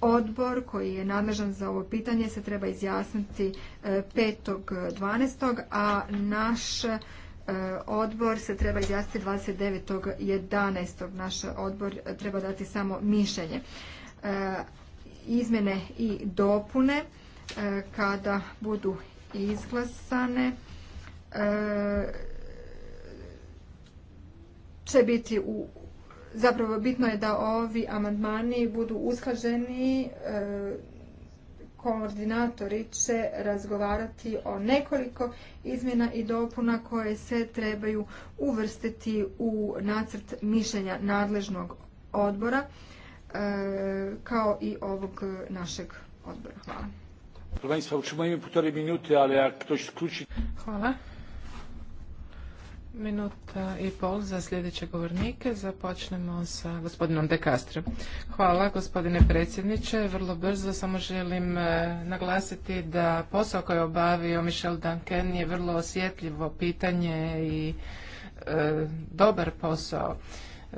Odbor koji je nadležan za ovo pitanje se treba izjasniti 5.12. E, a naš e, odbor se treba izjasniti 29.11. Naš odbor treba dati samo mišljenje. E, izmjene i dopune kada budu izglasane će biti u zapravo bitno je da ovi amandmani budu usklaženi e, koordinatori će razgovarati o nekoliko izmjena i dopuna koje se trebaju uvrstiti u nacrt mišljenja nadležnog odbora e, kao i ovog našeg odbora. Hvala. Hvala. Minuta i pol za sljedeće govornike. Započnemo sa gospodinom De Castro. Hvala gospodine predsjedniče. Vrlo brzo samo želim e, naglasiti da posao koji je obavio Michel Duncan je vrlo osjetljivo pitanje i e, dobar posao. E,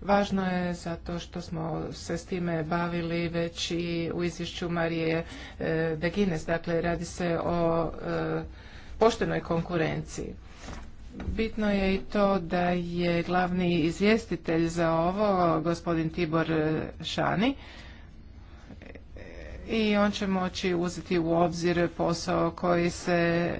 važno je zato što smo se s time bavili već i u izvješću Marije De Gines. Dakle, radi se o poštenoj konkurenciji. Bitno je i to da je glavni izvjestitelj za ovo gospodin Tibor Šani i on će moći uzeti u obzir posao koji se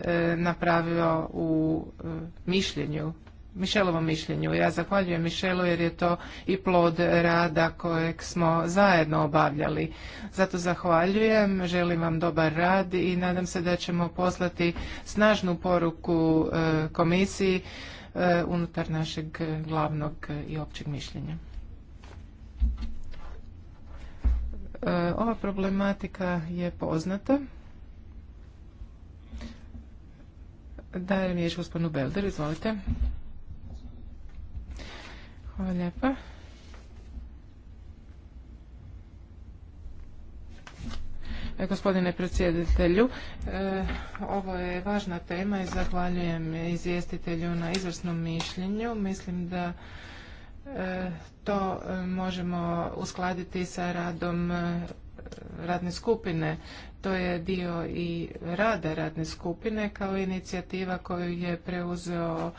e, napravio u e, mišljenju Mišelovom mišljenju. Ja zahvaljujem Mišelu jer je to i plod rada kojeg smo zajedno obavljali. Zato zahvaljujem, želim vam dobar rad i nadam se da ćemo poslati snažnu poruku e, komisiji e, unutar našeg glavnog i općeg mišljenja. E, ova problematika je poznata. Dajem riječ gospodinu Belder, izvolite. Hvala lijepa. E, gospodine predsjedatelju, e, ovo je važna tema i zahvaljujem izvjestitelju na izvrsnom mišljenju. Mislim da e, to možemo uskladiti sa radom radne skupine. To je dio i rada radne skupine kao inicijativa koju je preuzeo e,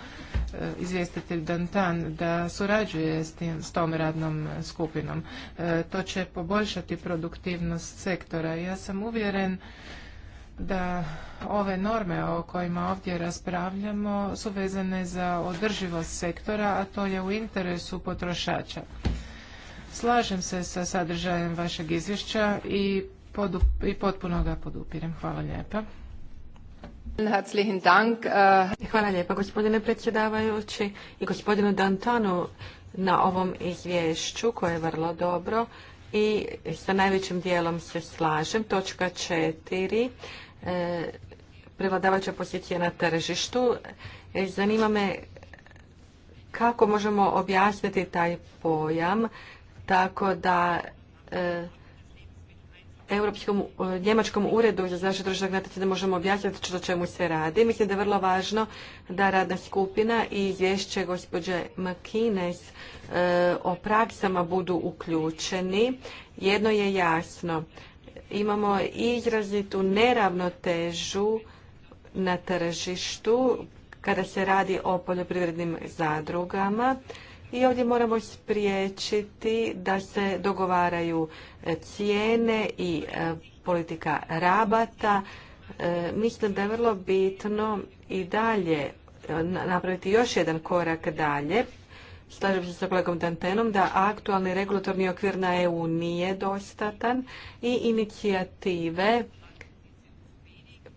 izvjestitelj Dantan da surađuje s, s tom radnom skupinom. E, to će poboljšati produktivnost sektora. Ja sam uvjeren da ove norme o kojima ovdje raspravljamo su vezane za održivost sektora, a to je u interesu potrošača. Slažem se sa sadržajem vašeg izvješća i, i potpuno ga podupirem. Hvala lijepa. Uh, Hvala lijepa gospodine predsjedavajući i gospodinu Dantanu na ovom izvješću koje je vrlo dobro i sa najvećim dijelom se slažem. Točka četiri, e, prevladavača pozicija na tržištu. E, zanima me kako možemo objasniti taj pojam tako da e, Europskom e, njemačkom uredu za zaštitu tržišnog natjecanja možemo objasniti o čemu se radi. Mislim da je vrlo važno da radna skupina i izvješće gospođe Makines e, o praksama budu uključeni. Jedno je jasno, imamo izrazitu neravnotežu na tržištu kada se radi o poljoprivrednim zadrugama i ovdje moramo spriječiti da se dogovaraju e, cijene i e, politika rabata. E, mislim da je vrlo bitno i dalje napraviti još jedan korak dalje. Slažem se sa kolegom Dantenom da aktualni regulatorni okvir na EU nije dostatan i inicijative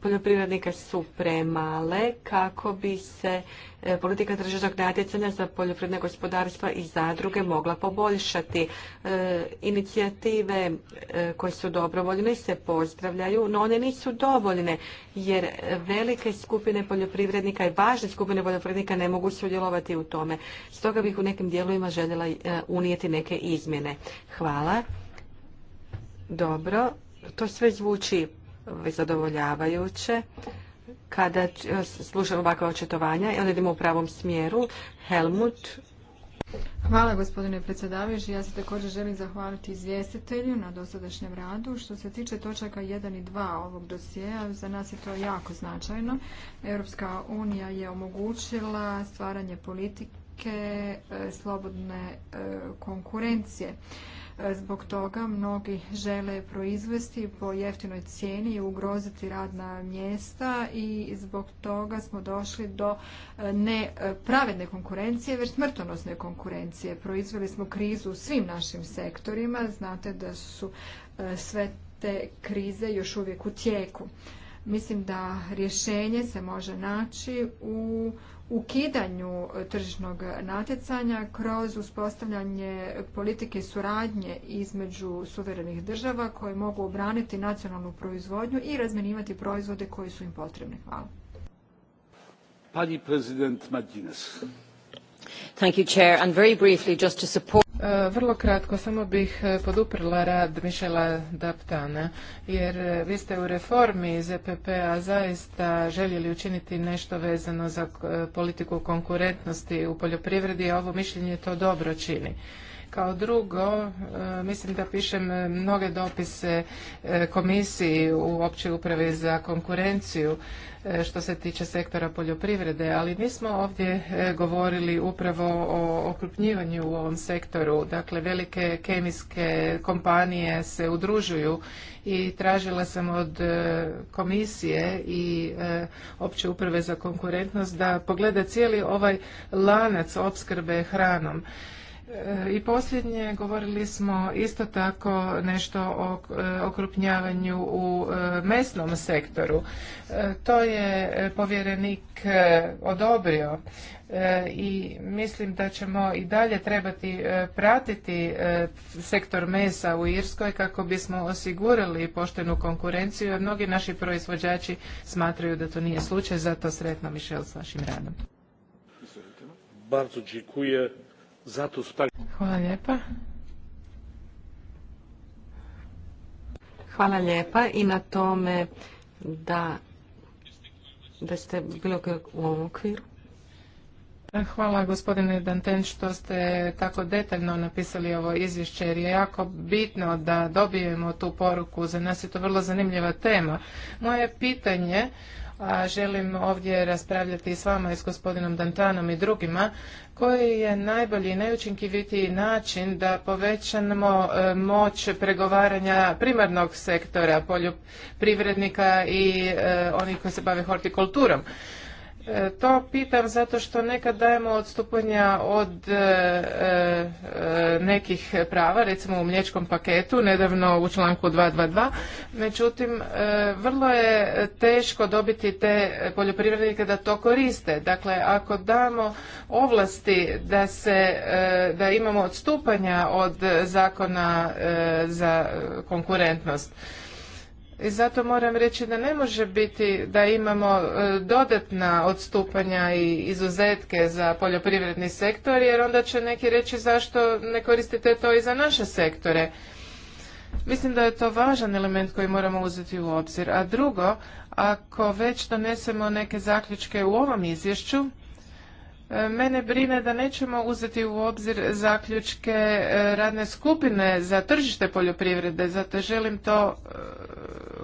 poljoprivrednika su premale kako bi se e, politika državnog natjecanja za poljoprivredne gospodarstva i zadruge mogla poboljšati. E, inicijative e, koje su dobrovoljne se pozdravljaju, no one nisu dovoljne jer velike skupine poljoprivrednika i važne skupine poljoprivrednika ne mogu sudjelovati u tome. Stoga bih u nekim dijelovima željela unijeti neke izmjene. Hvala. Dobro, to sve zvuči zadovoljavajuće kada slušam ovakve očetovanja i onda idemo u pravom smjeru. Helmut. Hvala gospodine predsjedavajući. Ja se također želim zahvaliti izvjestitelju na dosadašnjem radu. Što se tiče točaka 1 i 2 ovog dosijeja, za nas je to jako značajno. Europska unija je omogućila stvaranje politike e, slobodne e, konkurencije. Zbog toga mnogi žele proizvesti po jeftinoj cijeni i ugroziti radna mjesta i zbog toga smo došli do e, nepravedne e, konkurencije, već smrtonosne konkurencije. Proizveli smo krizu u svim našim sektorima. Znate da su e, sve te krize još uvijek u tijeku. Mislim da rješenje se može naći u ukidanju e, tržišnog natjecanja kroz uspostavljanje politike suradnje između suverenih država koje mogu obraniti nacionalnu proizvodnju i razmenivati proizvode koji su im potrebni. Hvala. Vrlo kratko, samo bih e, poduprla rad Mišela Daptana, jer e, vi ste u reformi ZPP-a zaista željeli učiniti nešto vezano za e, politiku konkurentnosti u poljoprivredi, a ovo mišljenje to dobro čini. Kao drugo, e, mislim da pišem e, mnoge dopise e, komisiji u općoj upravi za konkurenciju što se tiče sektora poljoprivrede, ali mi smo ovdje govorili upravo o okrupnjivanju u ovom sektoru. Dakle, velike kemijske kompanije se udružuju i tražila sam od komisije i opće uprave za konkurentnost da pogleda cijeli ovaj lanac opskrbe hranom i posljednje, govorili smo isto tako nešto o e, okrupnjavanju u e, mesnom sektoru. E, to je povjerenik odobrio i mislim da ćemo i dalje trebati pratiti sektor mesa u Irskoj kako bismo osigurali poštenu konkurenciju, jer mnogi naši proizvođači smatraju da to nije slučaj, zato sretno Mišel s vašim radom. Bardzo Hvala lijepa. Hvala lijepa i na tome da, da ste bilo u ovom okviru. Hvala gospodine Danten što ste tako detaljno napisali ovo izvješće jer je jako bitno da dobijemo tu poruku. Za nas je to vrlo zanimljiva tema. Moje pitanje a želim ovdje raspravljati s vama i s gospodinom Dantanom i drugima, koji je najbolji i najučinkovitiji način da povećamo e, moć pregovaranja primarnog sektora poljoprivrednika i e, onih koji se bave hortikulturom. E, to pitam zato što nekad dajemo odstupanja od e, e, nekih prava, recimo u mlječkom paketu, nedavno u članku 222. Međutim, vrlo je teško dobiti te poljoprivrednike da to koriste. Dakle, ako damo ovlasti da, se, da imamo odstupanja od zakona za konkurentnost, i zato moram reći da ne može biti da imamo e, dodatna odstupanja i izuzetke za poljoprivredni sektor jer onda će neki reći zašto ne koristite to i za naše sektore. Mislim da je to važan element koji moramo uzeti u obzir. A drugo, ako već donesemo neke zaključke u ovom izvješću, e, Mene brine da nećemo uzeti u obzir zaključke e, radne skupine za tržište poljoprivrede, zato želim to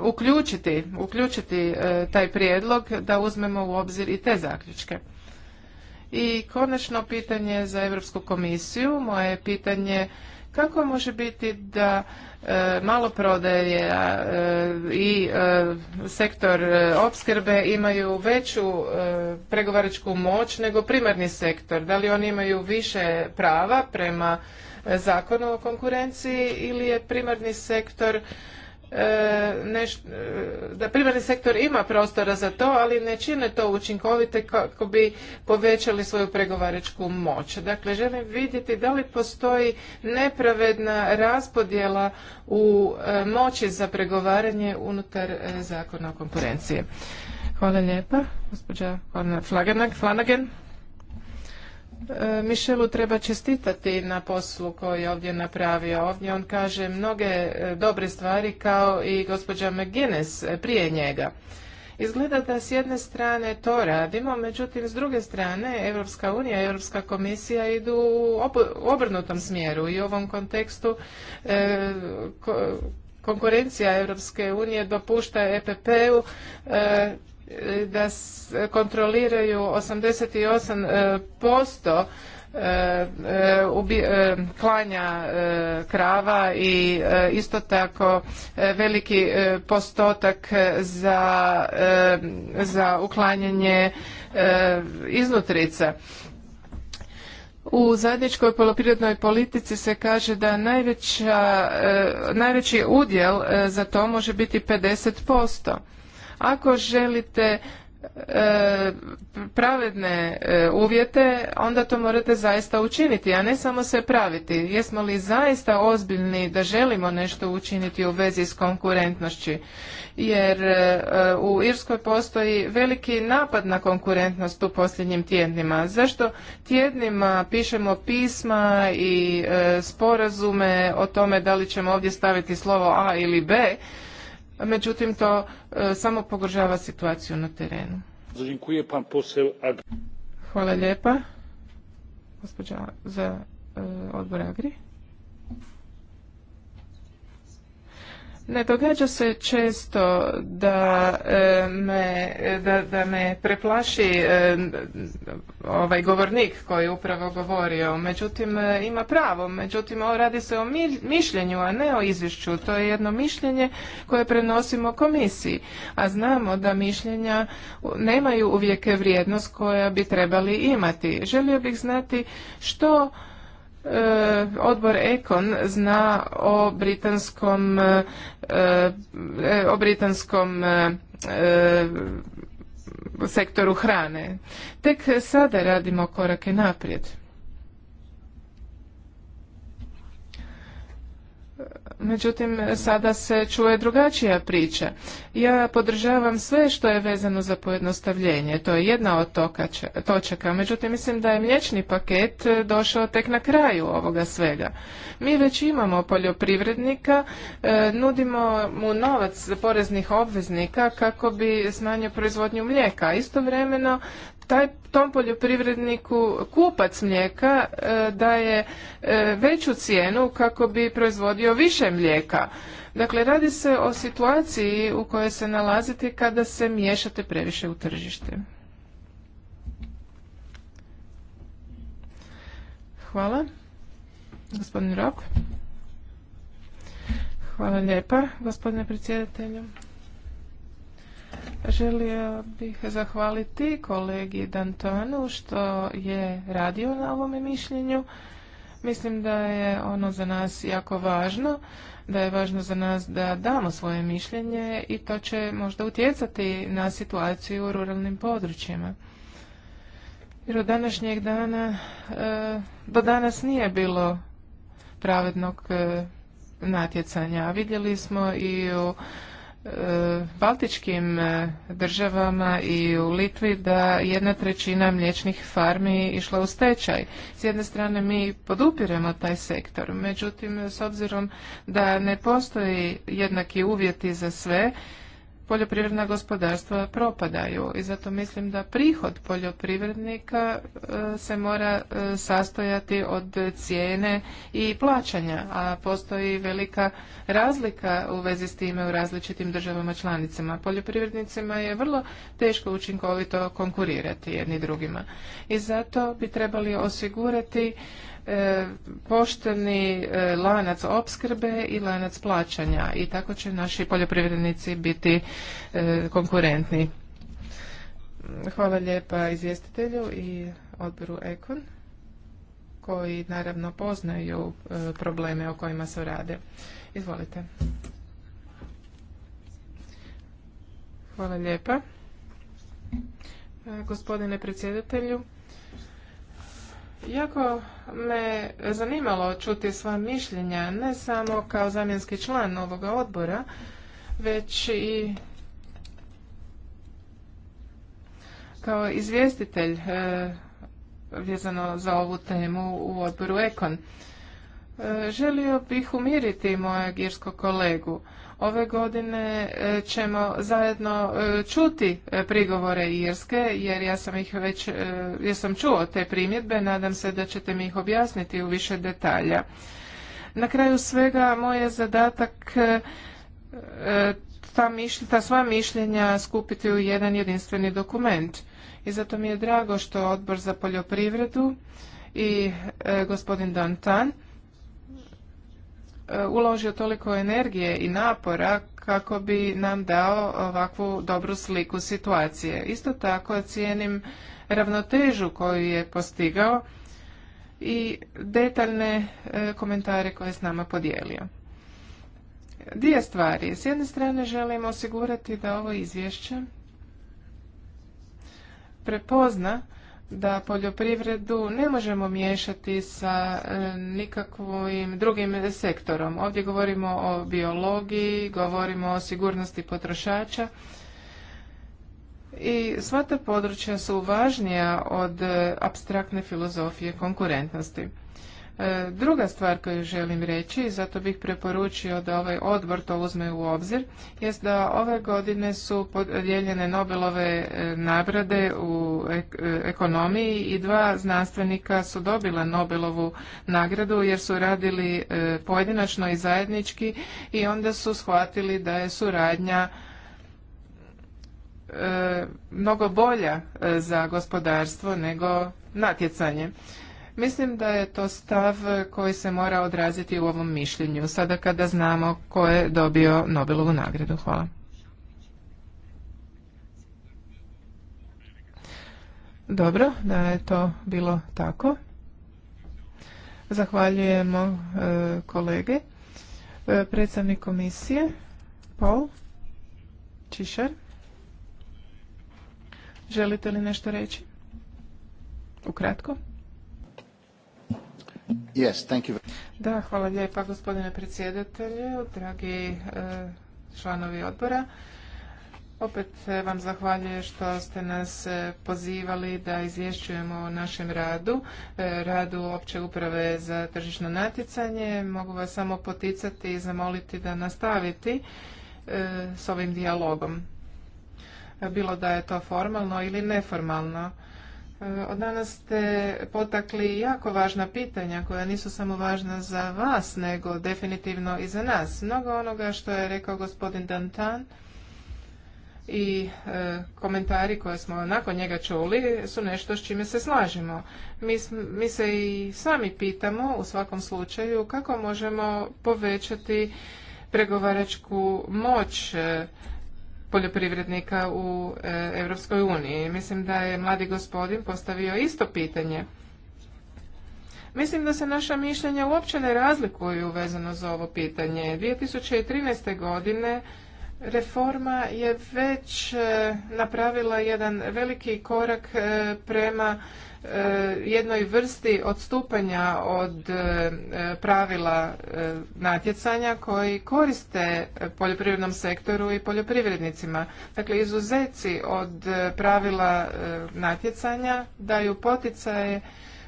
uključiti, uključiti e, taj prijedlog da uzmemo u obzir i te zaključke. I konačno pitanje za Europsku komisiju. Moje pitanje kako može biti da e, maloprodaje e, i e, sektor opskrbe imaju veću pregovaračku moć nego primarni sektor? Da li oni imaju više prava prema zakonu o konkurenciji ili je primarni sektor E, e, da privatni sektor ima prostora za to, ali ne čine to učinkovite kako bi povećali svoju pregovaračku moć. Dakle, želim vidjeti da li postoji nepravedna raspodjela u e, moći za pregovaranje unutar zakona o konkurenciji. Hvala lijepa, gospođa Flanagan. E, Mišelu treba čestitati na poslu koji je ovdje napravio. Ovdje on kaže mnoge e, dobre stvari kao i gospođa McGuinness e, prije njega. Izgleda da s jedne strane to radimo, međutim s druge strane Europska unija i Europska komisija idu u obrnutom smjeru i u ovom kontekstu konkurencija Europske unije dopušta EPP-u da kontroliraju 88% e, e, e, klanja krava i isto tako veliki postotak za, za uklanjanje iznutrica. U zajedničkoj poljoprivrednoj politici se kaže da najveći udjel za to može biti 50%. Ako želite e, pravedne e, uvjete, onda to morate zaista učiniti, a ne samo se praviti. Jesmo li zaista ozbiljni da želimo nešto učiniti u vezi s konkurentnošću? Jer e, u Irskoj postoji veliki napad na konkurentnost u posljednjim tjednima. Zašto tjednima pišemo pisma i sporazume o tome da li ćemo ovdje staviti slovo A ili B, međutim to e, samo pogoršava situaciju na terenu. Hvala lijepa, gospođa za e, odbor Agri. Ne događa se često da e, me, da, da me preplaši e, ovaj govornik koji je upravo govorio. Međutim, e, ima pravo. Međutim, ovo radi se o mišljenju, a ne o izvješću. To je jedno mišljenje koje prenosimo komisiji. A znamo da mišljenja nemaju uvijek vrijednost koja bi trebali imati. Želio bih znati što E, odbor ECON zna o britanskom e, e, o britanskom sektoru hrane. Tek sada radimo korake naprijed. međutim sada se čuje drugačija priča. Ja podržavam sve što je vezano za pojednostavljenje, to je jedna od točaka, međutim mislim da je mliječni paket e, došao tek na kraju ovoga svega. Mi već imamo poljoprivrednika, e, nudimo mu novac poreznih obveznika kako bi smanjio proizvodnju mlijeka, istovremeno taj tom poljoprivredniku kupac mlijeka e, daje e, veću cijenu kako bi proizvodio više mlijeka. Dakle, radi se o situaciji u kojoj se nalazite kada se miješate previše u tržište. Hvala. Gospodin Rok. Hvala lijepa, gospodine predsjedatelju. Želio bih zahvaliti kolegi Dantonu što je radio na ovome mišljenju. Mislim da je ono za nas jako važno, da je važno za nas da damo svoje mišljenje i to će možda utjecati na situaciju u ruralnim područjima. Jer od današnjeg dana e, do danas nije bilo pravednog e, natjecanja. Vidjeli smo i u E, baltičkim e, državama i u Litvi da jedna trećina mliječnih farmi išla u stečaj. S jedne strane mi podupiremo taj sektor, međutim s obzirom da ne postoji jednaki uvjeti za sve, poljoprivredna gospodarstva propadaju i zato mislim da prihod poljoprivrednika e, se mora e, sastojati od cijene i plaćanja, a postoji velika razlika u vezi s time u različitim državama članicama. Poljoprivrednicima je vrlo teško učinkovito konkurirati jedni drugima i zato bi trebali osigurati E, pošteni e, lanac opskrbe i lanac plaćanja i tako će naši poljoprivrednici biti e, konkurentni. Hvala lijepa izvjestitelju i odboru Ekon koji naravno poznaju probleme o kojima se rade. Izvolite. Hvala lijepa. Gospodine predsjedatelju, Jako me zanimalo čuti sva mišljenja, ne samo kao zamjenski član ovoga odbora, već i kao izvjestitelj vjezano vezano za ovu temu u odboru Ekon. E, želio bih umiriti mojeg irskog kolegu. Ove godine e, ćemo zajedno e, čuti e, prigovore Irske, jer ja sam ih već, jer sam čuo te primjedbe, nadam se da ćete mi ih objasniti u više detalja. Na kraju svega, moj je zadatak ta, mišlj, ta sva mišljenja skupiti u jedan jedinstveni dokument. I zato mi je drago što odbor za poljoprivredu i gospodin Dantan E, uložio toliko energije i napora kako bi nam dao ovakvu dobru sliku situacije. Isto tako cijenim ravnotežu koju je postigao i detaljne e, komentare koje je s nama podijelio. Dvije stvari. S jedne strane želim osigurati da ovo izvješće prepozna da poljoprivredu ne možemo miješati sa e, nikakvim drugim sektorom. Ovdje govorimo o biologiji, govorimo o sigurnosti potrošača i sva ta područja su važnija od e, abstraktne filozofije konkurentnosti. E, druga stvar koju želim reći, zato bih preporučio da ovaj odbor to uzme u obzir, jest da ove godine su podijeljene Nobelove e, nagrade u e, ekonomiji i dva znanstvenika su dobila Nobelovu nagradu jer su radili pojedinačno i zajednički i onda su shvatili da je suradnja mnogo bolja za gospodarstvo nego natjecanje. Mislim da je to stav koji se mora odraziti u ovom mišljenju, sada kada znamo ko je dobio Nobelovu nagradu. Hvala. Dobro, da je to bilo tako. Zahvaljujemo e, kolege. E, komisije, Paul Čišar. Želite li nešto reći? Ukratko. Da, hvala gospodine predsjedatelju, dragi e, članovi odbora. Opet e, vam zahvaljujem što ste nas e, pozivali da izvješćujemo o našem radu, radu opće uprave za tržišno natjecanje. Mogu vas samo poticati i zamoliti da nastaviti s ovim dijalogom. Bilo da je to formalno ili neformalno. E, od danas ste potakli jako važna pitanja koja nisu samo važna za vas, nego definitivno i za nas. Mnogo onoga što je rekao gospodin Dantan i e, komentari koje smo nakon njega čuli su nešto s čime se slažemo. Mi, mi se i sami pitamo u svakom slučaju kako možemo povećati pregovaračku moć e, poljoprivrednika u e, Europskoj uniji. Mislim da je mladi gospodin postavio isto pitanje. Mislim da se naša mišljenja uopće ne razlikuju vezano za ovo pitanje. 2013. godine Reforma je već e, napravila jedan veliki korak e, prema e, jednoj vrsti odstupanja od pravila natjecanja koji koriste poljoprivrednom sektoru i poljoprivrednicima. Dakle, izuzeci od pravila natjecanja daju poticaje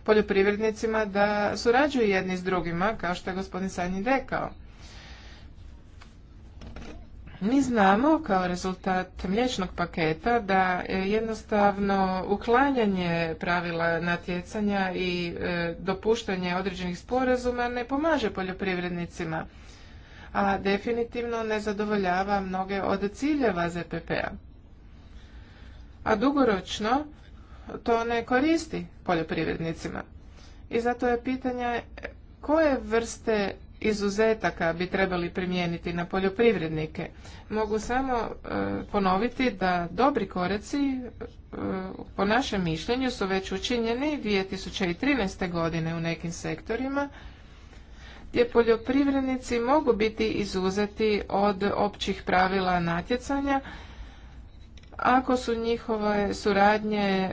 poljoprivrednicima da surađuju jedni s drugima, kao što je gospodin Sanji rekao. Mi znamo kao rezultat mliječnog paketa da e, jednostavno uklanjanje pravila natjecanja i e, dopuštanje određenih sporazuma ne pomaže poljoprivrednicima, a definitivno ne zadovoljava mnoge od ciljeva ZPP-a. A dugoročno to ne koristi poljoprivrednicima. I zato je pitanje koje vrste izuzetaka bi trebali primijeniti na poljoprivrednike. Mogu samo e, ponoviti da dobri koreci e, po našem mišljenju su već učinjeni 2013. godine u nekim sektorima gdje poljoprivrednici mogu biti izuzeti od općih pravila natjecanja ako su njihove suradnje e,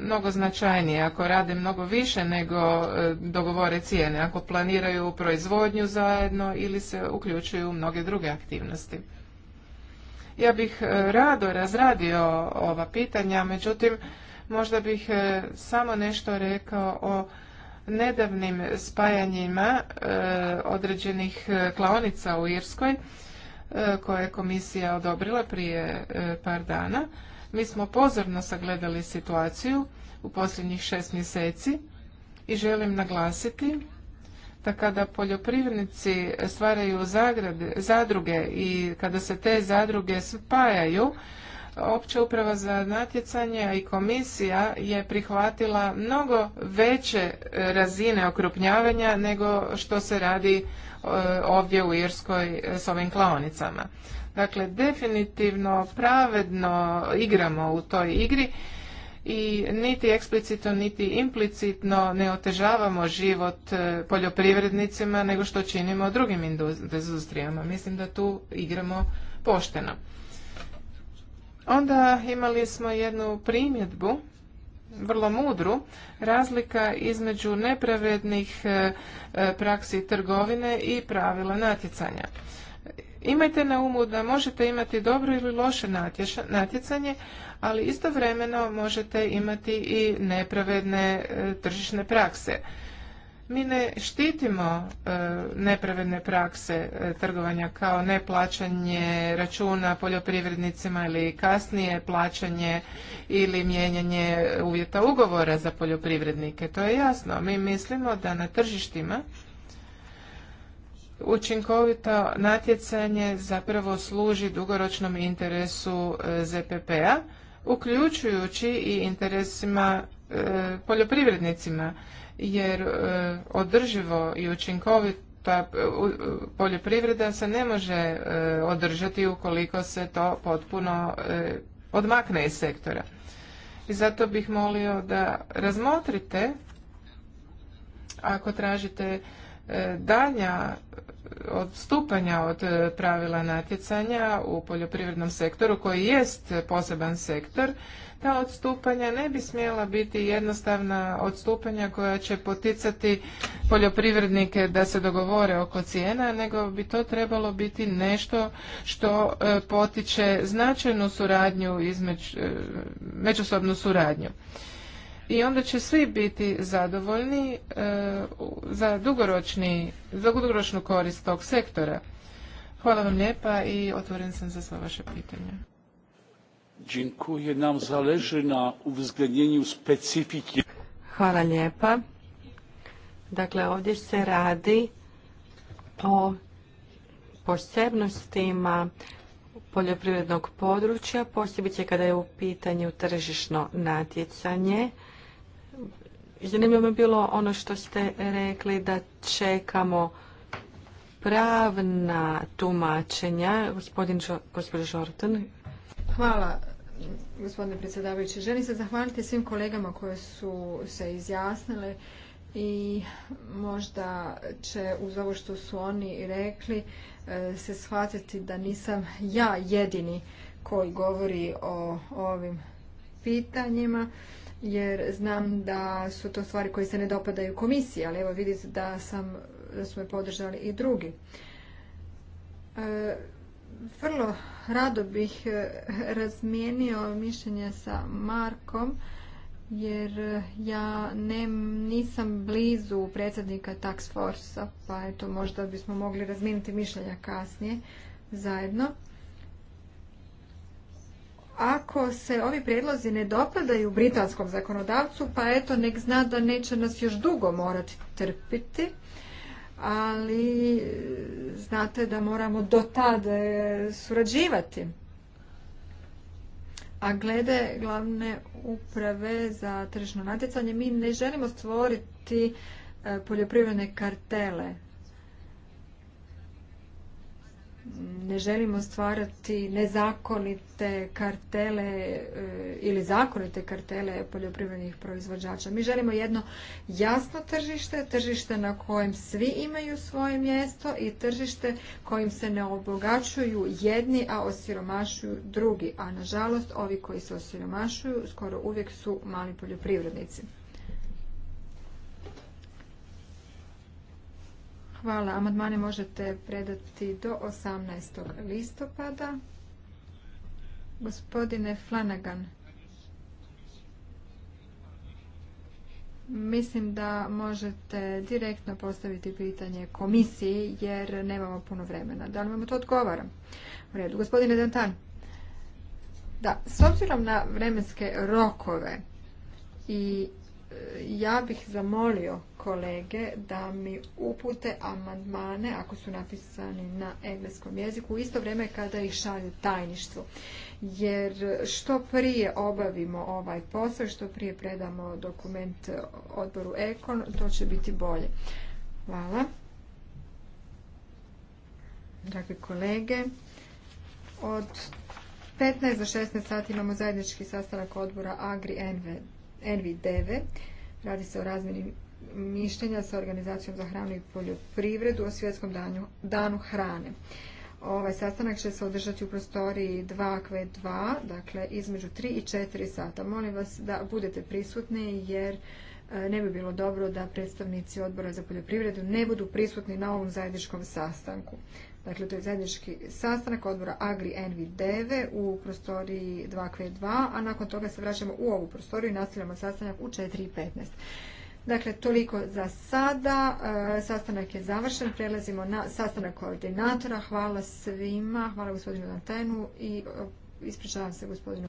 mnogo značajnije, ako rade mnogo više nego e, dogovore cijene, ako planiraju proizvodnju zajedno ili se uključuju u mnoge druge aktivnosti. Ja bih e, rado razradio ova pitanja, međutim, možda bih samo nešto rekao o nedavnim spajanjima određenih klaonica u Irskoj E, koje je komisija odobrila prije e, par dana. Mi smo pozorno sagledali situaciju u posljednjih šest mjeseci i želim naglasiti da kada poljoprivrednici stvaraju zadruge i kada se te zadruge spajaju, Opća uprava za natjecanje i komisija je prihvatila mnogo veće razine okrupnjavanja nego što se radi Eh, ovdje u Irskoj eh, s ovim klaonicama. Dakle, definitivno pravedno igramo u toj igri i niti eksplicitno niti implicitno ne otežavamo život eh, poljoprivrednicima nego što činimo drugim industrijama. Mislim da tu igramo pošteno. Onda imali smo jednu primjedbu vrlo mudru razlika između nepravednih e, e, praksi trgovine i pravila natjecanja. Imajte na umu da možete imati dobro ili loše natjecanje, ali istovremeno možete imati i nepravedne e, tržišne prakse mi ne štitimo e, nepravedne prakse e, trgovanja kao neplaćanje računa poljoprivrednicima ili kasnije plaćanje ili mijenjanje uvjeta ugovora za poljoprivrednike. To je jasno. Mi mislimo da na tržištima učinkovito natjecanje zapravo služi dugoročnom interesu e, ZPP-a uključujući i interesima e, poljoprivrednicima jer e, održivo i učinkovita e, poljoprivreda se ne može održati ukoliko se to potpuno odmakne iz sektora. I zato bih molio da razmotrite ako tražite danja odstupanja od e, pravila natjecanja u poljoprivrednom sektoru koji jest poseban sektor, ta odstupanja ne bi smjela biti jednostavna odstupanja koja će poticati poljoprivrednike da se dogovore oko cijena, nego bi to trebalo biti nešto što e, potiče značajnu suradnju, između, e, međusobnu suradnju i onda će svi biti zadovoljni e, za dugoročni, za dugoročnu korist tog sektora. Hvala vam lijepa i otvoren sam za sva vaše pitanje. Dziękuję. Nam zależy na uwzględnieniu specyfiki. Hvala lijepa. Dakle, ovdje se radi o posebnostima poljoprivrednog područja, posebice kada je u pitanju tržišno natjecanje. Zanimljivo je bilo ono što ste rekli da čekamo pravna tumačenja. Gospodin, gospođa Žorten. Hvala, gospodine predsjedavajući. Želim se zahvaliti svim kolegama koje su se izjasnile i možda će uz ovo što su oni rekli e, se shvatiti da nisam ja jedini koji govori o ovim pitanjima jer znam da su to stvari koje se ne dopadaju komisiji, ali evo vidite da, sam, da su me podržali i drugi. E, vrlo rado bih e, razmijenio mišljenje sa Markom, jer ja nisam blizu predsjednika Tax Force-a, pa eto možda bismo mogli razmijeniti mišljenja kasnije zajedno ako se ovi prijedlozi ne dopadaju britanskom zakonodavcu, pa eto nek zna da neće nas još dugo morati trpiti, ali e, znate da moramo do tada e, surađivati. A glede glavne uprave za tržišno natjecanje, mi ne želimo stvoriti e, poljoprivredne kartele. ne želimo stvarati nezakonite kartele e, ili zakonite kartele poljoprivrednih proizvođača. Mi želimo jedno jasno tržište, tržište na kojem svi imaju svoje mjesto i tržište kojim se ne obogaćuju jedni, a osiromašuju drugi. A nažalost, ovi koji se osiromašuju skoro uvijek su mali poljoprivrednici. Hvala. Amandmane možete predati do 18. listopada. Gospodine Flanagan, mislim da možete direktno postaviti pitanje komisiji jer nemamo puno vremena. Da li vam to odgovara? U redu. Gospodine Dantan, da, s obzirom na vremenske rokove i ja bih zamolio kolege da mi upute amandmane ako su napisani na engleskom jeziku u isto vrijeme kada ih šalju tajništvu. Jer što prije obavimo ovaj posao, što prije predamo dokument odboru Ekon, to će biti bolje. Hvala. Dragi kolege, od 15 do 16 sati imamo zajednički sastanak odbora Agri-NV Envi Radi se o razmjeni mišljenja sa Organizacijom za hranu i poljoprivredu o svjetskom danju, danu hrane. Ovaj sastanak će se održati u prostoriji 2 kve 2 dakle između 3 i 4 sata. Molim vas da budete prisutni jer e, ne bi bilo dobro da predstavnici odbora za poljoprivredu ne budu prisutni na ovom zajedničkom sastanku. Dakle, to je zajednički sastanak odbora Agri NV 9 u prostoriji 2Q2, a nakon toga se vraćamo u ovu prostoriju i nastavljamo sastanak u 4.15. Dakle, toliko za sada. E, sastanak je završen. Prelazimo na sastanak koordinatora. Hvala svima. Hvala gospodinu Antenu i e, ispričavam se gospodinu